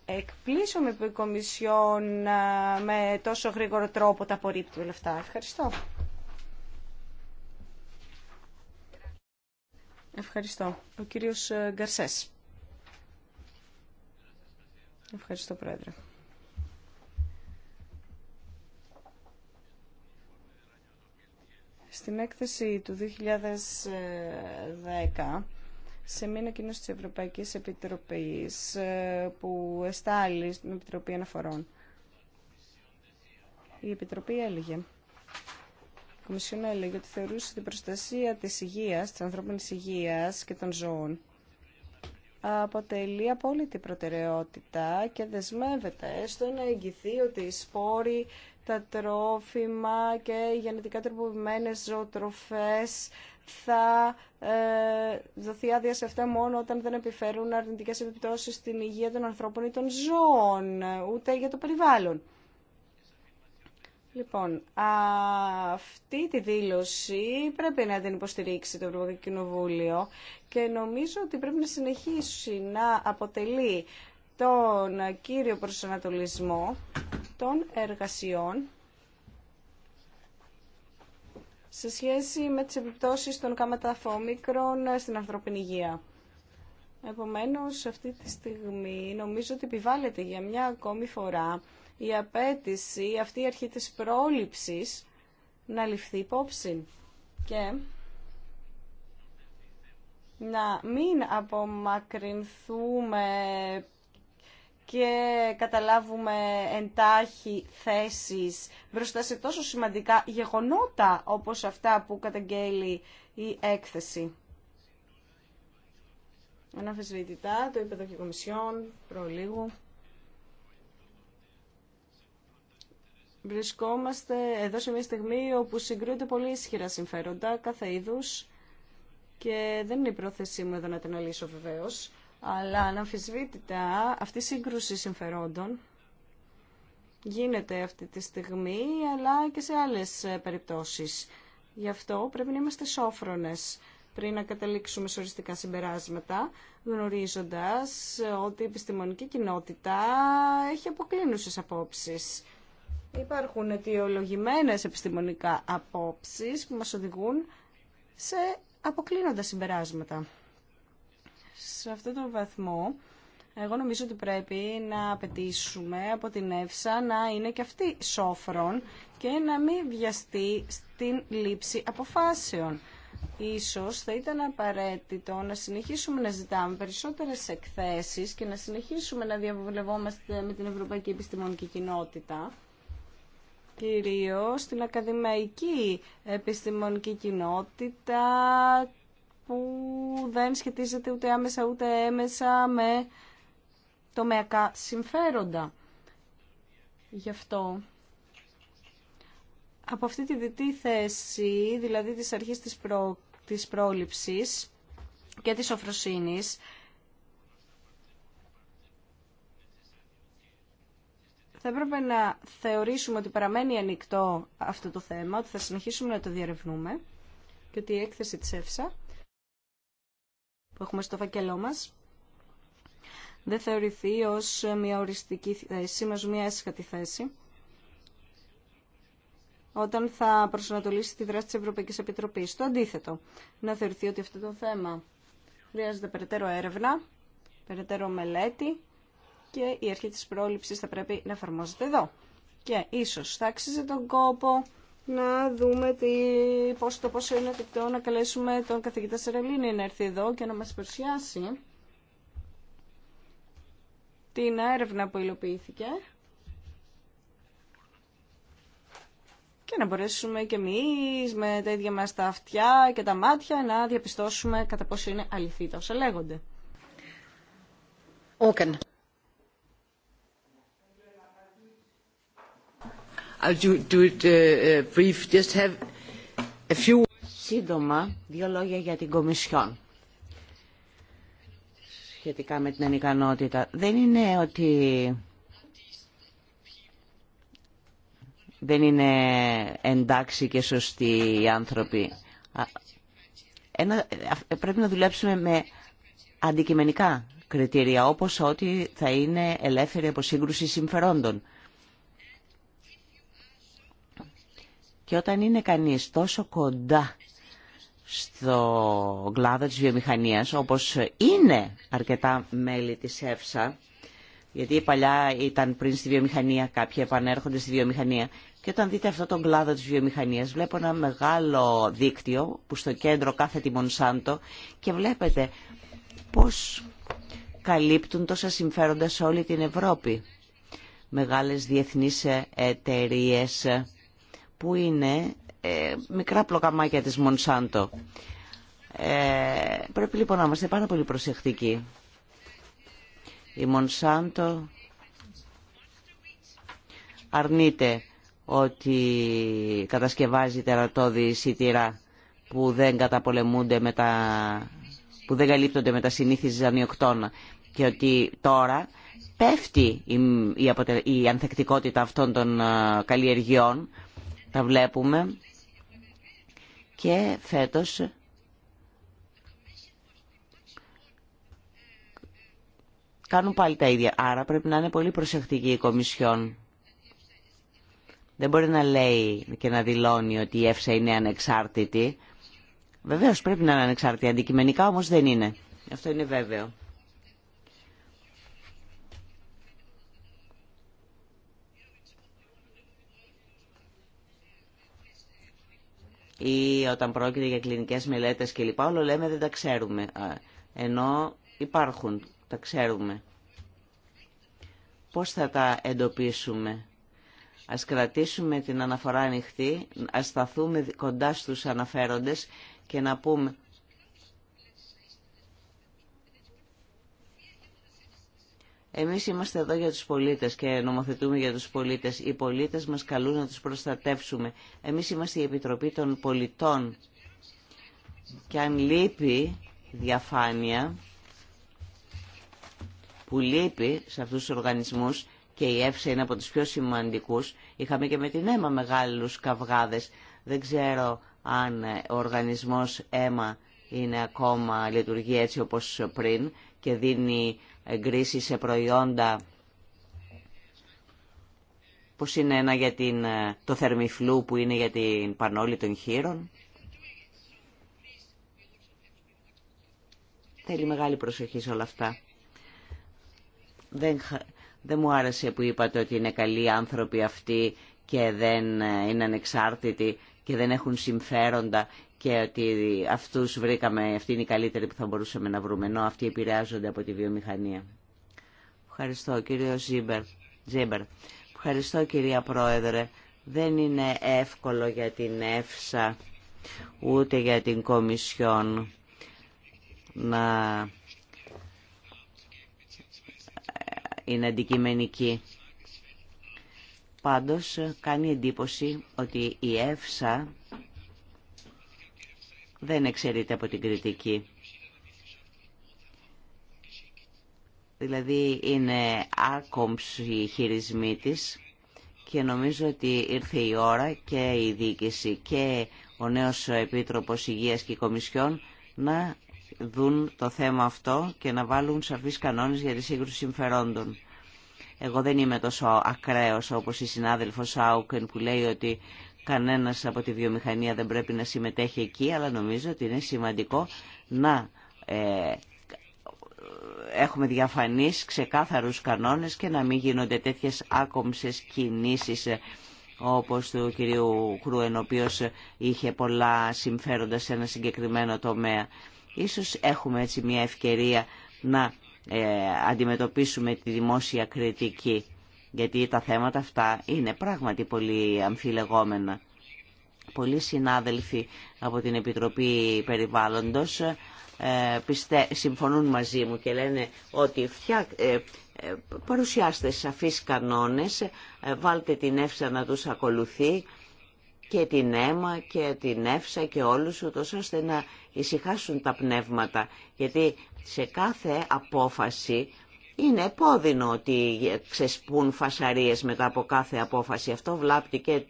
με που η Κομισιόν με τόσο γρήγορο τρόπο τα απορρίπτει όλα αυτά. Ευχαριστώ. Ευχαριστώ. Ο κύριος ε, Γκαρσές. Ευχαριστώ, Πρόεδρε. Στην έκθεση του 2010 σε μια ανακοίνωση της Ευρωπαϊκής Επιτροπής ε, που εστάλει στην Επιτροπή Αναφορών. Η Επιτροπή έλεγε, η Κομισιόν έλεγε ότι θεωρούσε την προστασία της υγείας, της ανθρώπινης υγείας και των ζώων αποτελεί απόλυτη προτεραιότητα και δεσμεύεται στο να εγγυθεί ότι οι σπόροι, τα τρόφιμα και οι γενετικά τροποποιημένες ζωοτροφές θα ε, δοθεί άδεια σε αυτά μόνο όταν δεν επιφέρουν αρνητικές επιπτώσεις στην υγεία των ανθρώπων ή των ζώων, ούτε για το περιβάλλον. Λοιπόν, αυτή τη δήλωση πρέπει να την υποστηρίξει το Ευρωπαϊκό Κοινοβούλιο και νομίζω ότι πρέπει να συνεχίσει να αποτελεί τον κύριο προσανατολισμό των εργασιών σε σχέση με τις επιπτώσεις των καμεταφόμικρων στην ανθρώπινη υγεία. Επομένως, αυτή τη στιγμή νομίζω ότι επιβάλλεται για μια ακόμη φορά η απέτηση, αυτή η αρχή της πρόληψης να ληφθεί υπόψη και να μην απομακρυνθούμε και καταλάβουμε εντάχει θέσεις μπροστά σε τόσο σημαντικά γεγονότα όπως αυτά που καταγγέλει η έκθεση. Αναφεσβητητά, το είπε εδώ και η Κομισιόν προλίγου. Βρισκόμαστε εδώ σε μια στιγμή όπου συγκρούνται πολύ ισχυρά συμφέροντα κάθε είδους και δεν είναι η πρόθεσή μου εδώ να την αλύσω βεβαίως. Αλλά αναμφισβήτητα αυτή η σύγκρουση συμφερόντων γίνεται αυτή τη στιγμή, αλλά και σε άλλες ε, περιπτώσεις. Γι' αυτό πρέπει να είμαστε σόφρονες πριν να καταλήξουμε σε οριστικά συμπεράσματα, γνωρίζοντας ότι η επιστημονική κοινότητα έχει αποκλίνουσες απόψεις. Υπάρχουν αιτιολογημένες επιστημονικά απόψεις που μας οδηγούν σε αποκλίνοντα συμπεράσματα. Σε αυτόν τον βαθμό, εγώ νομίζω ότι πρέπει να απαιτήσουμε από την εύσα να είναι και αυτή σόφρον και να μην βιαστεί στην λήψη αποφάσεων. Ίσως θα ήταν απαραίτητο να συνεχίσουμε να ζητάμε περισσότερες εκθέσεις και να συνεχίσουμε να διαβουλευόμαστε με την Ευρωπαϊκή Επιστημονική Κοινότητα κυρίως στην ακαδημαϊκή επιστημονική κοινότητα, που δεν σχετίζεται ούτε άμεσα ούτε έμεσα με τομεακά συμφέροντα. Γι' αυτό από αυτή τη διτή θέση, δηλαδή της αρχής της, προ... της πρόληψης και της οφροσύνης, θα έπρεπε να θεωρήσουμε ότι παραμένει ανοιχτό αυτό το θέμα, ότι θα συνεχίσουμε να το διαρευνούμε και ότι η έκθεση της ΕΦΣΑ που έχουμε στο φακελό μας δεν θεωρηθεί ως μια οριστική θέση, μας μια έσχατη θέση. Όταν θα προσανατολίσει τη δράση της Ευρωπαϊκής Επιτροπής. Το αντίθετο, να θεωρηθεί ότι αυτό το θέμα χρειάζεται περαιτέρω έρευνα, περαιτέρω μελέτη και η αρχή της πρόληψης θα πρέπει να εφαρμόζεται εδώ. Και ίσως θα άξιζε τον κόπο να δούμε τι, πώς, το πόσο είναι εφικτό να καλέσουμε τον καθηγητή Σερελίνη να έρθει εδώ και να μας παρουσιάσει την έρευνα που υλοποιήθηκε και να μπορέσουμε και εμείς με τα ίδια μας τα αυτιά και τα μάτια να διαπιστώσουμε κατά πόσο είναι αληθή τα όσα λέγονται. Okay. Σύντομα, δύο λόγια για την Κομισιόν σχετικά με την ανικανότητα. Δεν είναι ότι δεν είναι εντάξει και σωστοί οι άνθρωποι. Ένα, πρέπει να δουλέψουμε με αντικειμενικά κριτήρια, όπως ότι θα είναι ελεύθερη από σύγκρουση συμφερόντων. Και όταν είναι κανείς τόσο κοντά στο κλάδο της βιομηχανίας, όπως είναι αρκετά μέλη της ΕΦΣΑ, γιατί παλιά ήταν πριν στη βιομηχανία, κάποιοι επανέρχονται στη βιομηχανία. Και όταν δείτε αυτό τον κλάδο της βιομηχανίας, βλέπω ένα μεγάλο δίκτυο που στο κέντρο κάθε τη Μονσάντο και βλέπετε πώς καλύπτουν τόσα συμφέροντα σε όλη την Ευρώπη. Μεγάλες διεθνείς εταιρείες που είναι ε, μικρά πλοκαμάκια της Μονσάντο. Ε, πρέπει λοιπόν να είμαστε πάρα πολύ προσεκτικοί. Η Μονσάντο αρνείται ότι κατασκευάζει τερατώδη εισιτήρα που δεν καταπολεμούνται με τα... που δεν καλύπτονται με τα συνήθης ζανιοκτώνα και ότι τώρα πέφτει η, η, η ανθεκτικότητα αυτών των ε, καλλιεργειών τα βλέπουμε και φέτος κάνουν πάλι τα ίδια. Άρα πρέπει να είναι πολύ προσεκτική η Κομισιόν. Δεν μπορεί να λέει και να δηλώνει ότι η ΕΦΣΑ είναι ανεξάρτητη. Βεβαίως πρέπει να είναι ανεξάρτητη. Αντικειμενικά όμως δεν είναι. Αυτό είναι βέβαιο. ή όταν πρόκειται για κλινικές μελέτες κλπ. Όλο λέμε δεν τα ξέρουμε, ενώ υπάρχουν, τα ξέρουμε. Πώς θα τα εντοπίσουμε. Ας κρατήσουμε την αναφορά ανοιχτή, ας σταθούμε κοντά στους αναφέροντες και να πούμε Εμείς είμαστε εδώ για τους πολίτες και νομοθετούμε για τους πολίτες. Οι πολίτες μας καλούν να τους προστατεύσουμε. Εμείς είμαστε η Επιτροπή των Πολιτών. Και αν λείπει διαφάνεια, που λείπει σε αυτούς τους οργανισμούς, και η ΕΦΣΑ είναι από τους πιο σημαντικούς, είχαμε και με την έμα μεγάλους καυγάδες. Δεν ξέρω αν ο οργανισμός αίμα είναι ακόμα λειτουργεί έτσι όπως πριν και δίνει εγκρίσει σε προϊόντα πως είναι ένα για την, ε, το θερμιφλού που είναι για την πανόλη των χείρων. Θέλει μεγάλη προσοχή σε όλα αυτά. Δεν, δεν μου άρεσε που είπατε ότι είναι καλοί άνθρωποι αυτοί και δεν ε, είναι ανεξάρτητοι και δεν έχουν συμφέροντα και ότι αυτούς βρήκαμε, αυτή είναι η καλύτερη που θα μπορούσαμε να βρούμε, ενώ αυτοί επηρεάζονται από τη βιομηχανία. Ευχαριστώ κύριο Ευχαριστώ κυρία Πρόεδρε. Δεν είναι εύκολο για την ΕΦΣΑ ούτε για την Κομισιόν να είναι αντικειμενική. Πάντως κάνει εντύπωση ότι η ΕΦΣΑ δεν εξαιρείται από την κριτική. Δηλαδή είναι άκομψη η χειρισμή της και νομίζω ότι ήρθε η ώρα και η διοίκηση και ο νέος Επίτροπος Υγείας και Κομισιόν να δουν το θέμα αυτό και να βάλουν σαφείς κανόνες για τη σύγκρουση συμφερόντων. Εγώ δεν είμαι τόσο ακραίος όπως η συνάδελφος Άουκεν που λέει ότι Κανένας από τη βιομηχανία δεν πρέπει να συμμετέχει εκεί, αλλά νομίζω ότι είναι σημαντικό να ε, έχουμε διαφανείς, ξεκάθαρους κανόνες και να μην γίνονται τέτοιες άκομψες κινήσεις ε, όπως του κυρίου Κρούεν, ο οποίος είχε πολλά συμφέροντα σε ένα συγκεκριμένο τομέα. Ίσως έχουμε έτσι μια ευκαιρία να ε, αντιμετωπίσουμε τη δημόσια κριτική γιατί τα θέματα αυτά είναι πράγματι πολύ αμφιλεγόμενα. Πολλοί συνάδελφοι από την Επιτροπή Περιβάλλοντος ε, συμφωνούν μαζί μου και λένε ότι φτιά, ε, ε, παρουσιάστε σαφείς κανόνες, βάλτε την ΕΦΣΑ να τους ακολουθεί και την αίμα και την ΕΦΣΑ και όλους ούτως ώστε να ησυχάσουν τα πνεύματα. Γιατί σε κάθε απόφαση είναι επώδυνο ότι ξεσπούν φασαρίες μετά από κάθε απόφαση. Αυτό βλάπτει και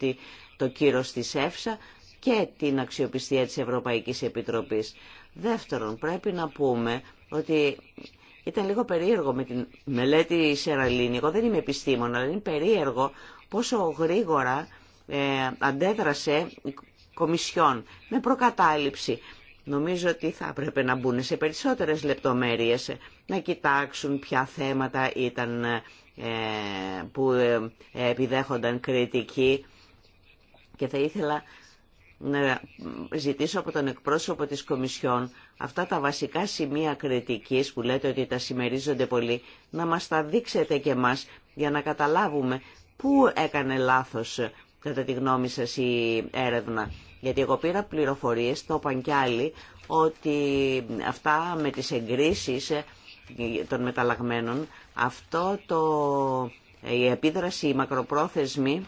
το κύρος της ΕΦΣΑ και την αξιοπιστία της Ευρωπαϊκής Επιτροπής. Δεύτερον, πρέπει να πούμε ότι ήταν λίγο περίεργο με τη μελέτη Σεραλίνη. Εγώ δεν είμαι επιστήμονα, αλλά είναι περίεργο πόσο γρήγορα ε, αντέδρασε η Κομισιόν με προκατάληψη. Νομίζω ότι θα έπρεπε να μπουν σε περισσότερες λεπτομέρειες, να κοιτάξουν ποια θέματα ήταν ε, που ε, επιδέχονταν κριτική και θα ήθελα να ζητήσω από τον εκπρόσωπο της Κομισιόν αυτά τα βασικά σημεία κριτικής που λέτε ότι τα συμμερίζονται πολύ να μας τα δείξετε και μας για να καταλάβουμε πού έκανε λάθος κατά τη γνώμη σας η έρευνα γιατί εγώ πήρα πληροφορίες, το είπαν κι άλλοι, ότι αυτά με τις εγκρίσεις ε, των μεταλλαγμένων, αυτό το, ε, η επίδραση, η μακροπρόθεσμη,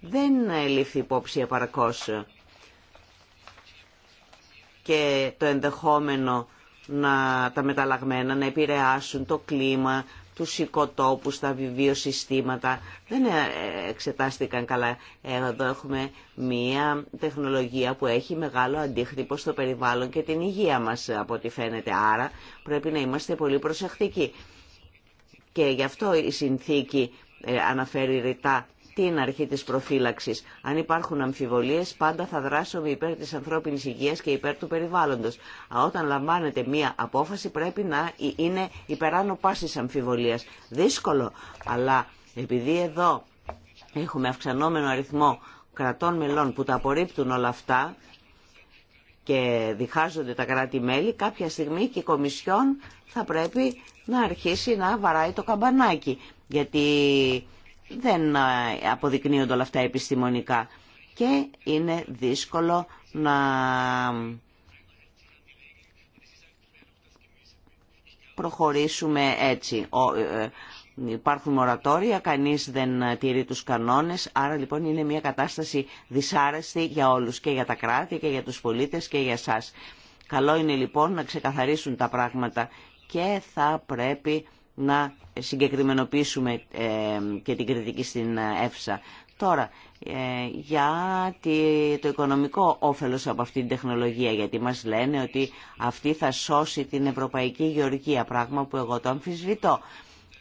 δεν λήφθη υπόψη επαρκώς. Και το ενδεχόμενο να τα μεταλλαγμένα να επηρεάσουν το κλίμα, του οικοτόπου, τα βιβλιοσυστήματα. Δεν ε, εξετάστηκαν καλά. Εδώ έχουμε μία τεχνολογία που έχει μεγάλο αντίχτυπο στο περιβάλλον και την υγεία μας από ό,τι φαίνεται. Άρα πρέπει να είμαστε πολύ προσεκτικοί. Και γι' αυτό η συνθήκη ε, αναφέρει ρητά την αρχή της προφύλαξης. Αν υπάρχουν αμφιβολίες, πάντα θα δράσουμε υπέρ της ανθρώπινης υγείας και υπέρ του περιβάλλοντος. Α, όταν λαμβάνεται μία απόφαση πρέπει να είναι υπεράνω πάσης αμφιβολίας. Δύσκολο, αλλά επειδή εδώ έχουμε αυξανόμενο αριθμό κρατών μελών που τα απορρίπτουν όλα αυτά και διχάζονται τα κράτη-μέλη, κάποια στιγμή και η Κομισιόν θα πρέπει να αρχίσει να βαράει το καμπανάκι. Γιατί δεν ε, αποδεικνύονται όλα αυτά επιστημονικά και είναι δύσκολο να προχωρήσουμε έτσι. Ε, ε, υπάρχουν ορατόρια, κανείς δεν τηρεί τους κανόνες, άρα λοιπόν είναι μια κατάσταση δυσάρεστη για όλους, και για τα κράτη και για τους πολίτες και για σας. Καλό είναι λοιπόν να ξεκαθαρίσουν τα πράγματα και θα πρέπει να συγκεκριμενοποιήσουμε ε, και την κριτική στην ΕΦΣΑ. Τώρα, ε, για το οικονομικό όφελος από αυτή την τεχνολογία, γιατί μας λένε ότι αυτή θα σώσει την ευρωπαϊκή γεωργία, πράγμα που εγώ το αμφισβητώ.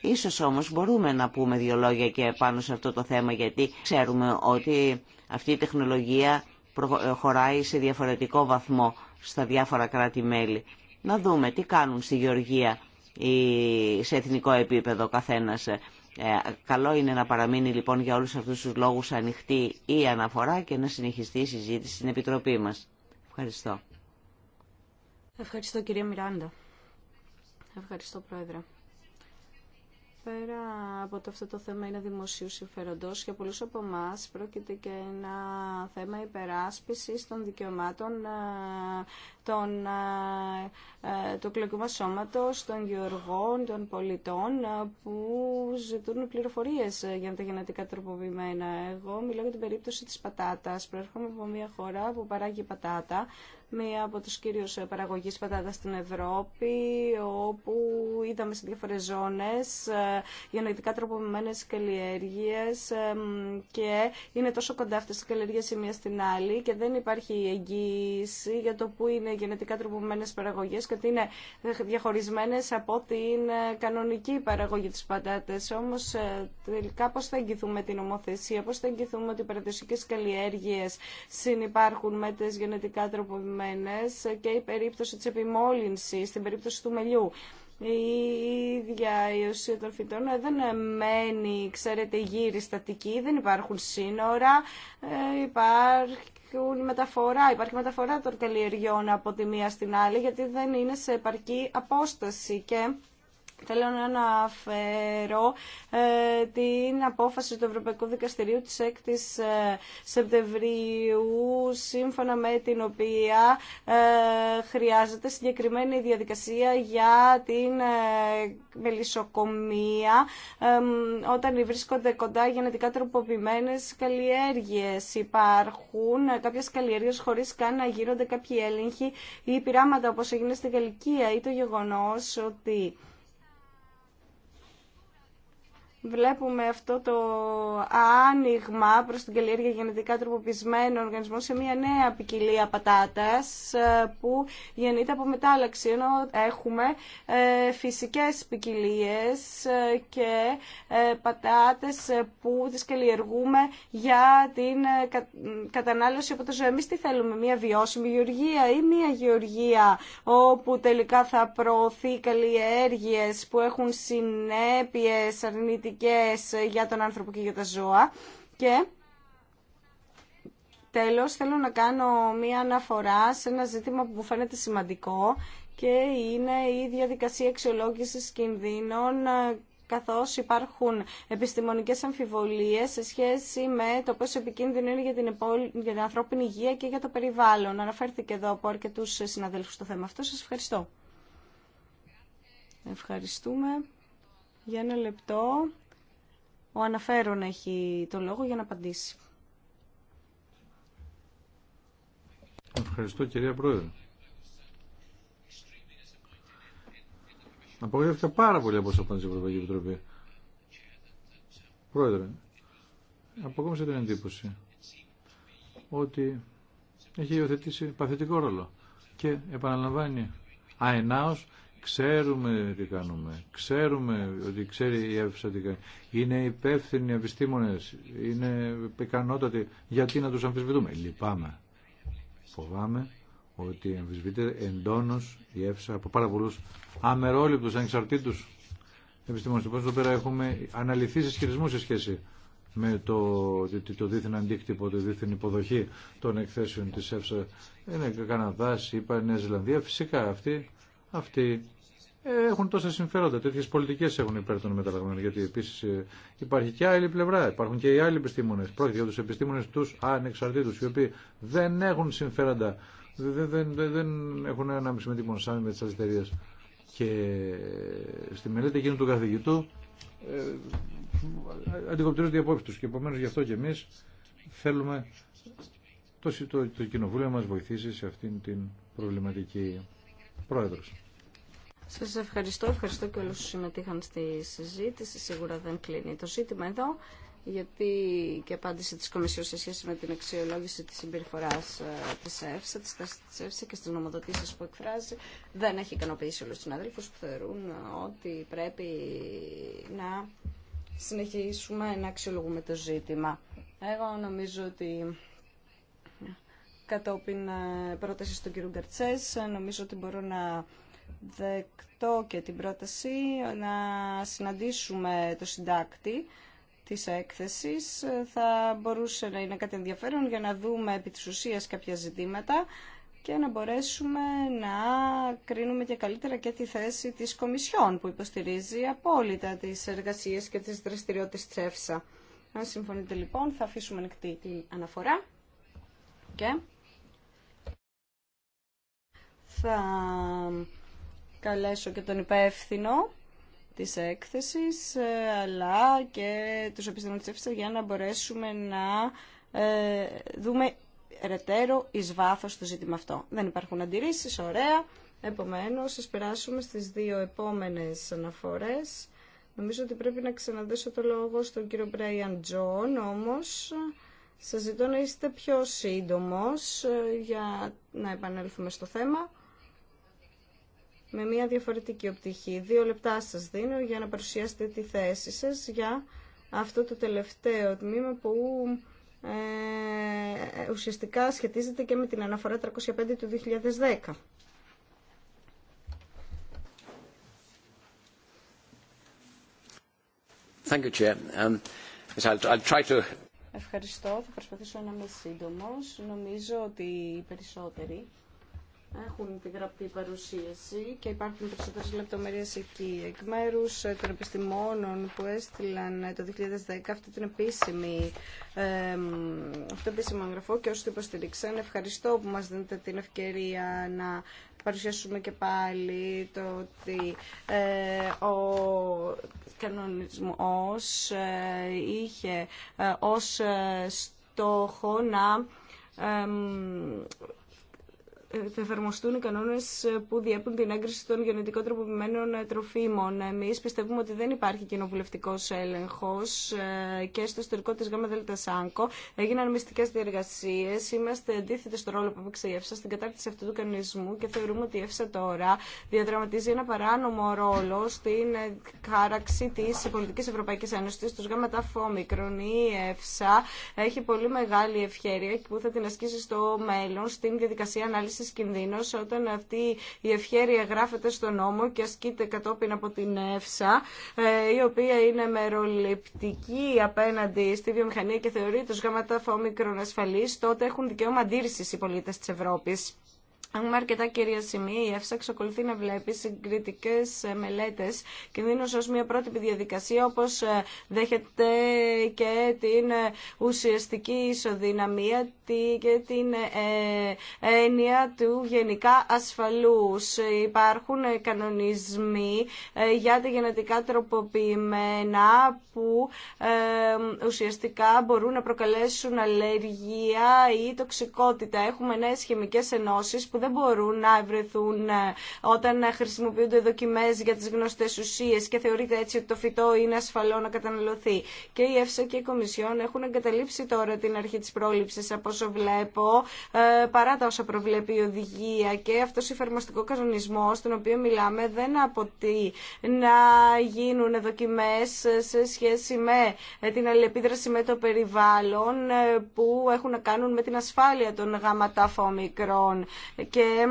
Ίσως όμως μπορούμε να πούμε δύο λόγια και πάνω σε αυτό το θέμα, γιατί ξέρουμε ότι αυτή η τεχνολογία προχωράει ε, σε διαφορετικό βαθμό στα διάφορα κράτη-μέλη. Να δούμε τι κάνουν στη γεωργία σε εθνικό επίπεδο καθένας. Ε, καλό είναι να παραμείνει λοιπόν για όλους αυτούς τους λόγους ανοιχτή η αναφορά και να συνεχιστεί η συζήτηση στην Επιτροπή μας. Ευχαριστώ. Ευχαριστώ κυρία Μιράντα. Ευχαριστώ πρόεδρε πέρα από το αυτό το θέμα είναι δημοσίου συμφέροντος για πολλούς από εμά πρόκειται και ένα θέμα υπεράσπισης των δικαιωμάτων ε, των, ε, ε, του εκλογικού μας σώματος, των γεωργών, των πολιτών που ζητούν πληροφορίες για τα γενετικά τροποποιημένα. Εγώ μιλάω για την περίπτωση της πατάτας. Προέρχομαι από μια χώρα που παράγει πατάτα, μία από τους κύριους παραγωγής πατάτα στην Ευρώπη, όπου είδαμε σε διάφορες ζώνες ε, γενετικά τροποποιημένες καλλιέργειες ε, και είναι τόσο κοντά αυτές οι καλλιέργειες η μία στην άλλη και δεν υπάρχει εγγύηση για το που είναι γενετικά τροποποιημένες παραγωγές και ότι είναι διαχωρισμένες από την ε, κανονική παραγωγή της πατάτας. Όμως τελικά πώς θα εγγυθούμε την ομοθεσία, πώς θα εγγυθούμε ότι οι παραδοσικές καλλιέργειες συνυπάρχουν με τις γενετικά τροποποιημένες και η περίπτωση της επιμόλυνσης, στην περίπτωση του μελιού. Η ίδια η ουσία των φυτών δεν μένει, ξέρετε, γύρι στατική, δεν υπάρχουν σύνορα, ε, υπάρχουν μεταφορά, υπάρχει μεταφορά των καλλιεργιών από τη μία στην άλλη, γιατί δεν είναι σε επαρκή απόσταση και Θέλω να αναφέρω ε, την απόφαση του Ευρωπαϊκού Δικαστηρίου της 6ης ε, Σεπτεμβρίου, σύμφωνα με την οποία ε, χρειάζεται συγκεκριμένη διαδικασία για την μελισσοκομεία όταν βρίσκονται κοντά γενετικά τροποποιημένες καλλιέργειες. Υπάρχουν κάποιες καλλιέργειες χωρίς καν να γίνονται κάποιοι έλεγχοι ή πειράματα όπως έγινε στην Γαλλικία ή το γεγονός ότι βλέπουμε αυτό το άνοιγμα προς την καλλιέργεια γενετικά τροποποιημένων οργανισμών σε μια νέα ποικιλία πατάτας ε, που γεννείται από μετάλλαξη ενώ έχουμε ε, φυσικές ποικιλίε ε, και πατάτες που τις καλλιεργούμε για την κατανάλωση από το ζωή. Εμείς τι θέλουμε, μια βιώσιμη γεωργία ή μια γεωργία όπου τελικά θα προωθεί καλλιέργειες που έχουν συνέπειες αρνητικές σημαντικές για τον άνθρωπο και για τα ζώα. Και τέλος θέλω να κάνω μία αναφορά σε ένα ζήτημα που μου φαίνεται σημαντικό και είναι η διαδικασία αξιολόγησης κινδύνων ε, καθώς υπάρχουν επιστημονικές αμφιβολίες σε σχέση με το πόσο επικίνδυνο είναι για την, την ανθρώπινη υγεία και για το περιβάλλον. Αναφέρθηκε εδώ από αρκετού συναδέλφους το θέμα αυτό. Σας ευχαριστώ. Ευχαριστούμε. Για ένα λεπτό, ο αναφέρον έχει το λόγο για να απαντήσει. Ευχαριστώ κυρία Πρόεδρε. Απογοητεύτηκα πάρα πολύ από όσο απάντησε η Ευρωπαϊκή Επιτροπή. Πρόεδρε, αποκόμισε την εντύπωση ότι έχει υιοθετήσει παθητικό ρόλο και επαναλαμβάνει αενάως Ξέρουμε τι κάνουμε. Ξέρουμε ότι ξέρει η αίθουσα τι κάνει. Είναι υπεύθυνοι επιστήμονε. Είναι ικανότατοι. Γιατί να του αμφισβητούμε. Λυπάμαι. Φοβάμαι ότι αμφισβητείται εντόνω η αίθουσα από πάρα πολλού αμερόληπτου, ανεξαρτήτου επιστήμονε. Λοιπόν, εδώ πέρα έχουμε αναλυθεί ισχυρισμού σε σχέση με το, το, το δίθεν αντίκτυπο, τη δίθεν υποδοχή των εκθέσεων της ΕΦΣΑ. Είναι Καναδά, είπα Νέα Ζηλανδία. Φυσικά αυτοί αυτοί έχουν τόσα συμφέροντα, Τετοιε πολιτικέ έχουν υπέρ των μεταλλαγμένων, γιατί επίσης ε, υπάρχει και άλλη πλευρά, υπάρχουν και οι άλλοι επιστήμονε. πρόκειται για του επιστήμονε του ανεξαρτητού, οι οποίοι δεν έχουν συμφέροντα, δεν, δεν, δεν έχουν ανάμεση με τη Μονσάμι, με τις αριστερίε. Και ε, στη μελέτη εκείνου του καθηγητού ε, οι απόψεις τους και επομένω γι' αυτό και εμεί θέλουμε το, το, το κοινοβούλιο μα βοηθήσει σε αυτήν την προβληματική πρόεδρο. Σα ευχαριστώ. Ευχαριστώ και όλου που συμμετείχαν στη συζήτηση. Σίγουρα δεν κλείνει το ζήτημα εδώ, γιατί και απάντηση τη Κομισιόν σε σχέση με την αξιολόγηση τη συμπεριφορά ε, τη ΕΦΣΑ, τη τάση τη ΕΦΣΑ και στι νομοδοτήσει που εκφράζει, δεν έχει ικανοποιήσει όλου του συνάδελφου που θεωρούν ε, ότι πρέπει να συνεχίσουμε να αξιολογούμε το ζήτημα. Εγώ νομίζω ότι ε, κατόπιν πρόταση του κ. Γκαρτσέ, νομίζω ότι μπορώ να δεκτό και την πρόταση να συναντήσουμε το συντάκτη της έκθεσης. Θα μπορούσε να είναι κάτι ενδιαφέρον για να δούμε επί της ουσίας κάποια ζητήματα και να μπορέσουμε να κρίνουμε και καλύτερα και τη θέση της Κομισιόν που υποστηρίζει απόλυτα τις εργασίες και τις δραστηριότητες της ΕΦΣΑ. Αν συμφωνείτε λοιπόν θα αφήσουμε ανοιχτή την αναφορά και θα καλέσω και τον υπεύθυνο της έκθεσης, ε, αλλά και τους επιστημονιστές για να μπορέσουμε να ε, δούμε ερετέρω εις βάθος το ζήτημα αυτό. Δεν υπάρχουν αντιρρήσεις, ωραία. Επομένως, σας περάσουμε στις δύο επόμενες αναφορές. Νομίζω ότι πρέπει να ξαναδέσω το λόγο στον κύριο Μπρέιαν Τζον, όμως σας ζητώ να είστε πιο σύντομος ε, για να επανέλθουμε στο θέμα με μια διαφορετική οπτική. Δύο λεπτά σας δίνω για να παρουσιάσετε τη θέση σας για αυτό το τελευταίο τμήμα που ε, ουσιαστικά σχετίζεται και με την αναφορά 305 του 2010. Thank you, Chair. Um, I'll try to... Ευχαριστώ. Θα προσπαθήσω να είμαι σύντομος. Νομίζω ότι οι περισσότεροι έχουν τη γραπτή παρουσίαση και υπάρχουν περισσότερε λεπτομέρειες εκεί. Εκ μέρου ε, των επιστημόνων που έστειλαν ε, το 2010 αυτή την επίσημη, αυτό το επίσημο εγγραφό και όσοι το υποστηρίξαν, ευχαριστώ που μας δίνετε την ευκαιρία να παρουσιάσουμε και πάλι το ότι ε, ο κανονισμός είχε ε, ως στόχο να θα εφαρμοστούν οι κανόνε που διέπουν την έγκριση των γενετικών τροποποιημένων ε, τροφίμων. Εμεί πιστεύουμε ότι δεν υπάρχει κοινοβουλευτικό έλεγχο ε, και στο ιστορικό τη ΔΕΛΤΑ ΣΑΝΚΟ έγιναν μυστικέ διεργασίε. Είμαστε αντίθετοι στο ρόλο που έπαιξε η ΕΦΣΑ στην κατάρτιση αυτού του κανονισμού και θεωρούμε ότι η ΕΦΣΑ τώρα διαδραματίζει ένα παράνομο ρόλο στην ε, χάραξη τη πολιτική Ευρωπαϊκή Ένωση, στους ΓΔ Η ΕΦΣΑ έχει πολύ μεγάλη ευχαίρεια που θα την ασκήσει στο μέλλον στην διαδικασία ανάλυση όταν αυτή η ευχέρεια γράφεται στο νόμο και ασκείται κατόπιν από την ΕΦΣΑ, ε, η οποία είναι μεροληπτική απέναντι στη βιομηχανία και θεωρεί τους γάματα φόμικρον τότε έχουν δικαίωμα αντίρρησης οι πολίτες της Ευρώπης. Έχουμε αρκετά κυρία σημεία. Η ΕΦΣΑ εξακολουθεί να βλέπει συγκριτικέ ε, μελέτε κινδύνου ω μια πρότυπη διαδικασία, όπω ε, δέχεται και την ε, ουσιαστική ισοδυναμία και την έννοια του γενικά ασφαλού. Υπάρχουν κανονισμοί για τα γενετικά τροποποιημένα που ουσιαστικά μπορούν να προκαλέσουν αλλεργία ή τοξικότητα. Έχουμε νέε χημικέ ενώσει που δεν μπορούν να ευρεθούν ε, όταν χρησιμοποιούνται δοκιμέ για τι γνωστέ ουσίε και θεωρείται έτσι ότι το φυτό είναι ασφαλό να καταναλωθεί. Και η ΕΦΣΑ και η Κομισιόν έχουν εγκαταλείψει τώρα την αρχή τη πρόληψη, από όσο βλέπω ε, παρά τα όσα προβλέπει η οδηγία και αυτό ο εφαρμοστικό κανονισμό, τον οποίο μιλάμε δεν αποτεί να γίνουν δοκιμέ σε σχέση με την αλληλεπίδραση με το περιβάλλον ε, που έχουν να κάνουν με την ασφάλεια των γάματα μικρών και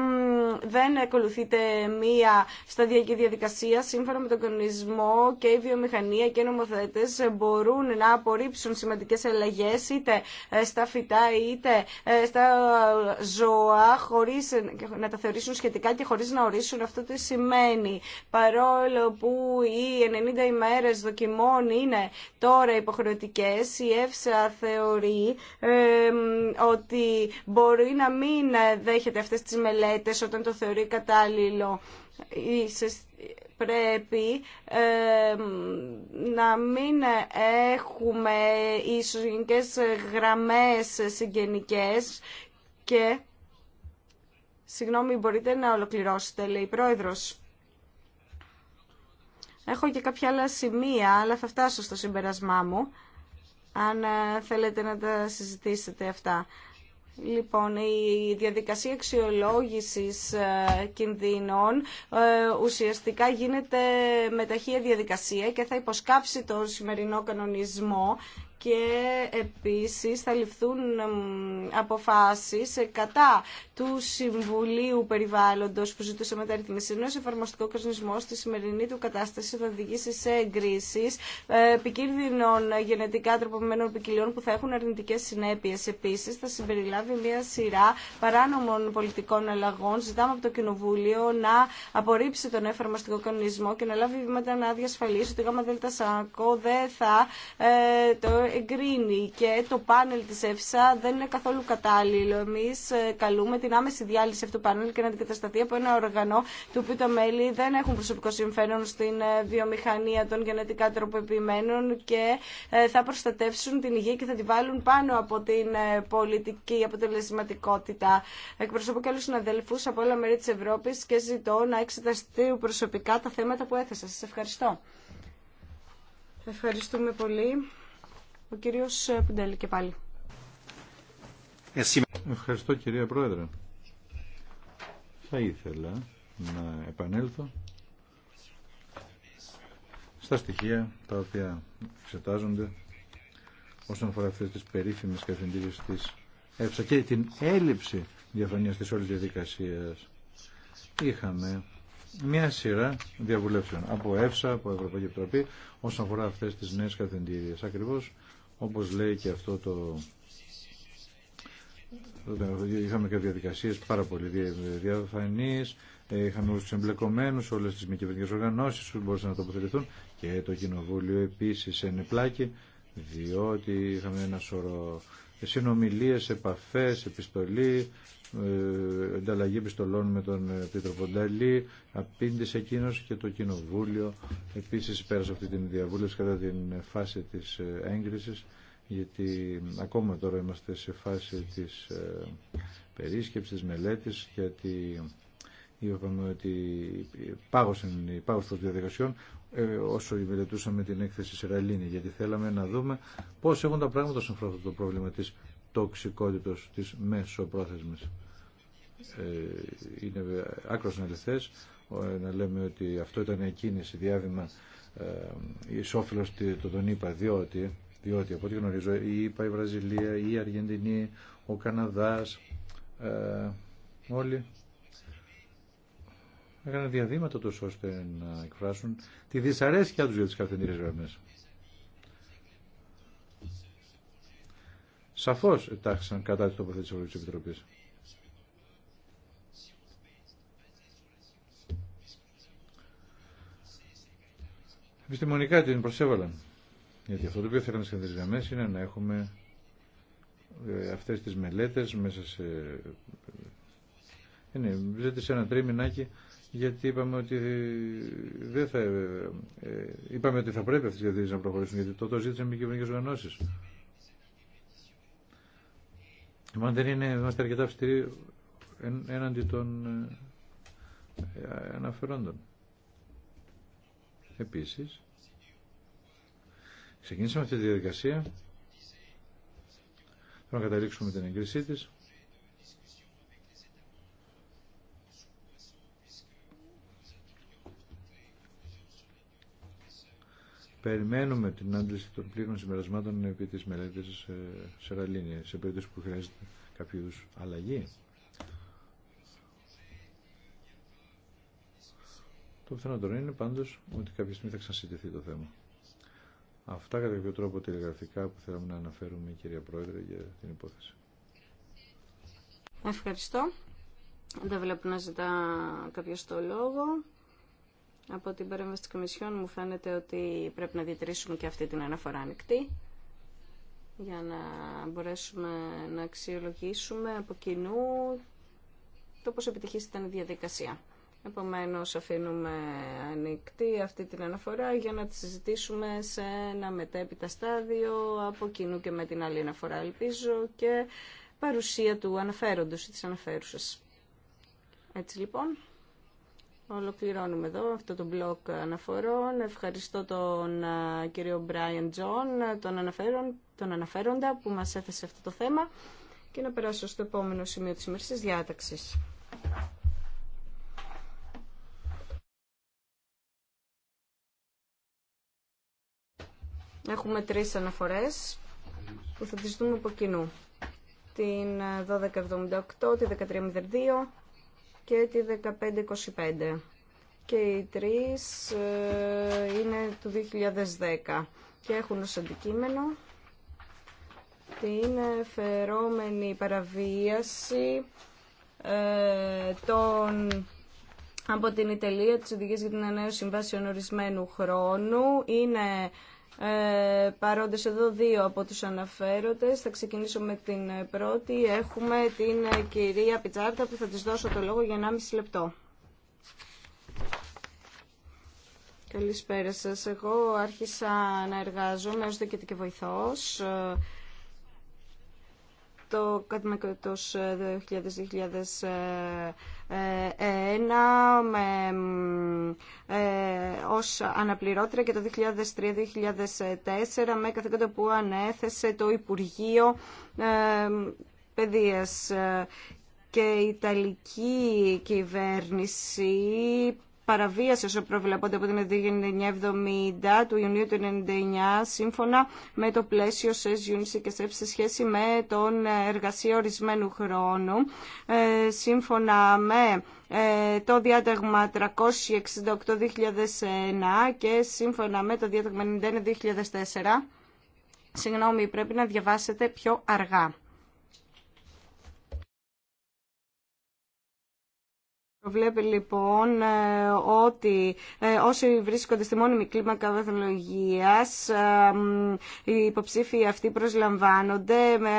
δεν ακολουθείται μία σταδιακή διαδικασία. Σύμφωνα με τον κανονισμό και η βιομηχανία και οι νομοθέτες μπορούν να απορρίψουν σημαντικές αλλαγέ, είτε ε, στα φυτά είτε ε, στα ζώα χωρίς να τα θεωρήσουν σχετικά και χωρί να ορίσουν αυτό τι σημαίνει. Παρόλο που οι 90 ημέρες δοκιμών είναι τώρα υποχρεωτικέ η ΕΦΣΑ θεωρεί ε, ότι μπορεί να μην δέχεται αυτές τις μελέτες όταν το θεωρεί κατάλληλο. Πρέπει να μην έχουμε ισογενικές γραμμές συγγενικές και... Συγγνώμη, μπορείτε να ολοκληρώσετε, λέει η Πρόεδρος. Έχω και κάποια άλλα σημεία, αλλά θα φτάσω στο συμπερασμά μου, αν ε, θέλετε να τα συζητήσετε αυτά. Λοιπόν, η διαδικασία αξιολόγηση ε, κινδύνων ε, ουσιαστικά γίνεται με ταχεία διαδικασία και θα υποσκάψει το σημερινό κανονισμό και επίσης θα ληφθούν αποφάσεις κατά του Συμβουλίου Περιβάλλοντος που ζητούσε μεταρρύθμιση. Ενώ ο εφαρμοστικό κοσμισμό στη σημερινή του κατάσταση θα οδηγήσει σε εγκρίσει ε, επικίνδυνων γενετικά τροποποιημένων ποικιλιών που θα έχουν αρνητικέ συνέπειε. Επίση, θα συμπεριλάβει μια σειρά παράνομων πολιτικών αλλαγών. Ζητάμε από το Κοινοβούλιο να απορρίψει τον εφαρμοστικό κανονισμό και να λάβει βήματα να διασφαλίσει ότι η ΓΔΣΑΚΟ δεν θα ε, το εγκρίνει και το πάνελ της ΕΦΣΑ δεν είναι καθόλου κατάλληλο. Εμείς ε, καλούμε την άμεση διάλυση αυτού του πάνελ και να αντικατασταθεί από ένα οργανό του οποίου τα μέλη δεν έχουν προσωπικό συμφέρον στην ε, βιομηχανία των γενετικά τροποποιημένων και ε, θα προστατεύσουν την υγεία και θα τη βάλουν πάνω από την πολιτική αποτελεσματικότητα. Εκπροσωπώ και άλλους συναδέλφους από όλα μέρη της Ευρώπης και ζητώ να εξεταστεί προσωπικά τα θέματα που έθεσα. Σας ευχαριστώ. Ευχαριστούμε πολύ. Ο κύριος Πιντέλη και πάλι. Ευχαριστώ κυρία Πρόεδρε. Θα ήθελα να επανέλθω στα στοιχεία τα οποία εξετάζονται όσον αφορά αυτές τις περίφημες καθεντήριες της ΕΦΣΑ και την έλλειψη διαφωνία της όλης διαδικασίας. Είχαμε μια σειρά διαβουλεύσεων από ΕΦΣΑ, από Ευρωπαϊκή Επιτροπή όσον αφορά αυτές τις νέες καθεντήριες. Ακριβώς όπως λέει και αυτό το είχαμε και διαδικασίες πάρα πολύ διαφανείς, ε, είχαμε όλους τους εμπλεκομένους, όλες τις μη κυβερνικές οργανώσεις που μπορούσαν να τοποθετηθούν και το Κοινοβούλιο επίσης πλάκι, διότι είχαμε ένα σωρό συνομιλίες, επαφές, επιστολή, ε, ανταλλαγή επιστολών με τον ε, πίτρο Φοντάλη, απήντησε εκείνο και το Κοινοβούλιο επίσης πέρασε αυτή την διαβούλευση κατά την φάση της ε, έγκρισης γιατί ακόμα τώρα είμαστε σε φάση της περίσκεψης, της μελέτης γιατί είπαμε ότι πάγωσαν οι πάγωση των διαδικασιών όσο μελετούσαμε την έκθεση Σεραλίνη γιατί θέλαμε να δούμε πώς έχουν τα πράγματα σε αυτό το πρόβλημα της τοξικότητος της μέσοπρόθεσμης. Ε, είναι άκρο αληθές να λέμε ότι αυτό ήταν εκείνη κίνηση, διάβημα ε, το τον ΗΠΑ διότι, διότι από ό,τι γνωρίζω η η Βραζιλία, η Αργεντινή, ο Καναδάς ε, όλοι έκαναν διαδήματα τόσο ώστε να εκφράσουν τη δυσαρέσκεια τους για τι καθεντήρες γραμμέ. Σαφώς τάξαν κατά τη τοποθέτηση τη Ευρωπαϊκή Επιτροπής. επιστημονικά την προσέβαλαν. Γιατί αυτό το οποίο θέλαμε στις γραμμέ είναι να έχουμε ε, αυτές τις μελέτες μέσα σε... Είναι, ζήτησε ένα τρίμηνάκι γιατί είπαμε ότι δεν θα... Ε, ε, είπαμε ότι θα πρέπει αυτές οι να προχωρήσουν γιατί το ζήτησαν μη κυβερνικές οργανώσεις. Αν δεν είναι, είμαστε αρκετά αυστηροί έναντι των αναφερόντων. Επίσης, ξεκινήσαμε αυτή τη διαδικασία. Θέλω να καταλήξουμε την έγκρισή της. Περιμένουμε την άντληση των πλήρων συμπερασμάτων επί της μελέτης ε, σε Ραλίνη, σε περίπτωση που χρειάζεται κάποιο αλλαγή. Το τον είναι πάντως ότι κάποια στιγμή θα ξανασυντηθεί το θέμα. Αυτά κατά κάποιο τρόπο τηλεγραφικά που θέλαμε να αναφέρουμε η κυρία Πρόεδρε για την υπόθεση. Ευχαριστώ. Δεν βλέπω να ζητά κάποιο το λόγο. Από την παρέμβαση τη Κομισιόν μου φαίνεται ότι πρέπει να διατηρήσουμε και αυτή την αναφορά ανοιχτή για να μπορέσουμε να αξιολογήσουμε από κοινού το πόσο επιτυχής ήταν η διαδικασία. Επομένως αφήνουμε ανοιχτή αυτή την αναφορά για να τη συζητήσουμε σε ένα μετέπειτα στάδιο από κοινού και με την άλλη αναφορά ελπίζω και παρουσία του αναφέροντος ή της αναφέρουσας. Έτσι λοιπόν, ολοκληρώνουμε εδώ αυτό το μπλοκ αναφορών. Ευχαριστώ τον κύριο Brian Τζον, τον, τον αναφέροντα που μας έθεσε αυτό το θέμα και να περάσω στο επόμενο σημείο της ημερής διάταξης. Έχουμε τρεις αναφορές που θα τις δούμε από κοινού. Την 1278, τη 1302 και τη 1525. Και οι τρεις ε, είναι του 2010 και έχουν ως αντικείμενο την φερόμενη παραβίαση ε, των από την Ιταλία της Οδηγίας για την Ανέωση Συμβάσεων Ορισμένου Χρόνου. Είναι ε, παρόντες εδώ δύο από τους αναφέροντες. Θα ξεκινήσω με την πρώτη. Έχουμε την κυρία Πιτσάρτα που θα της δώσω το λόγο για 1,5 λεπτό. Καλησπέρα σας. Εγώ άρχισα να εργάζομαι ως διοικητική βοηθός ε, το κάτι με το 2000-2001 με, ε, ως αναπληρώτρια και το 2003-2004 με καθήκοντα που ανέθεσε το Υπουργείο ε, Παιδείας ε, και η Ιταλική κυβέρνηση Παραβίασε, όσο προβλεπόνται από την 1970 του Ιουνίου του 1999 σύμφωνα με το πλαίσιο σε Unity και σε σχέση με τον ε, εργασία ορισμένου χρόνου ε, σύμφωνα με ε, το διάταγμα 368-2001 και σύμφωνα με το διάταγμα 91-2004 Συγγνώμη, πρέπει να διαβάσετε πιο αργά. Βλέπει λοιπόν ε, ότι ε, όσοι βρίσκονται στη μόνιμη κλίμακα βαθολογίας ε, οι υποψήφοι αυτοί προσλαμβάνονται με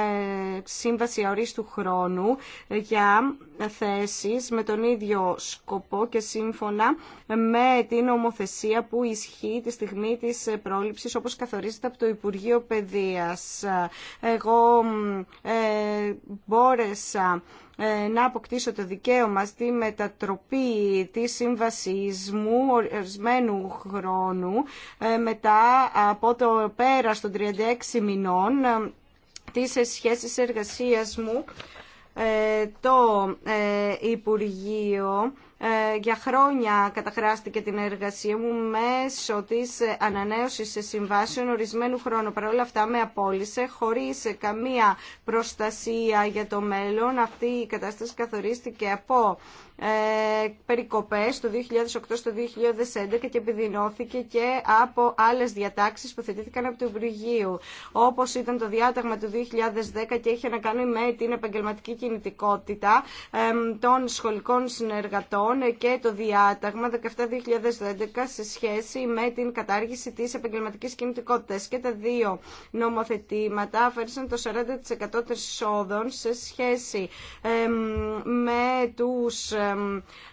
σύμβαση αορίστου χρόνου για θέσεις με τον ίδιο σκοπό και σύμφωνα με την ομοθεσία που ισχύει τη στιγμή της πρόληψης όπως καθορίζεται από το Υπουργείο Παιδείας. Εγώ ε, μπόρεσα ε, να αποκτήσω το δικαίωμα στη μετατροπή της σύμβασής μου ορισμένου χρόνου ε, μετά από το πέρας των 36 μηνών ε, της σχέσης εργασίας μου το Υπουργείο ε, για χρόνια καταχράστηκε την εργασία μου μέσω της ε, ανανέωσης σε συμβάσεων ορισμένου χρόνου. Παρ' όλα αυτά με απόλυσε χωρίς καμία προστασία για το μέλλον. Αυτή η κατάσταση καθορίστηκε από ε, περικοπές το 2008 στο 2011 και επιδεινώθηκε και από άλλες διατάξεις που θετήθηκαν από το Υπουργείο όπως ήταν το διάταγμα του 2010 και είχε να κάνει με την επαγγελματική κινητικότητα των σχολικών συνεργατών και το διάταγμα 17-2011 σε σχέση με την κατάργηση της επαγγελματικής κινητικότητας και τα δύο νομοθετήματα αφαίρεσαν το 40% των εισόδων σε σχέση με τους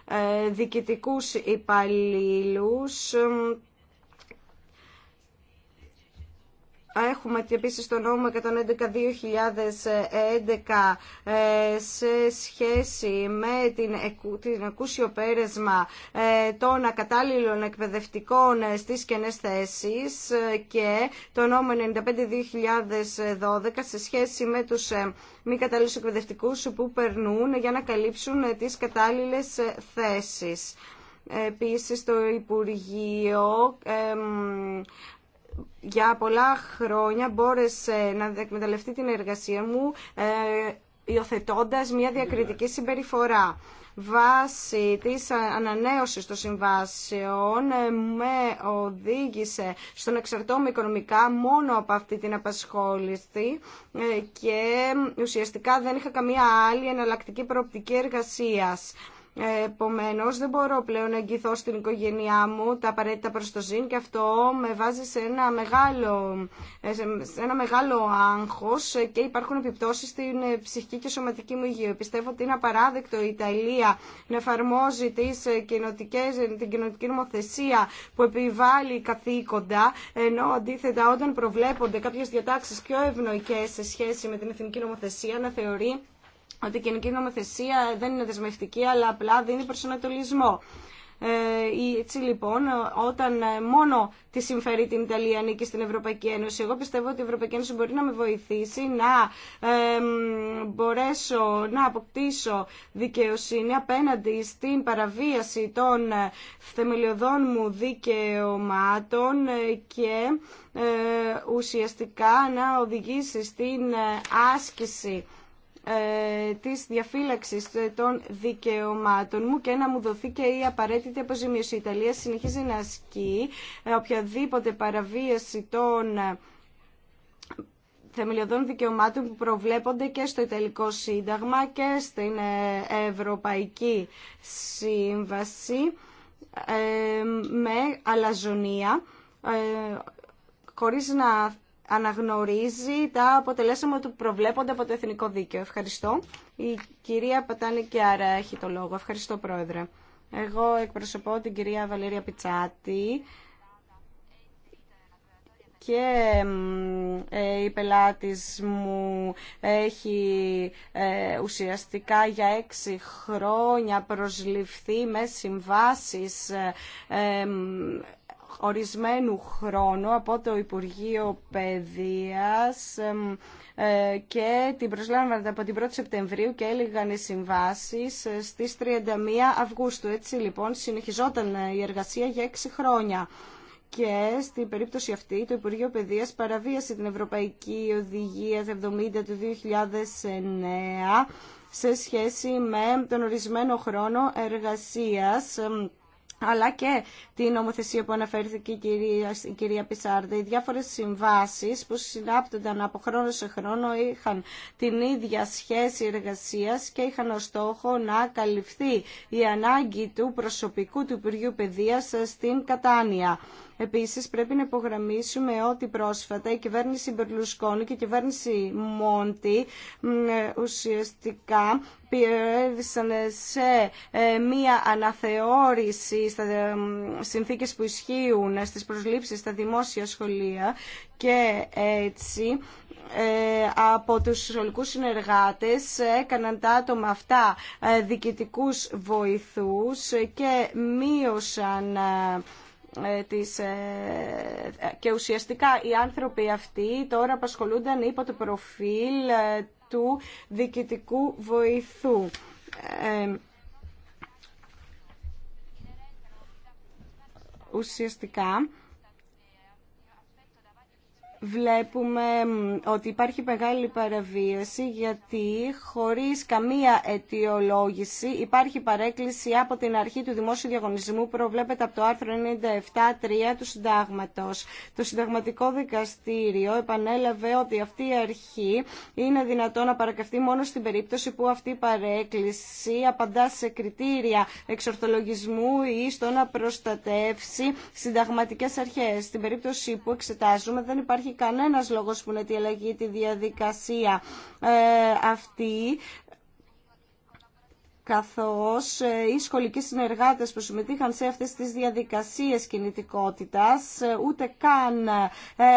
ε, διοικητικούς υπαλλήλους Έχουμε επίσης το νόμο 111-2011 ε, σε σχέση με την, την ακούσιο πέρασμα ε, των ακατάλληλων εκπαιδευτικών ε, στις κενές θέσεις και το νόμο 95-2012 σε σχέση με τους μη κατάλληλους εκπαιδευτικούς που περνούν για να καλύψουν τις κατάλληλες θέσεις. Επίσης το Υπουργείο για πολλά χρόνια μπόρεσε να εκμεταλλευτεί την εργασία μου ε, υιοθετώντα μια διακριτική συμπεριφορά. Βάσει της ανανέωσης των συμβάσεων ε, με οδήγησε στον εξαρτώμαι οικονομικά μόνο από αυτή την απασχόληση ε, και ουσιαστικά δεν είχα καμία άλλη εναλλακτική προοπτική εργασίας. Επομένω, δεν μπορώ πλέον να εγγυθώ στην οικογένειά μου τα απαραίτητα προς το ζήν και αυτό με βάζει σε ένα μεγάλο, ε, ένα μεγάλο αγχός και υπάρχουν επιπτώσεις στην ε, ψυχική και σωματική μου υγεία. Πιστεύω ότι είναι απαράδεκτο η Ιταλία να εφαρμόζει τις ε, την κοινωτική νομοθεσία που επιβάλλει καθήκοντα, ενώ αντίθετα όταν προβλέπονται κάποιες διατάξεις πιο ευνοϊκές σε σχέση με την εθνική νομοθεσία να θεωρεί ότι η κοινική νομοθεσία δεν είναι δεσμευτική, αλλά απλά δίνει προσανατολισμό. Ε, έτσι λοιπόν, όταν ε, μόνο τη συμφέρει την Ιταλία ανήκει στην Ευρωπαϊκή Ένωση, εγώ πιστεύω ότι η Ευρωπαϊκή Ένωση μπορεί να με βοηθήσει να ε, μπορέσω να αποκτήσω δικαιοσύνη απέναντι στην παραβίαση των ε, θεμελιωδών μου δικαιωμάτων και ε, ουσιαστικά να οδηγήσει στην άσκηση ε, της διαφύλαξης των δικαιωμάτων μου και να μου δοθεί και η απαραίτητη αποζημίωση. Η Ιταλία συνεχίζει να ασκεί ε, οποιαδήποτε παραβίαση των ε, θεμελιωδών δικαιωμάτων που προβλέπονται και στο Ιταλικό Σύνταγμα και στην Ευρωπαϊκή Σύμβαση με αλαζονία χωρίς να αναγνωρίζει τα αποτελέσματα που προβλέπονται από το Εθνικό Δίκαιο. Ευχαριστώ. Η κυρία Πατάνη Κιάρα έχει το λόγο. Ευχαριστώ, Πρόεδρε. Εγώ εκπροσωπώ την κυρία Βαλέρια Πιτσάτη και ε, η πελάτη μου έχει ε, ουσιαστικά για έξι χρόνια προσληφθεί με συμβάσεις ε, ορισμένου χρόνου από το Υπουργείο Παιδείας ε, και την προσλάμβανε από την 1η Σεπτεμβρίου και έλεγαν οι συμβάσεις ε, στις 31 Αυγούστου. Έτσι λοιπόν συνεχιζόταν ε, η εργασία για 6 χρόνια και στην περίπτωση αυτή το Υπουργείο Παιδείας παραβίασε την Ευρωπαϊκή Οδηγία 70 του 2009 σε σχέση με τον ορισμένο χρόνο εργασίας αλλά και την νομοθεσία που αναφέρθηκε η κυρία, η Πισάρδη. Οι διάφορες συμβάσεις που συνάπτονταν από χρόνο σε χρόνο είχαν την ίδια σχέση εργασίας και είχαν ως στόχο να καλυφθεί η ανάγκη του προσωπικού του Υπουργείου Παιδείας στην Κατάνια. Επίσης πρέπει να υπογραμμίσουμε ότι πρόσφατα η κυβέρνηση Μπερλουσκόνη και η κυβέρνηση Μόντι ουσιαστικά πιέζησαν σε ε, μία αναθεώρηση στα ε, συνθήκες που ισχύουν στις προσλήψεις στα δημόσια σχολεία και έτσι ε, από τους σχολικούς συνεργάτες έκαναν τα άτομα αυτά ε, διοικητικούς βοηθούς και μείωσαν ε, ε, και ουσιαστικά οι άνθρωποι αυτοί τώρα απασχολούνταν υπό το προφίλ ε, του διοικητικού βοηθού. ουσιαστικά βλέπουμε ότι υπάρχει μεγάλη παραβίαση γιατί χωρίς καμία αιτιολόγηση υπάρχει παρέκκληση από την αρχή του δημόσιου διαγωνισμού που προβλέπεται από το άρθρο 97.3 του Συντάγματος. Το Συνταγματικό Δικαστήριο επανέλαβε ότι αυτή η αρχή είναι δυνατό να παρακαφθεί μόνο στην περίπτωση που αυτή η παρέκκληση απαντά σε κριτήρια εξορθολογισμού ή στο να προστατεύσει συνταγματικές αρχές. Στην περίπτωση που εξετάζουμε δεν υπάρχει υπάρχει κανένας λόγος που να αλλαγή, τη διαδικασία ε, αυτή καθώς ε, οι σχολικοί συνεργάτες που συμμετείχαν σε αυτές τις διαδικασίες κινητικότητας ε, ούτε καν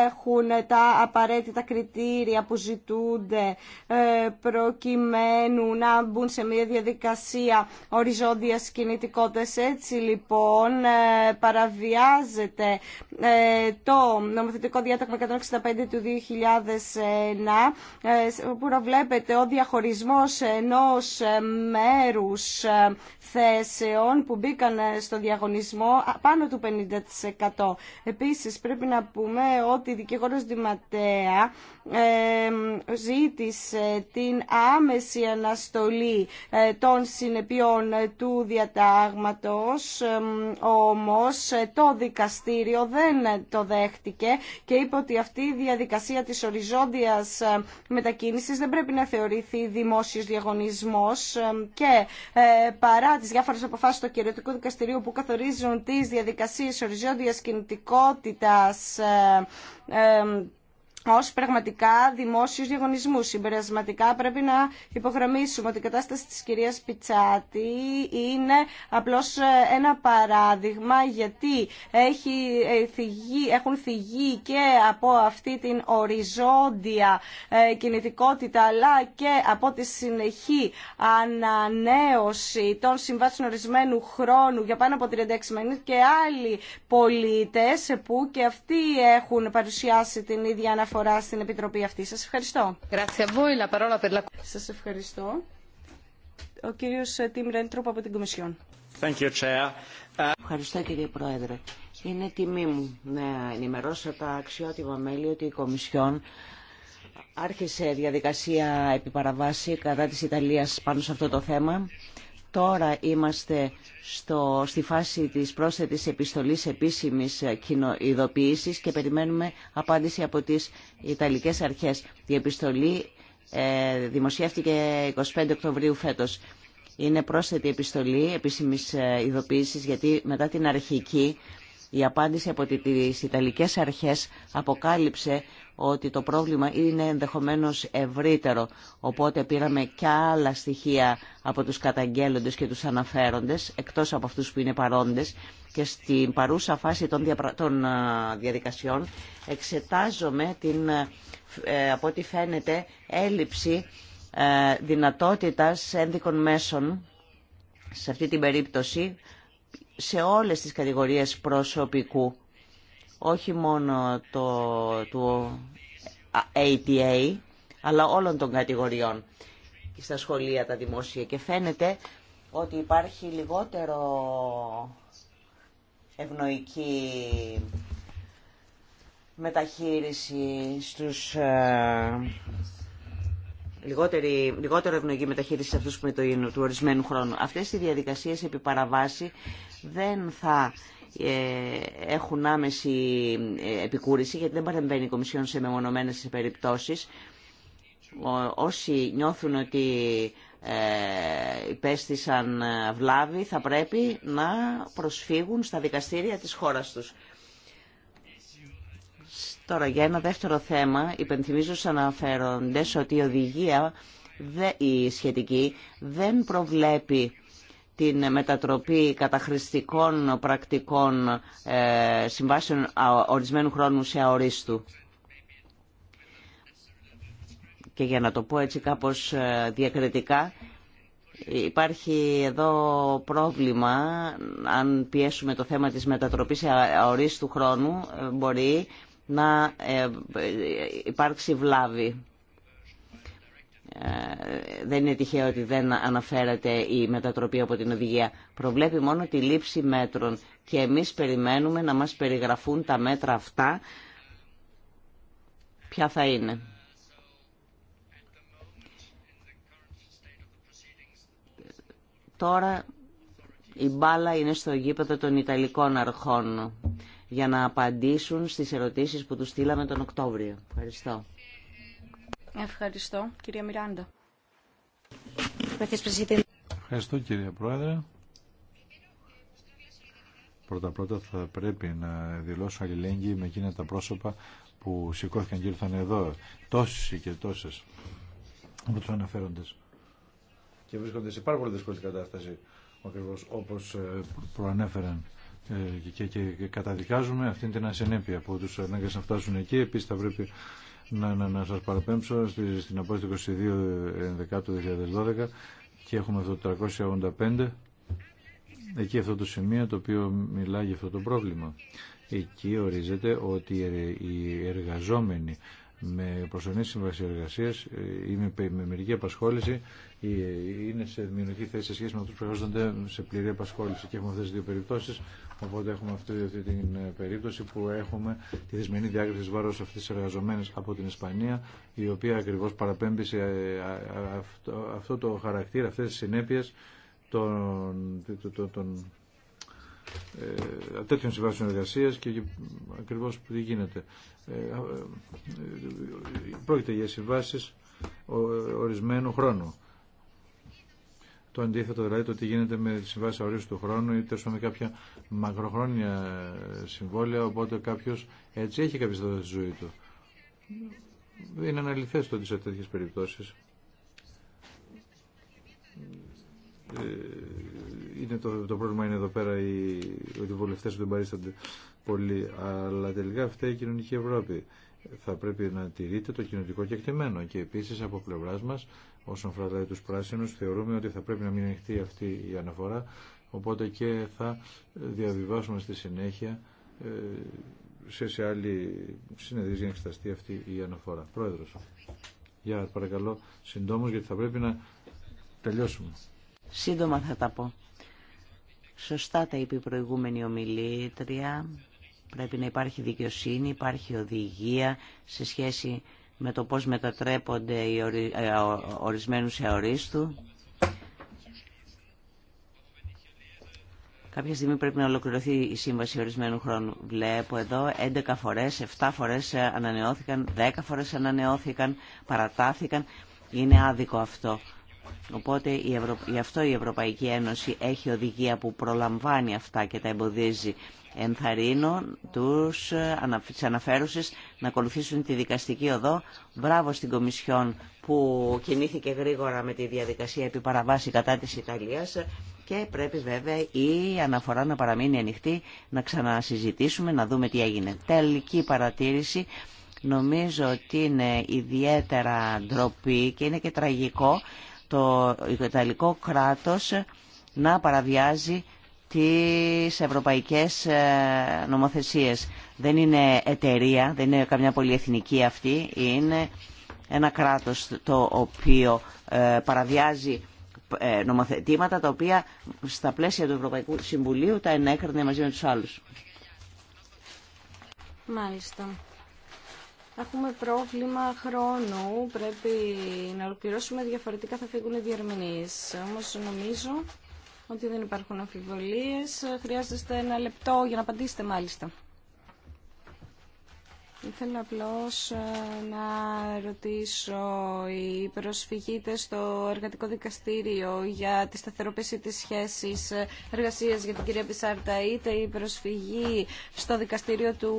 έχουν τα απαραίτητα κριτήρια που ζητούνται ε, προκειμένου να μπουν σε μια διαδικασία οριζόντιας κινητικότητας. Έτσι λοιπόν παραβιάζεται το νομοθετικό διάταγμα 165 του 2001 που προβλέπεται ο διαχωρισμός ενός μέρου τους ε, θέσεων που μπήκαν ε, στο διαγωνισμό πάνω του 50%. Επίσης πρέπει να πούμε ότι η δικηγόρος Δηματέα ε, ζήτησε την άμεση αναστολή των συνεπειών του διατάγματος όμως το δικαστήριο δεν το δέχτηκε και είπε ότι αυτή η διαδικασία της οριζόντιας μετακίνησης δεν πρέπει να θεωρηθεί δημόσιος διαγωνισμός και ε, παρά τις διάφορες αποφάσεις του κυριωτικού δικαστηρίου που καθορίζουν τις διαδικασίες οριζόντιας κινητικότητας ε, ε, ω πραγματικά δημόσιου διαγωνισμού. Συμπερασματικά πρέπει να υπογραμμίσουμε ότι η κατάσταση τη κυρία Πιτσάτη είναι απλώ ε, ένα παράδειγμα γιατί έχει ε, έχουν θυγεί και από αυτή την οριζόντια ε, κινητικότητα αλλά και από τη συνεχή ανανέωση των συμβάσεων ορισμένου χρόνου για πάνω από 36 μήνε και άλλοι πολίτε που και αυτοί έχουν παρουσιάσει την ίδια αναφορά αναφορά στην Επιτροπή αυτή. Σας ευχαριστώ. Σας ευχαριστώ. Ο κύριος Τιμ Ρέντροπ από την Κομισιόν. Thank you, Chair. Ευχαριστώ κύριε Πρόεδρε. Είναι τιμή μου να ενημερώσω τα αξιότιμα μέλη ότι η Κομισιόν άρχισε διαδικασία επιπαραβάση κατά της Ιταλίας πάνω σε αυτό το θέμα Τώρα είμαστε στο, στη φάση της πρόσθετης επιστολής επίσημης κοινοειδοποίησης και περιμένουμε απάντηση από τις Ιταλικές αρχές. Η επιστολή ε, δημοσιεύτηκε 25 Οκτωβρίου φέτος. Είναι πρόσθετη επιστολή επίσημης ε, ειδοποίησης γιατί μετά την αρχική η απάντηση από τις Ιταλικές αρχές αποκάλυψε ότι το πρόβλημα είναι ενδεχομένως ευρύτερο. Οπότε πήραμε και άλλα στοιχεία από τους καταγγέλλοντες και τους αναφέροντες, εκτός από αυτούς που είναι παρόντες. Και στην παρούσα φάση των διαδικασιών εξετάζομαι την, ε, από ό,τι φαίνεται, έλλειψη ε, δυνατότητας ένδικων μέσων σε αυτή την περίπτωση σε όλες τις κατηγορίες προσωπικού όχι μόνο το, του ATA, αλλά όλων των κατηγοριών στα σχολεία τα δημόσια. Και φαίνεται ότι υπάρχει λιγότερο ευνοϊκή μεταχείριση στους... Ε, λιγότερη, λιγότερο ευνοϊκή μεταχείριση σε αυτούς που είναι το του ορισμένου χρόνου. Αυτές οι διαδικασίες επί παραβάση δεν θα ε, έχουν άμεση ε, επικούρηση γιατί δεν παρεμβαίνει η Κομισιόν σε μεμονωμένες περιπτώσεις. Όσοι νιώθουν ότι ε, υπέστησαν βλάβη θα πρέπει να προσφύγουν στα δικαστήρια της χώρας τους. Τώρα για ένα δεύτερο θέμα υπενθυμίζω στους αναφέροντες ότι η οδηγία η σχετική δεν προβλέπει την μετατροπή καταχρηστικών πρακτικών ε, συμβάσεων ορισμένου χρόνου σε αορίστου. Και για να το πω έτσι κάπως ε, διακριτικά, Υπάρχει εδώ πρόβλημα, αν πιέσουμε το θέμα της μετατροπής σε αορίστου χρόνου, ε, μπορεί να υπάρξει βλάβη. Ε, δεν είναι τυχαίο ότι δεν αναφέρεται η μετατροπή από την οδηγία. Προβλέπει μόνο τη λήψη μέτρων και εμείς περιμένουμε να μας περιγραφούν τα μέτρα αυτά ποια θα είναι. Τώρα η μπάλα είναι στο γήπεδο των Ιταλικών αρχών για να απαντήσουν στις ερωτήσεις που τους στείλαμε τον Οκτώβριο. Ευχαριστώ. Ευχαριστώ. Κυρία Μιράντα. Ευχαριστώ κυρία Πρόεδρε. Πρώτα-πρώτα θα πρέπει να δηλώσω αλληλέγγυη με εκείνα τα πρόσωπα που σηκώθηκαν και ήρθαν εδώ. Τόσοι και τόσες από τους αναφέροντες. Και βρίσκονται σε πάρα πολύ δύσκολη κατάσταση ακριβώς όπως ε, προανέφεραν ε, και, καταδικάζουμε αυτήν την ασυνέπεια που τους ανάγκασαν να φτάσουν εκεί. Επίσης θα πρέπει να, να, να σας παραπέμψω στη, στην απόσταση 22 του 2012 και έχουμε αυτό το 385 εκεί αυτό το σημείο το οποίο μιλάει για αυτό το πρόβλημα. Εκεί ορίζεται ότι οι εργαζόμενοι με προσωρινή σύμβαση εργασία ε, ή με μερική απασχόληση ε, είναι σε δημιουργική θέση σε σχέση με αυτού που εργάζονται σε πλήρη απασχόληση. Και έχουμε αυτέ τι δύο περιπτώσει Οπότε έχουμε αυτή, αυτή την ε, περίπτωση που έχουμε τη δυσμενή διάκριση βάρο αυτή τη εργαζομένη από την Ισπανία, η οποία ακριβώ παραπέμπει σε ε, αυτό, αυτό το χαρακτήρα, αυτέ τι συνέπειε των, των, των ε, τέτοιων συμβάσεων εργασία και ακριβώ τι γίνεται. ε, ε πρόκειται για συμβάσει ορισμένου χρόνου το αντίθετο, δηλαδή το τι γίνεται με τι συμβάσει αορίου του χρόνου ή τέλο με κάποια μακροχρόνια συμβόλαια. Οπότε κάποιο έτσι έχει κάποιε δόσει στη ζωή του. Είναι αναλυθέ το ότι σε τέτοιε περιπτώσει ε, είναι το, το πρόβλημα είναι εδώ πέρα οι, ότι οι βουλευτές δεν παρίστανται πολύ. Αλλά τελικά φταίει η κοινωνική Ευρώπη. Θα πρέπει να τηρείται το κοινωνικό κεκτημένο και επίσης από πλευρά μα Όσον αφορά δηλαδή, τους πράσινους, θεωρούμε ότι θα πρέπει να μην ανοιχτεί αυτή η αναφορά, οπότε και θα διαβιβάσουμε στη συνέχεια ε, σε, σε άλλη συνεδρία για να εξεταστεί αυτή η αναφορά. Πρόεδρος, για παρακαλώ συντόμως γιατί θα πρέπει να τελειώσουμε. Σύντομα θα τα πω. Σωστά τα είπε η προηγούμενη ομιλήτρια. Πρέπει να υπάρχει δικαιοσύνη, υπάρχει οδηγία σε σχέση με το πώς μετατρέπονται οι ορι... Ε, ορισμένους σε Κάποια στιγμή πρέπει να ολοκληρωθεί η σύμβαση ορισμένου χρόνου. Βλέπω εδώ 11 φορές, 7 φορές ανανεώθηκαν, 10 φορές ανανεώθηκαν, παρατάθηκαν. Είναι άδικο αυτό. Οπότε η γι' αυτό η Ευρωπαϊκή Ένωση έχει οδηγία που προλαμβάνει αυτά και τα εμποδίζει. Ενθαρρύνω τους αναφέρουσες να ακολουθήσουν τη δικαστική οδό. Μπράβο στην Κομισιόν που κινήθηκε γρήγορα με τη διαδικασία επί παραβάση κατά της Ιταλίας και πρέπει βέβαια η αναφορά να παραμείνει ανοιχτή, να ξανασυζητήσουμε, να δούμε τι έγινε. Τελική παρατήρηση. Νομίζω ότι είναι ιδιαίτερα ντροπή και είναι και τραγικό το Ιταλικό κράτος να παραβιάζει τις ευρωπαϊκές ε, νομοθεσίες. Δεν είναι εταιρεία, δεν είναι καμιά πολυεθνική αυτή, είναι ένα κράτος το οποίο ε, παραβιάζει ε, νομοθετήματα τα οποία στα πλαίσια του Ευρωπαϊκού Συμβουλίου τα ενέκρινε μαζί με τους άλλους. Μάλιστα. Έχουμε πρόβλημα χρόνου, πρέπει να ολοκληρώσουμε διαφορετικά θα φύγουν οι διερμηνείς. Όμως νομίζω ότι δεν υπάρχουν αμφιβολίες. Χρειάζεστε ένα λεπτό για να απαντήσετε μάλιστα. Ήθελα απλώς ε, να ρωτήσω οι προσφυγίτες στο εργατικό δικαστήριο για τη σταθεροποίηση της σχέσης ε, εργασίας για την κυρία Πισάρτα είτε η προσφυγή στο δικαστήριο του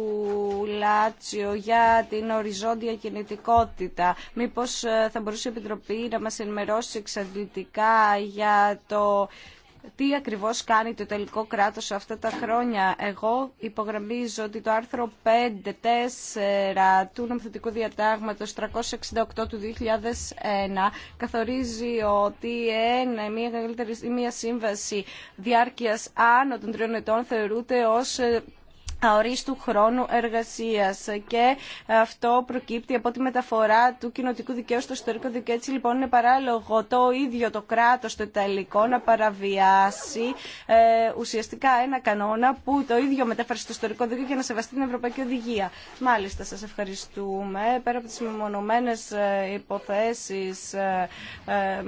Λάτσιο για την οριζόντια κινητικότητα. Μήπως ε, θα μπορούσε η Επιτροπή να μας ενημερώσει εξαντλητικά για το τι ακριβώς κάνει το τελικό κράτος αυτά τα χρόνια. Εγώ υπογραμμίζω ότι το άρθρο 5.4 του νομοθετικού διατάγματος 368 του 2001 καθορίζει ότι ένα, μια, μια σύμβαση διάρκειας άνω των τριών ετών θεωρούνται ως αορίστου χρόνου εργασία. και αυτό προκύπτει από τη μεταφορά του κοινοτικού δικαίου στο ιστορικό δικαίου. Έτσι λοιπόν είναι παράλογο το ίδιο το κράτο το Ιταλικό να παραβιάσει ε, ουσιαστικά ένα κανόνα που το ίδιο μετέφερε στο ιστορικό δίκαιο για να σεβαστεί την Ευρωπαϊκή Οδηγία. Μάλιστα, σα ευχαριστούμε. Πέρα από τι μεμονωμένε υποθέσει. ε, ε, ε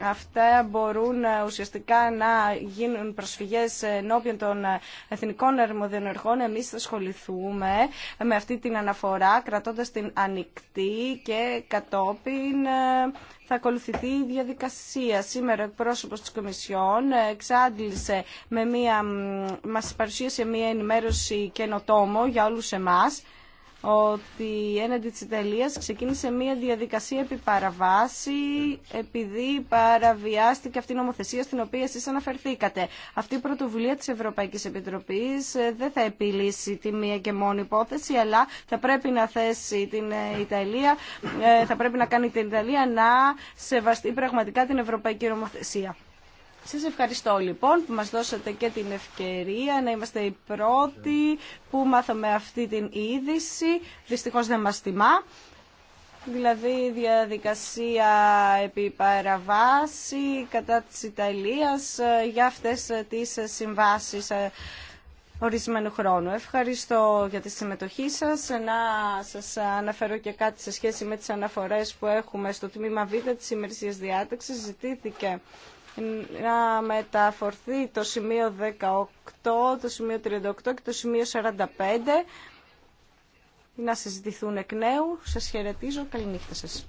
αυτά μπορούν ουσιαστικά να γίνουν προσφυγέ ενώπιον των εθνικών αρμοδιών Εμεί, θα ασχοληθούμε με αυτή την αναφορά κρατώντας την ανοιχτή και κατόπιν ε, θα ακολουθηθεί η διαδικασία. Σήμερα ο εκπρόσωπος της Κομισιόν εξάντλησε με μία, μας παρουσίασε μία ενημέρωση καινοτόμο για όλους εμάς ότι έναντι της Ιταλίας ξεκίνησε μια διαδικασία επί παραβάση επειδή παραβιάστηκε αυτή η νομοθεσία στην οποία εσεί αναφερθήκατε. Αυτή η πρωτοβουλία της Ευρωπαϊκής Επιτροπής ε, δεν θα επιλύσει τη μία και μόνη υπόθεση αλλά θα πρέπει να θέσει την ε, Ιταλία, ε, θα πρέπει να κάνει την Ιταλία να σεβαστεί πραγματικά την Ευρωπαϊκή Νομοθεσία. Σας ευχαριστώ λοιπόν που μας δώσατε και την ευκαιρία να είμαστε οι πρώτοι που μάθαμε αυτή την είδηση. Δυστυχώς δεν μας τιμά. Δηλαδή η διαδικασία επί παραβάση κατά της Ιταλίας ε, για αυτές ε, τις συμβάσεις ε, ορισμένου χρόνου. Ευχαριστώ για τη συμμετοχή σας. Να σας αναφέρω και κάτι σε σχέση με τις αναφορές που έχουμε στο τμήμα Β της ημερησίας διάταξης. Ζητήθηκε να μεταφορθεί το σημείο 18, το σημείο 38 και το σημείο 45 να συζητηθούν εκ νέου. Σας χαιρετίζω. Καληνύχτα σας.